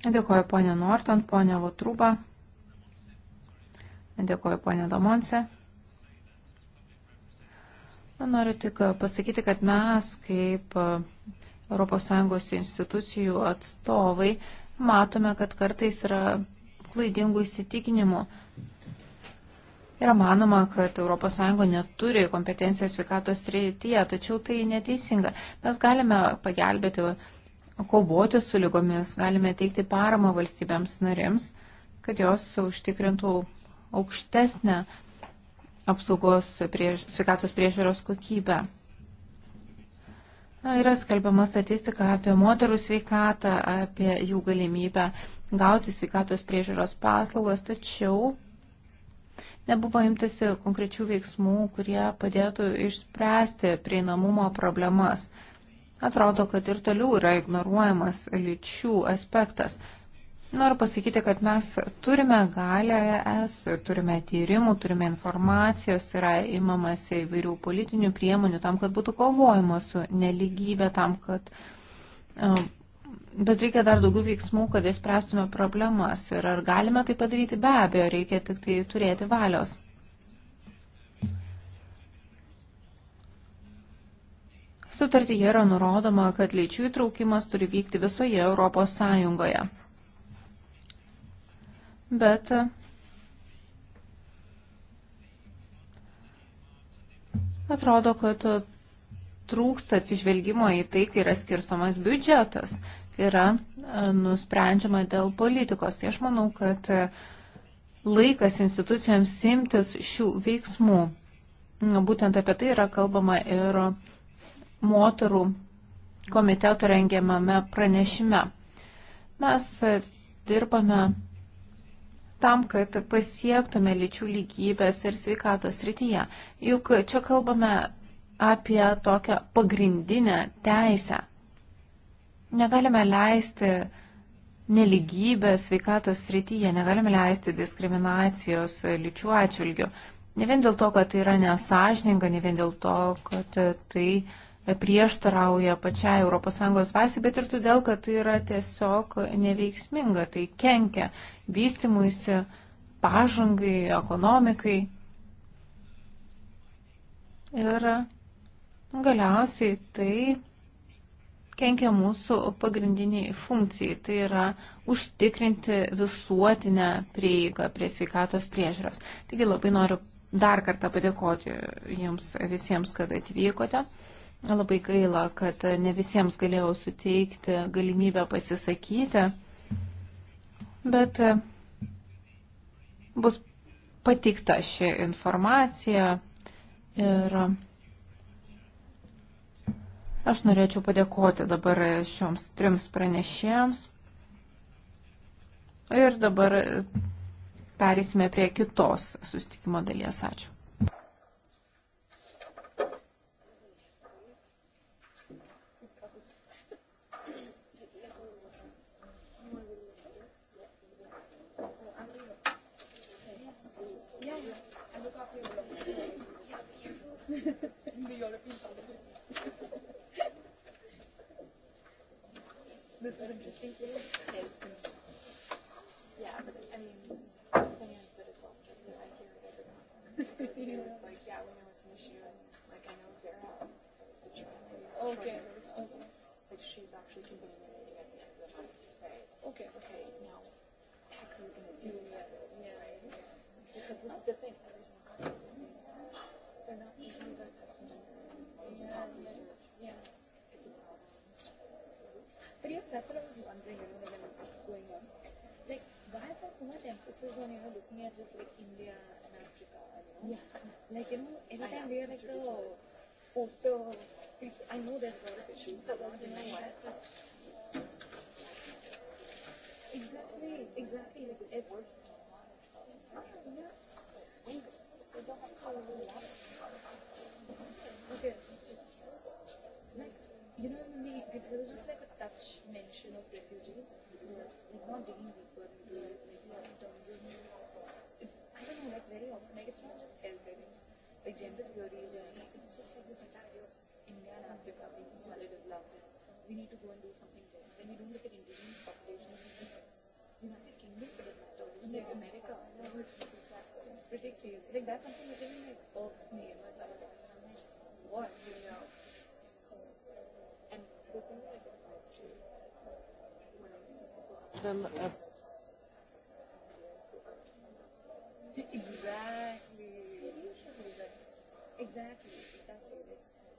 S1: Dėkoju ponė Norton, ponė Votruba. Dėkoju ponė Domonse. Noriu tik e, pasakyti, kad mes kaip ES institucijų atstovai matome, kad kartais yra klaidingų įsitikinimų. Yra manoma, kad ES neturi kompetencijos sveikatos srityje, tačiau tai neteisinga. Mes galime pagelbėti kovoti su lygomis, galime teikti paramą valstybėms narėms, kad jos užtikrintų aukštesnę apsaugos priež, sveikatos priežiūros kokybę. Na, yra skelbiama statistika apie moterų sveikatą, apie jų galimybę gauti sveikatos priežiūros paslaugas, tačiau nebuvo imtasi konkrečių veiksmų, kurie padėtų išspręsti prieinamumo problemas. Atrodo, kad ir toliau yra ignoruojamas lyčių aspektas. Noriu pasakyti, kad mes turime galę ES, turime tyrimų, turime informacijos, yra imamas įvairių politinių priemonių tam, kad būtų kovojama su neligybė, tam, kad. Um, bet reikia dar daugiau veiksmų, kad išspręstume problemas. Ir ar galime tai padaryti? Be abejo, reikia tik tai turėti valios. Sutartyje yra nurodoma, kad lyčių įtraukimas turi vykti visoje Europos Sąjungoje. Bet atrodo, kad trūksta atsižvelgimo į tai, kai yra skirstomas biudžetas, kai yra e, nusprendžiama dėl politikos. Tai aš manau, kad e, laikas institucijoms simtis šių veiksmų. Būtent apie tai yra kalbama ir moterų komiteto rengiamame pranešime. Mes dirbame tam, kad pasiektume lyčių lygybės ir sveikatos rytyje. Juk čia kalbame apie tokią pagrindinę teisę. Negalime leisti neligybės sveikatos rytyje, negalime leisti diskriminacijos lyčių atžvilgių. Ne vien dėl to, kad tai yra nesažininga, ne vien dėl to, kad tai prieštarauja pačiai ES dvasiai, bet ir todėl, kad tai yra tiesiog neveiksminga, tai kenkia vystimuisi, pažangai, ekonomikai. Ir galiausiai tai kenkia mūsų pagrindiniai funkcijai, tai yra užtikrinti visuotinę prieigą prie sveikatos priežiūros. Taigi labai noriu dar kartą padėkoti jums visiems, kad atvykote. Labai gaila, kad ne visiems galėjau suteikti galimybę pasisakyti, bet e, bus patikta ši informacija ir aš norėčiau padėkoti dabar šioms trims pranešėjams. Ir dabar e, perėsime prie kitos sustikimo dalies. Ačiū.
S2: the European Parliament. this is interesting for you. Yeah, but I mean, the thing is that it's all strict because I hear it every conference. But she was like, yeah, when there was an issue, and like I know
S3: Vera is the chair. Okay. okay. Like she's actually convening the meeting at the end of the month to say, okay, okay, now heck are you going to do? Yeah. yeah. Right? yeah. Because this is the thing. Every about research. Yeah. It's a problem.
S1: But yeah, that's what I was wondering, you know, when this was going on. Like, why is there so much emphasis on, you know, looking at just like India and Africa, you know? Yeah. Like, you know, every time we are like the poster, I know there's a lot of issues, but not in my life. Exactly, exactly. It's, it works.
S3: Yeah.
S2: And they don't have color water. You know, me, there was just like a touch mention of refugees, like not digging deeper into it, like in terms of, it, I don't know, like very often, like it's not just health, I think, like gender theories or anything, it's just like this
S1: entire idea of India and Africa being so underdeveloped and we need to go and do something there. Then we don't look at indigenous populations, we see United Kingdom for that matter, even like America, you know, it's, it's, it's pretty crazy. Like that's something which even like irks me, you know, it's like, what,
S2: you know them up. E, exactly. Exactly. Exactly.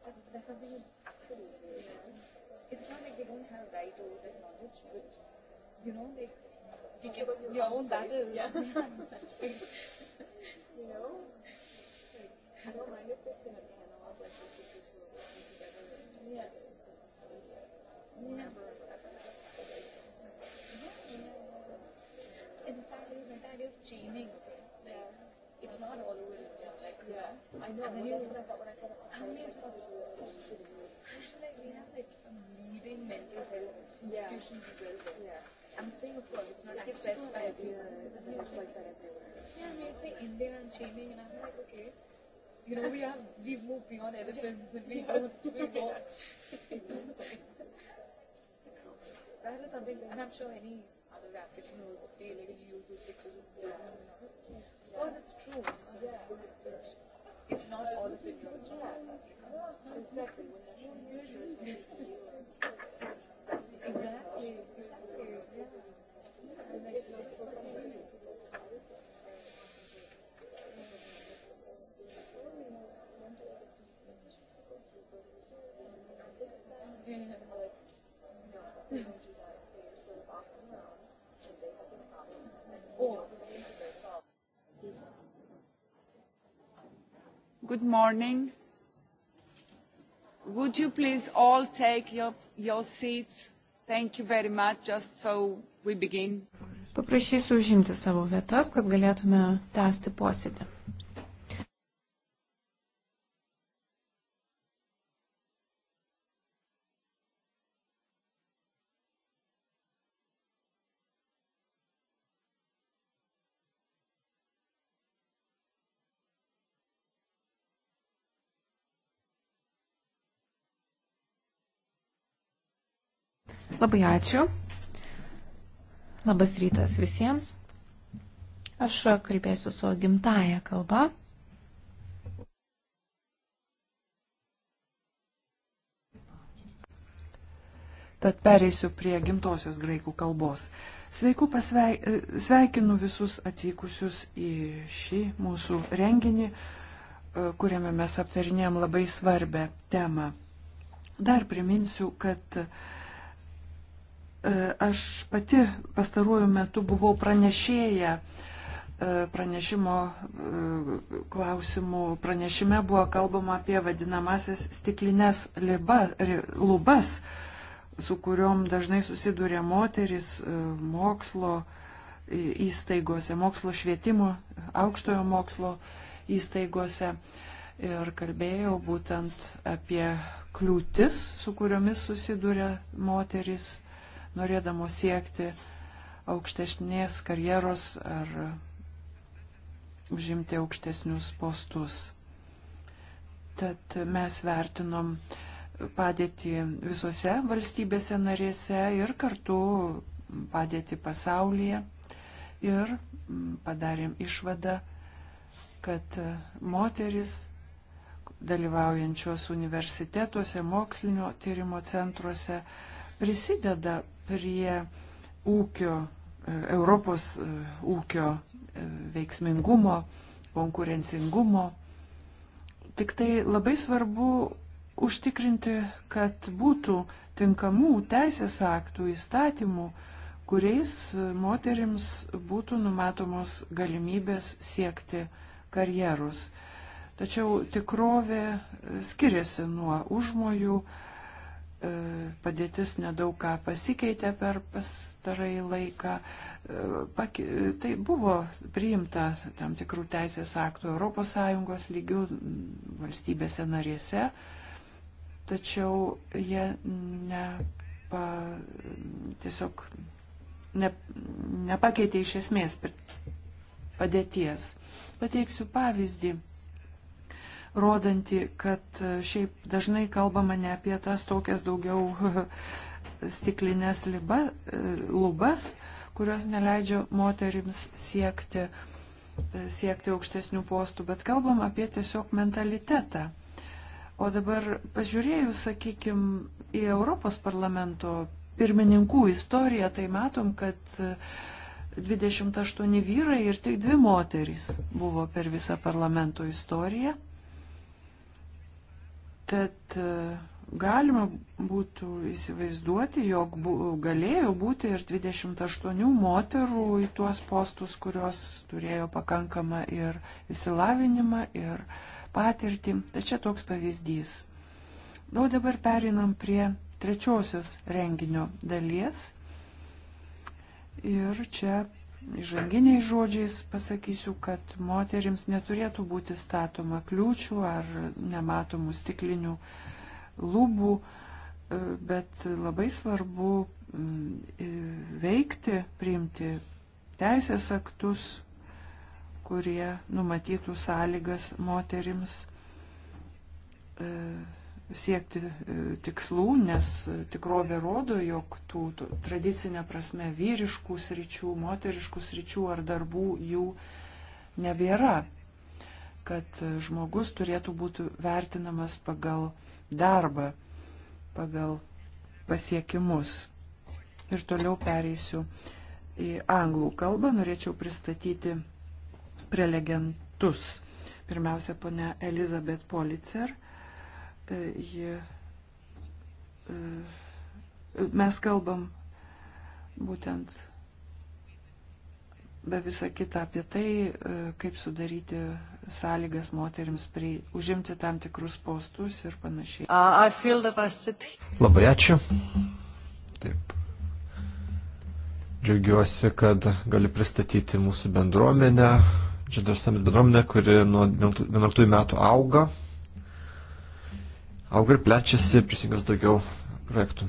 S2: That's that's something absolutely. Yeah. It's not like they don't have right over that knowledge,
S1: but you know, like you give up your, your own battle. Yeah. exactly. you know, like I don't mind if it's in a panel of like researchers
S2: who are working together. Yeah. Like, In fact, it is entirely of chaining.
S1: Like, it's not all over India. Like, yeah, I know. And then you, that's what I thought when I said about and then,
S2: like, we have like some leading mental health institutions yeah. as well. Though. Yeah. I'm saying, of course, it's not it accessed by everyone. Yeah, it's like that everywhere. Yeah,
S1: when you say India and chaining, and I'm like, okay you know, we have
S2: we've moved beyond elephants and we have we walk. That is something, and I'm sure any other African will also feel like you use those pictures of Buddhism and all. Of course, it's true. Yeah. But it's not all the figures from
S3: Africa. Exactly. When they're showing pictures of the EU. Exactly. Exactly. Yeah. And like, it's, it's so funny. Good morning. Would you please all take your, your seats? Thank you very much, just so we begin.
S1: Paprašysiu užimti savo vietas, kad galėtume tęsti posėdį. Labai ačiū. Labas rytas visiems. Aš kalbėsiu savo gimtają kalbą.
S3: Tad pereisiu prie gimtosios graikų kalbos. Sveiku pasveik, sveikinu visus atvykusius į šį mūsų renginį, kuriame mes aptarinėjom labai svarbę temą. Dar priminsiu, kad uh, E, aš pati pastaruoju metu buvau pranešėję e, pranešimo e, klausimų. Pranešime buvo kalbama apie vadinamasias stiklinės liba, lubas, su kuriuom dažnai susiduria moteris mokslo įstaigose, mokslo švietimo, aukštojo mokslo įstaigose. Ir kalbėjau būtent apie kliūtis, su kuriomis susiduria moteris norėdamos siekti aukštesnės karjeros ar užimti aukštesnius postus. Tad mes vertinom padėti visose valstybėse narėse ir kartu padėti pasaulyje ir padarėm išvadą, kad moteris dalyvaujančios universitetuose, mokslinio tyrimo centruose prisideda prie ūkio, e, Europos e, ūkio e, veiksmingumo, konkurencingumo. Tik tai labai svarbu užtikrinti, kad būtų tinkamų teisės aktų įstatymų, kuriais moterims būtų numatomos galimybės siekti karjeros. Tačiau tikrovė skiriasi nuo užmojų, uh, E, padėtis nedaug ką pasikeitė per pastarąjį laiką. E, tai buvo priimta tam tikrų teisės aktų ES lygių valstybėse narėse, tačiau jie nepa, tiesiog ne, nepakeitė iš esmės padėties. Pateiksiu pavyzdį rodanti, kad e, šiaip dažnai kalbama ne apie tas tokias daugiau stiklinės liba, e, lubas, kurios neleidžia moterims siekti, e, siekti aukštesnių postų, bet kalbam apie tiesiog mentalitetą. O dabar pažiūrėjus, sakykime, į Europos parlamento pirmininkų istoriją, tai matom, kad 28 vyrai ir tik dvi moterys buvo per visą parlamento istoriją. Tad e, galima būtų įsivaizduoti, jog bu, galėjo būti ir 28 moterų į tuos postus, kurios turėjo pakankamą ir įsilavinimą, ir patirtį. Tai čia toks pavyzdys. Na, o dabar perinam prie trečiosios renginio dalies. Ir čia įžanginiais žodžiais pasakysiu, kad moterims neturėtų būti statoma kliūčių ar nematomų stiklinių lubų, e, bet labai svarbu mm, veikti, priimti teisės aktus, kurie numatytų sąlygas moterims e, siekti e, tikslų, nes tikrovė rodo, jog tų, tų tradicinė prasme vyriškų sričių, moteriškų sričių ar darbų jų nebėra. Kad žmogus turėtų būti vertinamas pagal darbą, pagal pasiekimus. Ir toliau pereisiu į anglų kalbą, norėčiau pristatyti prelegentus. Pirmiausia, ponia Elizabeth Policer – ji, e, mes kalbam būtent be visą kitą apie tai, e, kaip sudaryti sąlygas moteriams prie, užimti tam tikrus postus ir panašiai. Labai
S4: ačiū. Taip. Džiaugiuosi, kad gali pristatyti mūsų bendruomenę, Gender Summit bendruomenę, kuri nuo 11 metų auga auga ir plečiasi, prisijungęs daugiau projektų.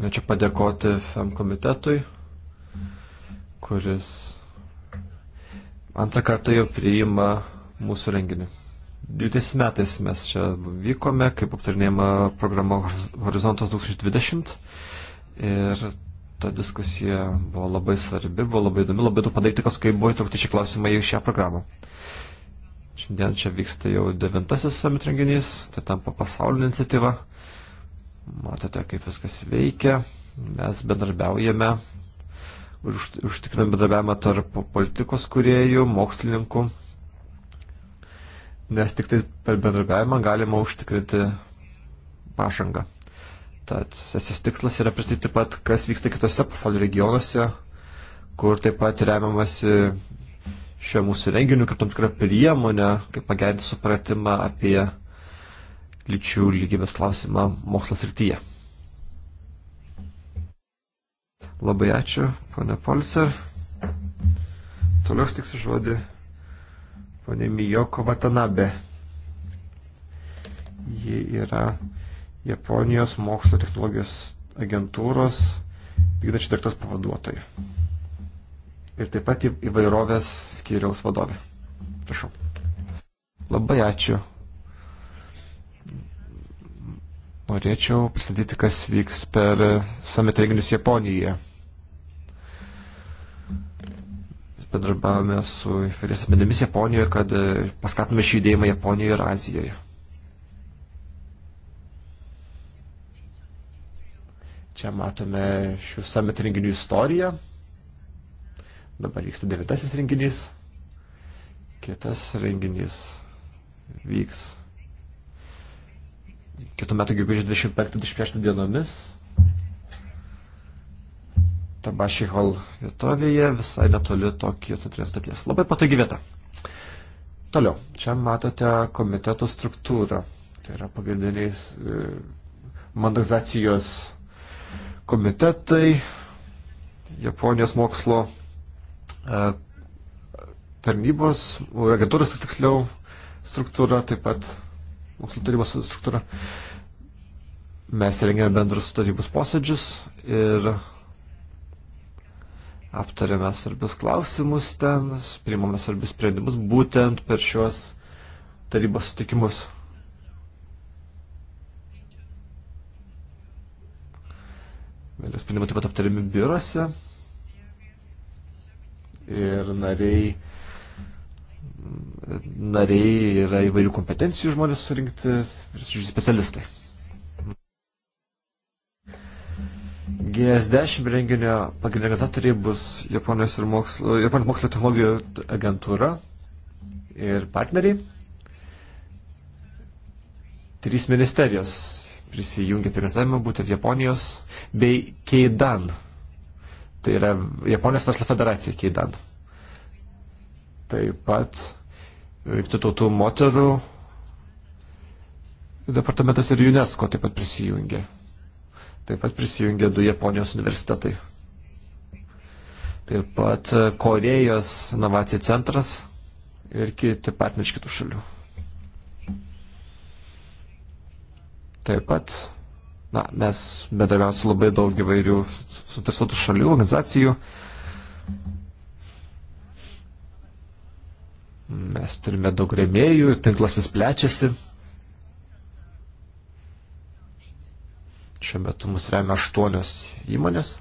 S4: Norėčiau padėkoti FM komitetui, kuris antrą kartą jau priima mūsų renginį. 20 metais mes čia vykome, kaip aptarinėjama programa Horizontas 2020 ir ta diskusija buvo labai svarbi, buvo labai įdomi, labai daug padarytikos, kai buvo įtraukti šį klausimą į šią programą. Šiandien čia vyksta jau devintasis summit renginys, tai tampa pasaulinė iniciatyva. Matote, kaip viskas veikia. Mes bendarbiaujame, užtikriname bendarbiavimą tarp politikos kuriejų, mokslininkų, nes tik tai per bendarbiavimą galima užtikrinti pažangą. Tad sesijos tikslas yra pristatyti taip pat, kas vyksta kitose pasaulio regionuose, kur taip pat remiamasi šio mūsų renginių kaip tam tikrą priemonę, kaip pagerinti supratimą apie lyčių lygybės klausimą mokslas rytyje. Labai ačiū, ponė Polcer. Toliau stiksiu žodį ponė Mijoko Vatanabe. Ji yra Japonijos mokslo technologijos agentūros vykdančių direktos pavaduotoja ir taip pat įvairovės skyriaus vadovė. Prašau. Labai ačiū. Norėčiau pristatyti, kas vyks per summit renginius Japonijoje. Bendrabavome su įvairiais asmenimis Japonijoje, kad paskatinome šį judėjimą Japonijoje ir Azijoje. Čia matome šių summit renginių istoriją. Dabar vyksta devintasis renginys, kitas renginys vyks kitų metų gegužės 25-26 dienomis. Tabashi Hall vietovėje, visai netoli Tokijo centrinės stoties. Labai patogi vieta. Toliau, čia matote komiteto struktūrą. Tai yra pagrindiniai e, mandalizacijos komitetai, Japonijos mokslo tarnybos, agentūros tiksliau struktūra, taip pat mokslo tarybos struktūra. Mes rengėme bendrus tarybos posėdžius ir aptarėme svarbius klausimus ten, priimame svarbius sprendimus būtent per šiuos tarybos sutikimus. Vėliau sprendimai taip pat aptariami biurose ir nariai, nariai yra įvairių kompetencijų žmonės surinkti ir specialistai. GS10 renginio pagrindiniai organizatoriai bus Japonijos, ir mokslo, Japonijos mokslo technologijų agentūra ir partneriai. Trys ministerijos prisijungia prie organizavimo, būtent Japonijos bei Keidan Tai yra Japonijos verslo federacija Keidan. Taip pat Jungtinių e, tautų moterų departamentas ir UNESCO taip pat prisijungė. Taip pat prisijungė du Japonijos universitetai. Taip pat e, Korejos inovacijų centras ir kiti partneriai iš kitų šalių. Taip pat Na, mes bedarbiaujame su labai daug įvairių sutarsotų šalių, organizacijų. Mes turime daug remėjų, tinklas vis plečiasi. Šiuo metu mus remia aštuonios įmonės.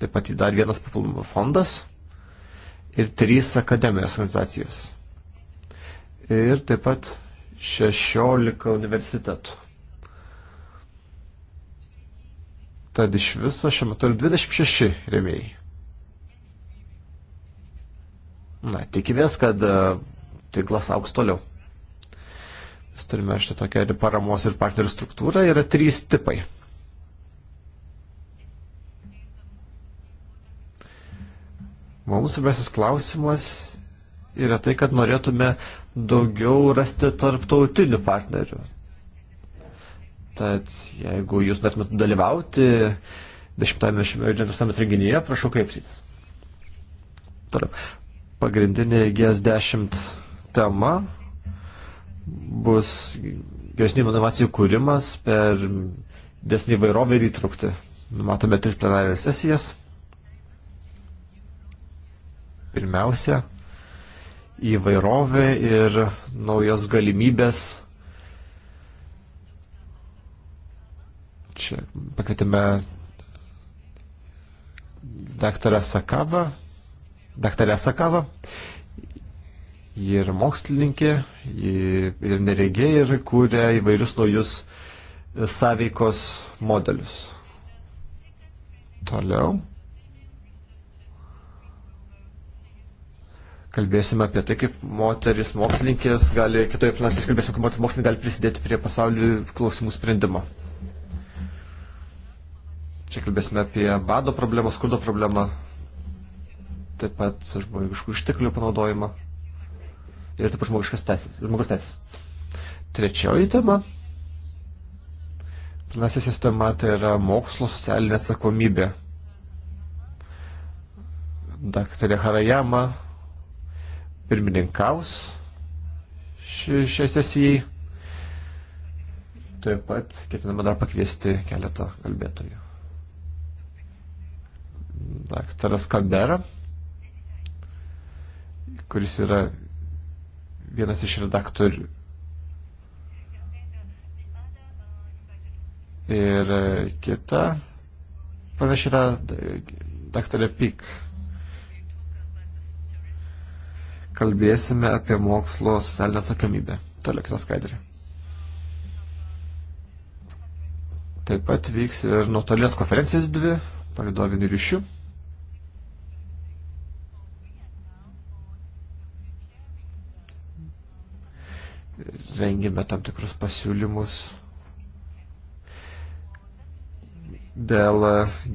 S4: Taip pat į dar vienas papildomų fondas ir trys akademijos organizacijos. Ir taip pat šešiolika universitetų. Tad iš viso šiuo metu yra 26 rėmėjai. Na, tikimės, kad e, tinklas auks toliau. Mes turime šitą tokią ir paramos ir partnerių struktūrą, yra trys tipai. Mums svarbiausias klausimas yra tai, kad norėtume daugiau rasti tarptautinių partnerių. Tad jeigu jūs norėtumėt dalyvauti 10-ame šiame renginyje, prašau kreipsytis. Toliau. Pagrindinė GS10 tema bus geresnių inovacijų kūrimas per desnį vairovę ir įtraukti. Numatome tris plenarinės sesijas. Pirmiausia, įvairovė ir naujos galimybės Čia pakvietėme daktarą Sakavą, daktarę Sakavą. Ji yra mokslininkė, ji ir neregė ir kūrė įvairius naujus sąveikos modelius. Toliau. Kalbėsime apie tai, kaip moteris mokslininkės gali, kitoje planasės kalbėsime, kaip moteris mokslininkė gali prisidėti prie pasaulio klausimų sprendimo. Čia kalbėsime apie bado problemą, skurdo problemą, taip pat žmogiškų išteklių panaudojimą ir taip pat žmogiškas teisės. Žmogus teisės. Trečioji tema. Planasis sistema tai yra mokslo socialinė atsakomybė. Daktarė Harajama pirmininkaus ši, šiai sesijai. Taip pat ketiname dar pakviesti keletą kalbėtojų daktaras Kambera, kuris yra vienas iš redaktorių. Ir e, kita panaši yra e, daktarė Pik. Kalbėsime apie mokslo socialinę atsakomybę. Toliau kita skaidrė. Taip pat vyks ir nuotolės konferencijos dvi palidoviniu ryšiu. Rengėme tam tikrus pasiūlymus dėl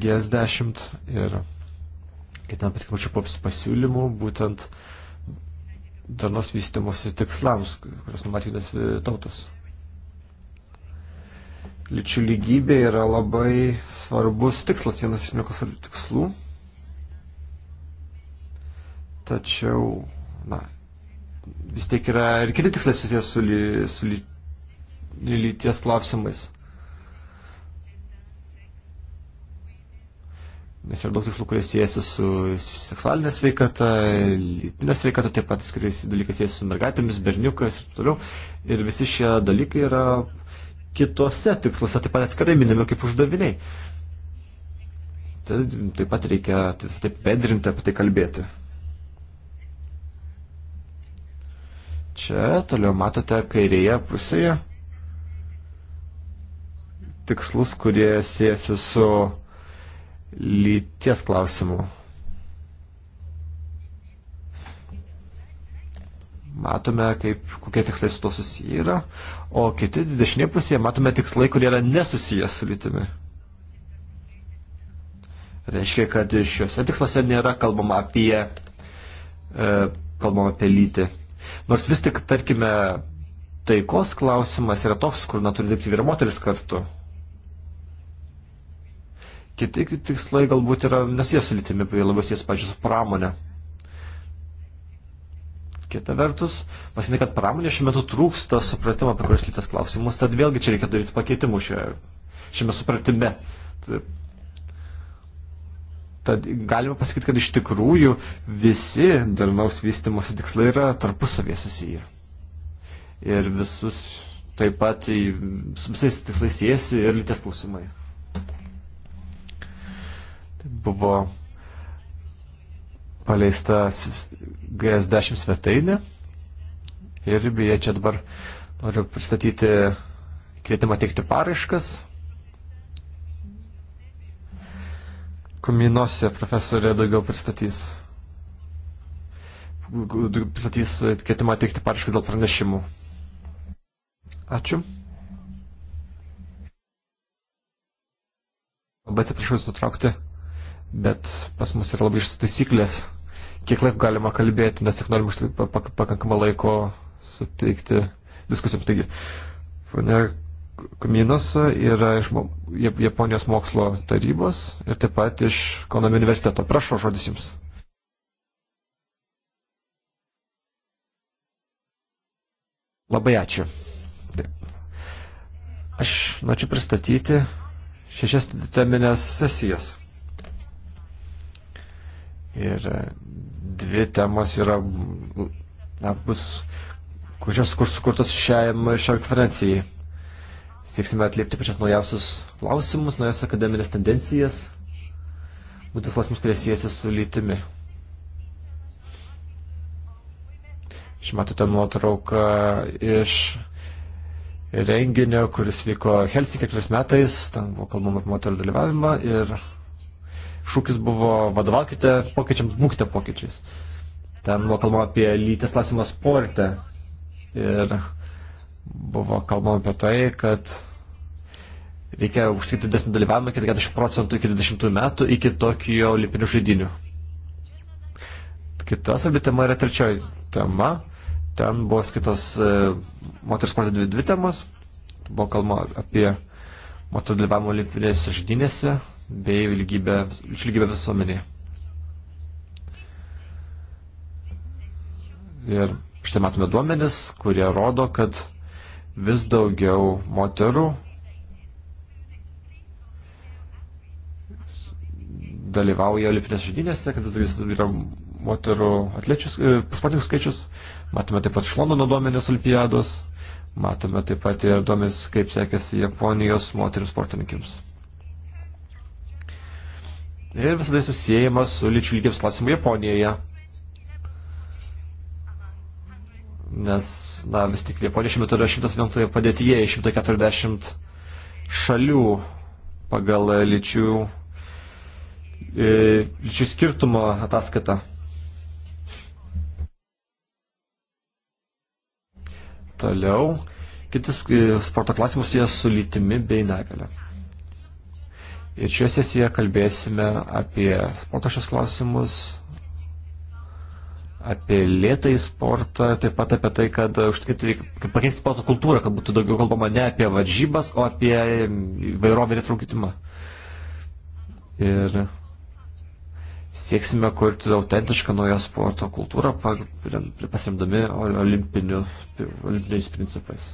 S4: GS10 ir kitam patikmačių pops pasiūlymų, būtent darnos vystimosi tikslams, kurios numatytas tautos. Lyčių lygybė yra labai svarbus tikslas, vienas iš nekos tikslų. Tačiau, na, vis tiek yra ir kiti tikslai susijęs su, ly, su ly, lyties klausimais. Nes yra daug tikslų, kurie siejasi su seksualinė sveikata, lytinė sveikata, taip pat skiriasi dalykai siejasi su mergaitėmis, berniukais ir taip toliau. Ir visi šie dalykai yra kitose tiksluose taip pat atskirai minimi kaip uždaviniai. Tai taip pat reikia taip bendrinti apie tai kalbėti. Čia toliau matote kairėje pusėje tikslus, kurie siejasi su lyties klausimu. matome, kaip, kokie tikslai su to susiję yra, o kiti dešinėje pusėje matome tikslai, kurie yra nesusiję su lytimi. Reiškia, kad šiuose tiksluose nėra kalbama apie, e, kalbama apie lytį. Nors vis tik, tarkime, taikos klausimas yra toks, kur na, turi dirbti vyra moteris kartu. Kiti tikslai galbūt yra nesusiję su lytimi, labiau susijęs, pažiūrėjau, su pramonė. Kita vertus, pasitinka, kad pramonė šiuo metu trūksta supratimo apie kurios lytės klausimus, tad vėlgi čia reikia daryti pakeitimų šioje, šiame supratime. Taip. Tad galima pasakyti, kad iš tikrųjų visi darnaus vystimosi tikslai yra tarpusavė susiję. Ir visus taip pat į, su visais tikslais siejasi ir lytės klausimai. Tai buvo paleista GS10 svetainė. Ir beje, čia dabar noriu pristatyti kvietimą teikti paraiškas. Kominosė profesorė daugiau pristatys pristatys kvietimą teikti paraišką dėl pranešimų. Ačiū. Labai atsiprašau jūs nutraukti, bet pas mus yra labai išsitaisyklės kiek laiko galima kalbėti, nes tik norim tai pakankamą laiko suteikti diskusijoms. Taigi, ponia Kuminasa yra iš Japonijos mokslo tarybos ir taip pat iš Konami universiteto. Prašau, žodis jums. Labai ačiū. Taip. Aš norėčiau pristatyti šešias teminės sesijas. Ir e, dvi temos yra, na, bus, kurios kur sukurtos šiam, šiam konferencijai. Sieksime atliepti pačias naujausius klausimus, naujas akademinės tendencijas, būtent klausimus, kurie siejasi su lytimi. Šiandien matote nuotrauką iš renginio, kuris vyko Helsinkė prieš metais, ten buvo kalbama apie moterų dalyvavimą ir šūkis buvo vadovaukite pokyčiams, būkite pokyčiais. Ten buvo kalbama apie lytis klausimą sporte. Ir buvo kalbama apie tai, kad reikia užtikti didesnį dalyvavimą iki 40 procentų iki 20 metų iki Tokijo olimpinių žaidinių. Kita svarbi tema yra trečioji tema. Ten buvo skaitos e, moteris sporto dvi, dvi temos. Buvo kalbama apie moterų dalyvavimą olimpinėse žaidinėse bei lygybę, lygybę visuomenėje. Ir štai matome duomenis, kurie rodo, kad vis daugiau moterų dalyvauja olimpinės žaidynėse, kad vis daugiau yra moterų atlečių, e, sportininkų skaičius, matome taip pat iš Londono duomenės olimpiados, matome taip pat ir duomenys, kaip sekėsi Japonijos moterių sportininkėms. Ir visada susijęjama su lyčių lygybės klausimu Japonijoje. Nes, na, vis tik Japonija šiuo metu yra 111 padėtyje iš 140 šalių pagal lyčių, e, lyčių skirtumo ataskaitą. Toliau, kitas e, sporto klausimas jie su lytimi bei negale. Ir šioje sesijoje kalbėsime apie sporto šios klausimus, apie lėtai sportą, taip pat apie tai, kad užtikrinti reikia pakeisti sporto kultūrą, kad būtų daugiau kalbama ne apie varžybas, o apie vairovę ir įtraukitimą. Ir sieksime kurti autentišką naują sporto kultūrą, pasiremdami olimpiniu, olimpiniais principais.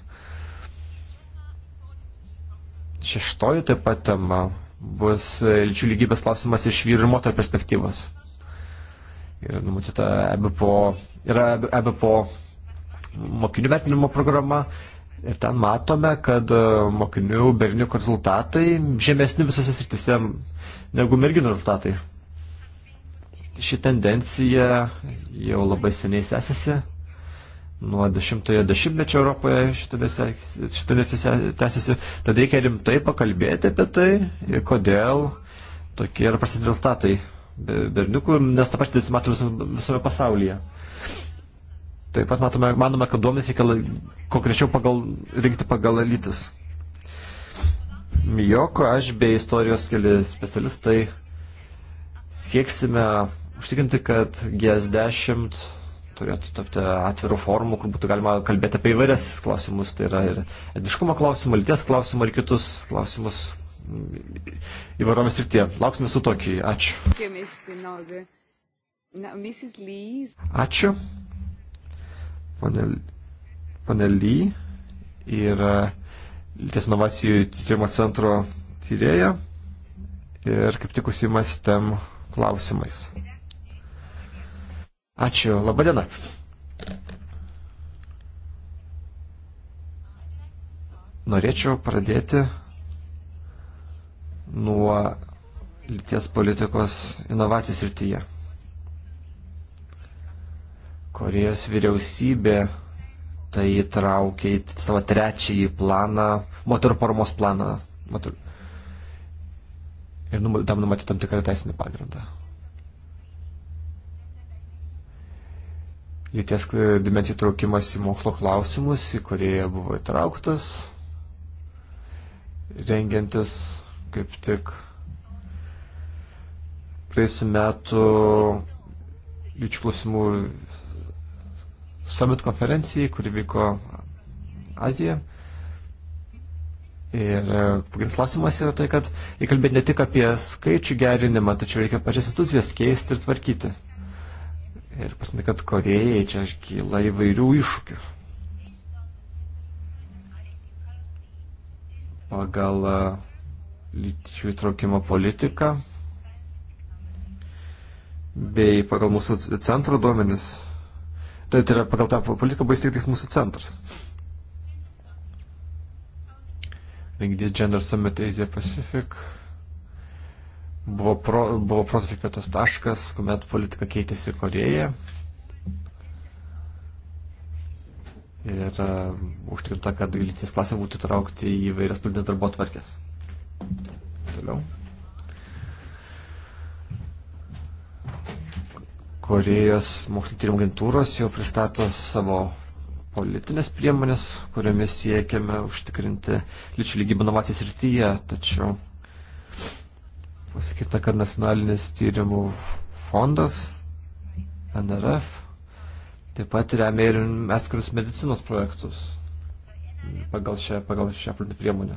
S4: Šeštoji taip pat tema bus e, lyčių lygybės klausimas iš vyru ir moterio perspektyvos. Ir numatyta EBPO, yra EBPO mokinių vertinimo programa. Ir ten matome, kad e, mokinių berniukų rezultatai žemesni visose sritise negu merginų rezultatai. Ši tendencija jau labai seniai sesėsi nuo 10-ojo dešimtmečio Europoje šitą tęsiasi, tad reikia rimtai pakalbėti apie tai ir kodėl tokie yra prasti rezultatai berniukų, nes tą pačią matome visame pasaulyje. Taip pat matome, manome, kad duomenys reikia konkrečiau pagal, rinkti pagal lytis. Mijoko, aš bei istorijos keli specialistai sieksime užtikrinti, kad GS10 turėtų tapti atvirų formų, kur būtų galima kalbėti apie įvairias klausimus, tai yra ir ediškumo klausimą, lyties klausimą ir kitus klausimus mm, įvairomis ir tie. Lauksime su tokį. Ačiū. Ačiū. Pane, pane Ly ir lyties inovacijų tyrimo centro tyrėja ir kaip tik užsimas tem klausimais. Ačiū, labadiena. Norėčiau pradėti nuo lyties politikos inovacijos rytyje. Korejos vyriausybė tai įtraukė į savo trečiąjį planą, moterų paramos planą. Moterų. Ir tam numatė tam tikrą teisinį pagrindą. lyties e, dimensijų traukimas į mokslo klausimus, į kurie buvo įtrauktas, rengiantis kaip tik praėjusiu metu lyčių klausimų summit konferencijai, kuri vyko Azijoje. Ir e, pagrindinis klausimas yra tai, kad reikia kalbėti ne tik apie skaičių gerinimą, tačiau reikia pačias institucijas keisti ir tvarkyti. Ir pasakyti, kad Korejai čia kyla įvairių iššūkių. Pagal lyčių įtraukimo politiką bei pagal mūsų centro duomenis. Tai, tai yra pagal tą politiką baigs tik mūsų centras. Rengdys Gender Summit Asia Pacific. Mm -hmm buvo, pro, buvo protrukio tas taškas, kuomet politika keitėsi Koreja. Ir uh, užtikrinta, kad lytinės klasė būtų traukti į vairias politinės darbo atvarkės. Toliau. Korejos mokslinio tyrimų agentūros jau pristato savo politinės priemonės, kuriomis siekiame užtikrinti lyčių lygybę inovacijos rytyje, tačiau pasakyta, kad nacionalinis tyrimų fondas, NRF, taip pat remia ir atskirus medicinos projektus pagal šią, pagal šią priemonę.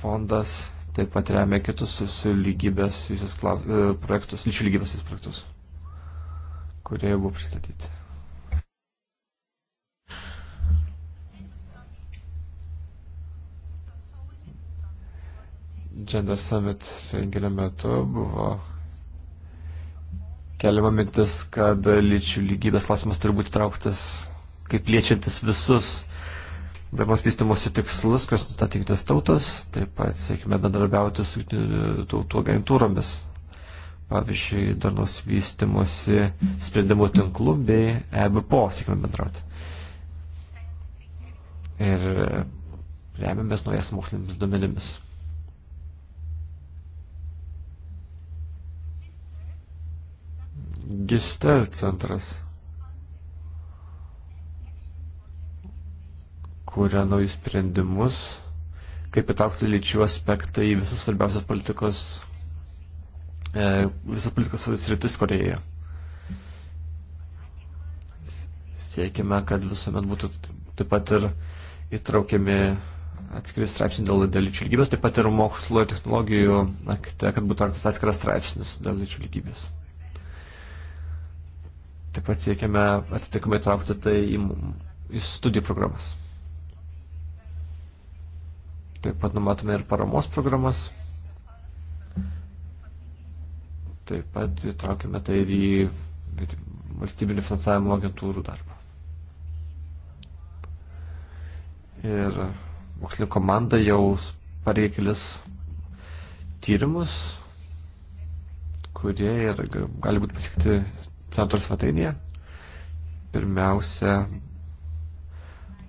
S4: Fondas taip pat remia kitus su lygybės, e, projektus, lyčių lygybės projektus, kurie jau buvo pristatyti. Gender Summit renginio metu buvo keliama mintis, kad lyčių lygybės klausimas turi būti trauktas kaip liečiantis visus darbos vystimosi tikslus, kurios nustatytos tautos, taip pat siekime bendradarbiauti su tautų agentūromis, pavyzdžiui, darnos vystimosi sprendimų tinklų bei EBPO siekime bendrauti. Ir remiamės naujas mokslinėmis duomenimis. Gestel centras, kuria naujus sprendimus, kaip įtraukti lyčių aspektą į visus svarbiausias politikos, e, visas politikos sritis Korejoje. Siekime, kad visuomet būtų taip pat ir įtraukiami atskiri straipsniai dėl, dėl lyčių lygybės, taip pat ir mokslo ir technologijų akte, kad būtų atskiras straipsnis dėl lyčių lygybės. Taip pat siekiame atitinkamai traukti tai į, į studijų programas. Taip pat numatome ir paramos programas. Taip pat įtraukime tai ir į valstybinį finansavimo agentūrų darbą. Ir mokslinė komanda jau parėjo kelis tyrimus, kurie ir gali būti pasiekti senatorių svetainėje. Pirmiausia,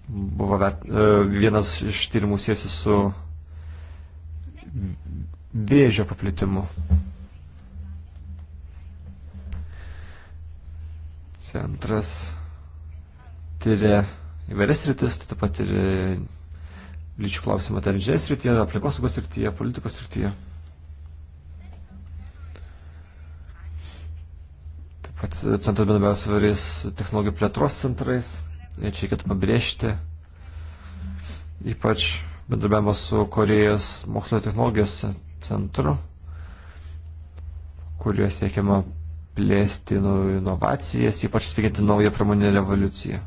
S4: buvo vert, e, vienas iš tyrimų siejasi su vėžio paplitimu. Centras tyria įvairias rytis, tai taip pat ir lyčių klausimą tarnžės rytyje, aplinkosaugos rytyje, politikos rytyje. kad centras bendrabiaus įvairiais technologijų plėtros centrais. Ir čia reikėtų pabrėžti, ypač bendrabiavimas su Korejos mokslo technologijos centru, kuriuo siekiama plėsti inovacijas, ypač sveikinti naują pramoninę revoliuciją.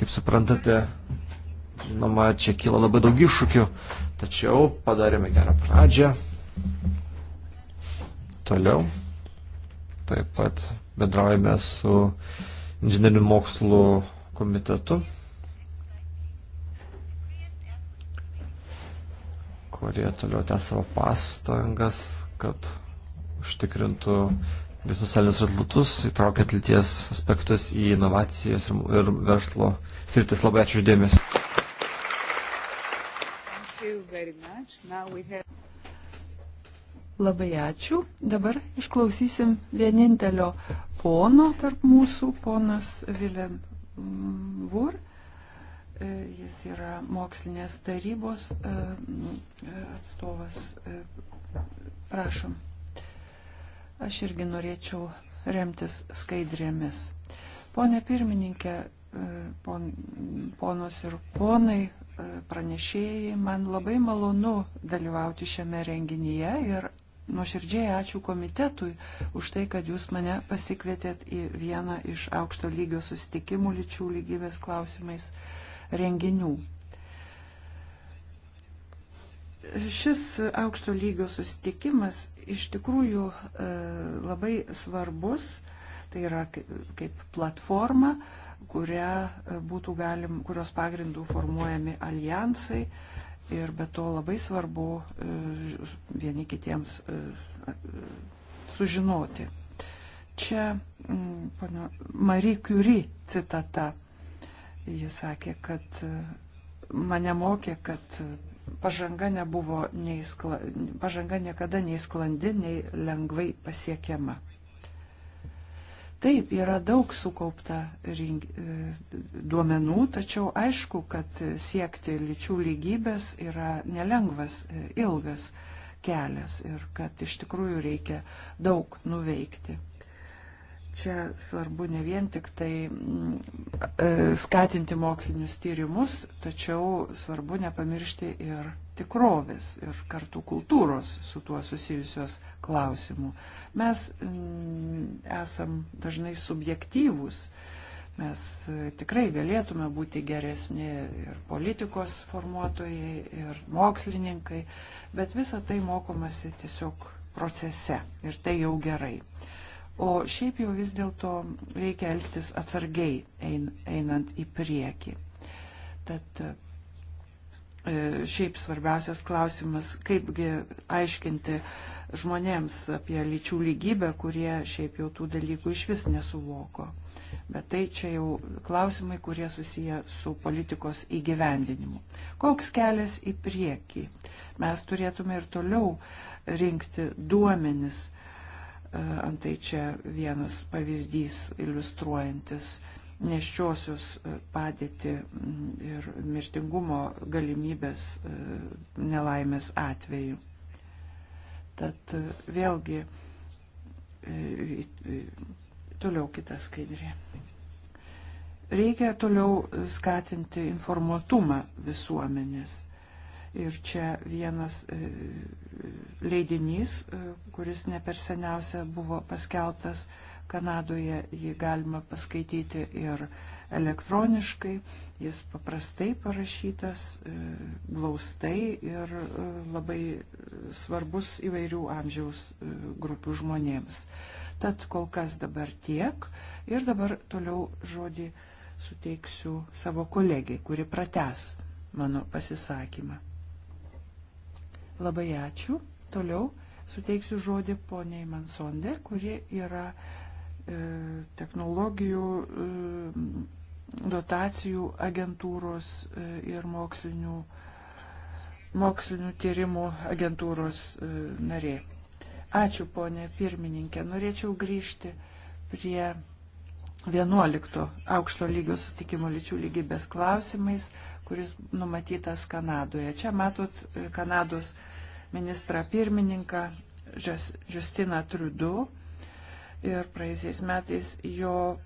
S4: Kaip suprantate, žinoma, čia kyla labai daug iššūkių, tačiau padarėme gerą pradžią. Toliau. Taip pat bendraujame su inžinierių mokslų komitetu, kurie toliau tęs savo pastangas, kad užtikrintų visus salinius rezultatus, įtraukiant lyties aspektus į inovacijas ir, ir verslo sritis. Labai ačiū uždėmesi.
S3: Labai ačiū. Dabar išklausysim vienintelio pono tarp mūsų, ponas Vilen Vur. E, jis yra mokslinės tarybos e, nu, e, atstovas. Prašom. Aš irgi norėčiau remtis skaidrėmis. Pone pirmininkė, pon, ponos ir ponai, pranešėjai, man labai malonu dalyvauti šiame renginyje ir nuoširdžiai ačiū komitetui už tai, kad jūs mane pasikvietėt į vieną iš aukšto lygio susitikimų lyčių lygybės klausimais renginių. Šis aukšto lygio susitikimas iš tikrųjų e, labai svarbus, tai yra kaip platforma, kurią e, būtų galim, kurios pagrindų formuojami alijansai, ir be to labai svarbu e, vieni kitiems e, sužinoti. Čia pana, Marie Curie citata. Jis sakė, kad e, mane mokė, kad pažanga nebuvo, neįskla, pažanga niekada neįsklandi, nei lengvai pasiekiama. Taip, yra daug sukaupta rink, e, duomenų, tačiau aišku, kad siekti lyčių lygybės yra nelengvas, e, ilgas kelias ir kad iš tikrųjų reikia daug nuveikti. Čia svarbu ne vien tik tai mm, e, skatinti mokslinius tyrimus, tačiau svarbu nepamiršti ir tikrovės ir kartų kultūros su tuo susijusios klausimų. Mes mm, esam dažnai subjektyvūs, mes e, tikrai galėtume būti geresni ir politikos formuotojai, ir mokslininkai, bet visą tai mokomasi tiesiog procese ir tai jau gerai. O šiaip jau vis dėlto reikia elgtis atsargiai einant į priekį. Tad E, šiaip svarbiausias klausimas, kaipgi aiškinti žmonėms apie lyčių lygybę, kurie šiaip jau tų dalykų iš vis nesuvoko. Bet tai čia jau klausimai, kurie susiję su politikos įgyvendinimu. Koks kelias į priekį? Mes turėtume ir toliau rinkti duomenis. E, antai čia vienas pavyzdys iliustruojantis uh, neščiosius e, padėti mm, ir mirtingumo galimybės e, nelaimės atveju. Tad e, vėlgi toliau kita skaidrė. Reikia toliau skatinti informuotumą visuomenės. Ir čia vienas leidinys, kuris ne per seniausia buvo paskeltas Kanadoje jį galima paskaityti ir elektroniškai. Jis paprastai parašytas, e, glaustai ir e, labai svarbus įvairių amžiaus e, grupių žmonėms. Tad kol kas dabar tiek ir dabar toliau žodį suteiksiu savo kolegiai, kuri prates mano pasisakymą. Labai ačiū. Toliau suteiksiu žodį poniai Mansonde, kuri yra E, technologijų e, dotacijų agentūros e, ir mokslinių, mokslinių tyrimų agentūros narė. Ačiū, ponė pirmininkė. Norėčiau grįžti prie 11 aukšto lygio sutikimo lyčių lygybės klausimais, kuris numatytas Kanadoje. Čia matot Kanados ministrą pirmininką Justiną Trudu ir praeisiais metais jo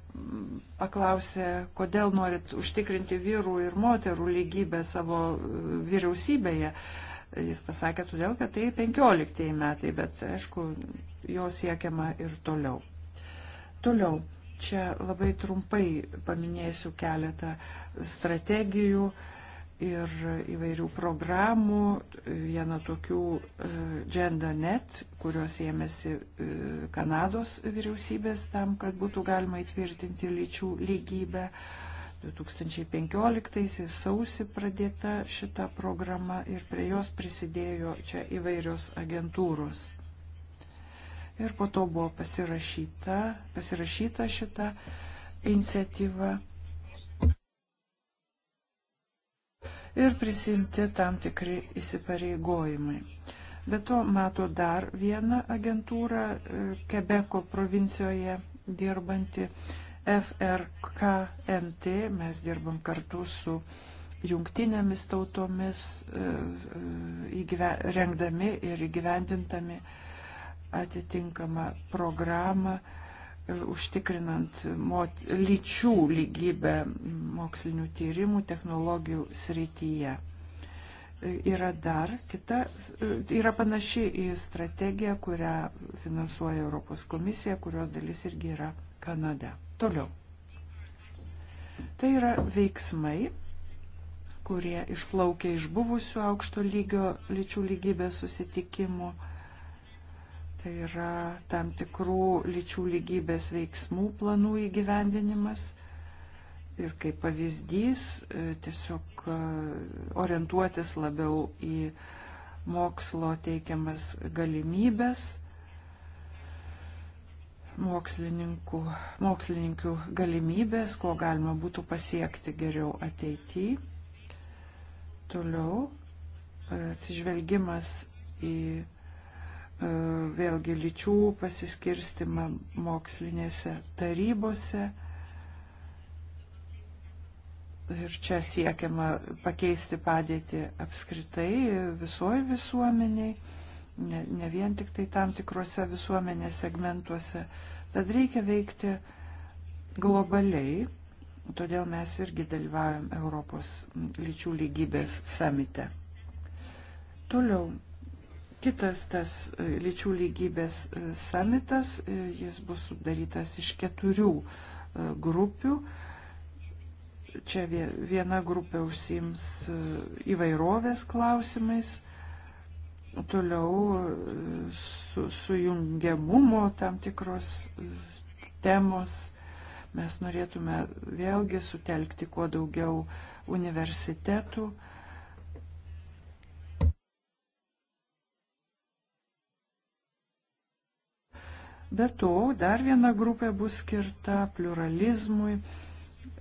S3: paklausė, kodėl norit užtikrinti vyrų ir moterų lygybę savo e, vyriausybėje. Jis pasakė, todėl, kad tai 15 metai, bet aišku, jo siekiama ir toliau. Toliau, čia labai trumpai paminėsiu keletą strategijų ir įvairių programų, viena tokių e, GenderNet, kurios ėmėsi e, Kanados vyriausybės tam, kad būtų galima įtvirtinti lyčių lygybę. 2015 sausi pradėta šita programa ir prie jos prisidėjo čia įvairios agentūros. Ir po to buvo pasirašyta, pasirašyta šita iniciatyva ir prisimti tam tikri įsipareigojimai. Be to matau dar vieną agentūrą Kebeko e, provincijoje dirbanti FRKNT. Mes dirbam kartu su jungtinėmis tautomis, e, e, rengdami ir įgyvendintami atitinkamą programą užtikrinant mot, lyčių lygybę mokslinių tyrimų technologijų srityje. Yra dar kita, yra panaši į strategiją, kurią finansuoja Europos komisija, kurios dalis irgi yra Kanada. Toliau. Tai yra veiksmai, kurie išplaukia iš buvusių aukšto lygio lyčių lygybės susitikimų Tai yra tam tikrų lyčių lygybės veiksmų planų įgyvendinimas. Ir kaip pavyzdys e, tiesiog e, orientuotis labiau į mokslo teikiamas galimybės mokslininkų, mokslininkų galimybės, ko galima būtų pasiekti geriau ateityje. Toliau e, atsižvelgimas į E, vėlgi lyčių pasiskirstimą mokslinėse tarybose. Ir čia siekiama pakeisti padėtį apskritai visoji visuomeniai, ne, ne vien tik tai tam tikrose visuomenės segmentuose. Tad reikia veikti globaliai, todėl mes irgi dalyvaujam Europos lyčių lygybės samite. Toliau Kitas tas e, lyčių lygybės e, samitas, e, jis bus sudarytas iš keturių grupių. Čia viena grupė užsims įvairovės klausimais, toliau su, sujungiamumo tam tikros temos. Mes norėtume vėlgi sutelkti kuo daugiau universitetų, uh, Be to, dar viena grupė bus skirta pluralizmui,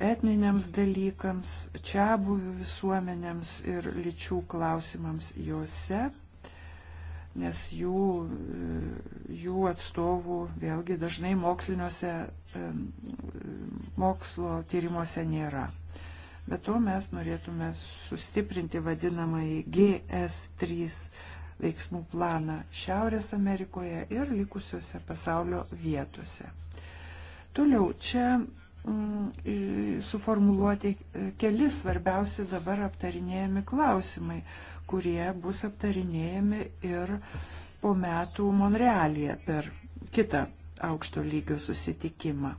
S3: etniniams dalykams, čia buvių visuomenėms ir lyčių klausimams juose, nes jų, jų atstovų vėlgi dažnai moksliniuose mokslo tyrimuose nėra. Bet to mes norėtume sustiprinti vadinamąjį GS3 veiksmų planą Šiaurės Amerikoje ir likusiuose pasaulio vietuose. Toliau čia mm, suformuluoti keli svarbiausi dabar aptarinėjami klausimai, kurie bus aptarinėjami ir po metų Monrealėje per kitą aukšto lygio susitikimą.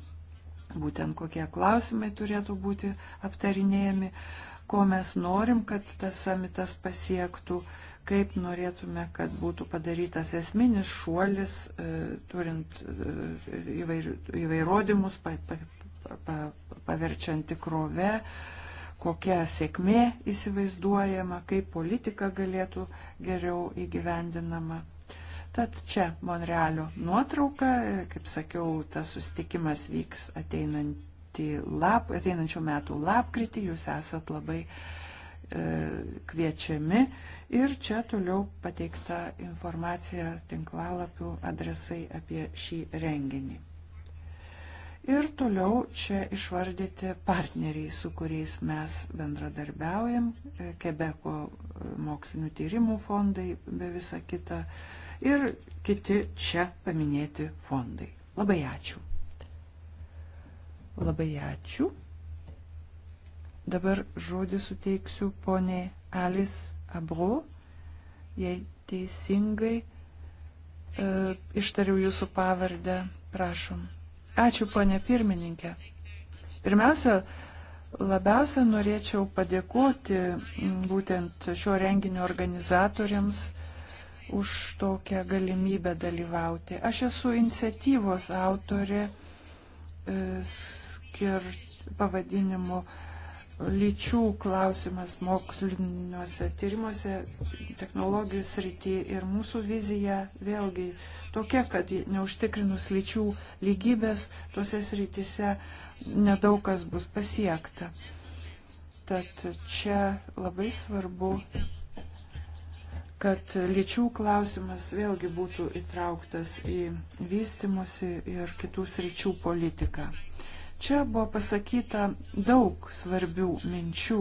S3: Būtent kokie klausimai turėtų būti aptarinėjami, ko mes norim, kad tas samitas pasiektų kaip norėtume, kad būtų padarytas esminis šuolis, e, turint e, įvairodymus, pa, pa, pa, paverčiant tikrove, kokia sėkmė įsivaizduojama, kaip politika galėtų geriau įgyvendinama. Tad čia Monrealio nuotrauka, e, kaip sakiau, tas sustikimas vyks lap, ateinančių metų lapkritį, jūs esat labai e, kviečiami Ir čia toliau pateikta informacija tinklalapių adresai apie šį renginį. Ir toliau čia išvardyti partneriai, su kuriais mes bendradarbiaujam, Kebeko e, e, mokslinių tyrimų fondai, be visa kita, ir kiti čia paminėti fondai. Labai ačiū. Labai ačiū. Dabar žodį suteiksiu poniai Alice Abru, jei teisingai e, ištariau jūsų pavardę, prašom. Ačiū, ponė pirmininkė. Pirmiausia, labiausia norėčiau padėkoti būtent šio renginio organizatoriams už tokią galimybę dalyvauti. Aš esu iniciatyvos autorė e, skir pavadinimu lyčių klausimas moksliniuose tyrimuose, technologijų srity ir mūsų vizija vėlgi tokia, kad neužtikrinus lyčių lygybės tose srityse nedaug kas bus pasiekta. Tad čia labai svarbu, kad lyčių klausimas vėlgi būtų įtrauktas į vystimosi ir kitų sričių politiką. Čia buvo pasakyta daug svarbių minčių.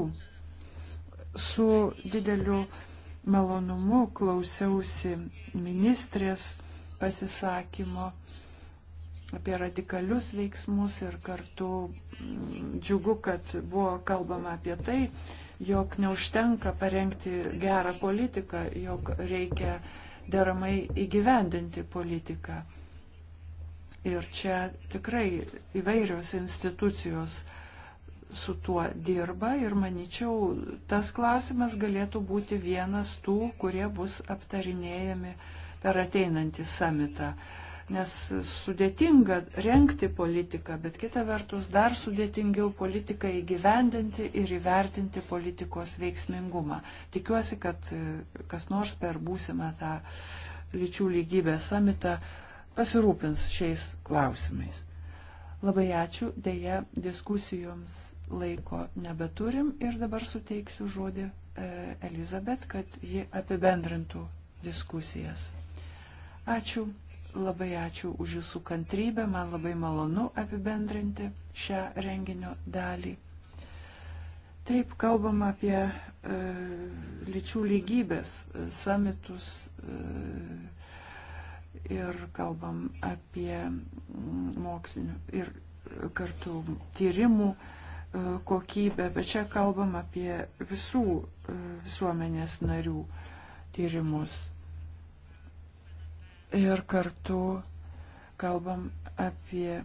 S3: Su dideliu malonumu klausiausi ministrės pasisakymo apie radikalius veiksmus ir kartu mm, džiugu, kad buvo kalbama apie tai, jog neužtenka parengti gerą politiką, jog reikia deramai įgyvendinti politiką. Ir čia tikrai įvairios institucijos su tuo dirba ir manyčiau, tas klausimas galėtų būti vienas tų, kurie bus aptarinėjami per ateinantį samitą. Nes sudėtinga renkti politiką, bet kita vertus dar sudėtingiau politiką įgyvendinti ir įvertinti politikos veiksmingumą. Tikiuosi, kad e, kas nors per būsimą tą lyčių lygybės samitą pasirūpins šiais klausimais. Labai ačiū, dėja diskusijoms laiko nebeturim ir dabar suteiksiu žodį e, Elizabet, kad ji apibendrintų diskusijas. Ačiū, labai ačiū už jūsų kantrybę, man labai malonu apibendrinti šią renginio dalį. Taip, kalbam apie e, lyčių lygybės e, samitus. E, ir kalbam apie mm, mokslinių ir kartu tyrimų e, kokybę, bet čia kalbam apie visų e, visuomenės narių tyrimus. Ir kartu kalbam apie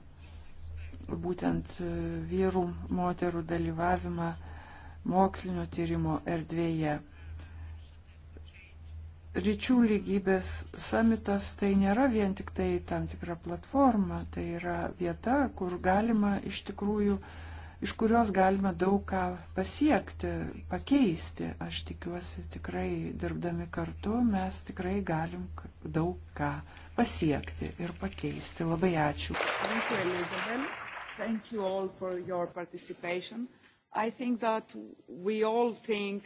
S3: būtent e, vyrų, moterų dalyvavimą mokslinio tyrimo erdvėje ryčių lygybės samitas tai nėra vien tik tai tam tikra platforma, tai yra vieta, kur galima iš tikrųjų, iš kurios galima daug ką pasiekti, pakeisti. Aš tikiuosi tikrai, dirbdami kartu, mes tikrai galim daug ką pasiekti ir pakeisti. Labai ačiū. Thank you, Elizabeth. Thank you all for your participation. I think that we all think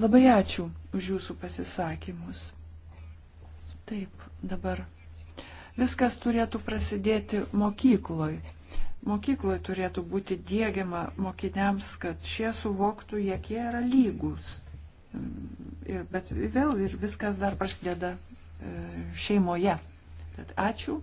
S3: Labai ačiū už jūsų pasisakymus. Taip, dabar viskas turėtų prasidėti mokykloj. Mokykloj turėtų būti dėgiama mokiniams, kad šie suvoktų, jog jie yra lygus. Ir, bet vėl ir viskas dar prasideda e, šeimoje. Tad ačiū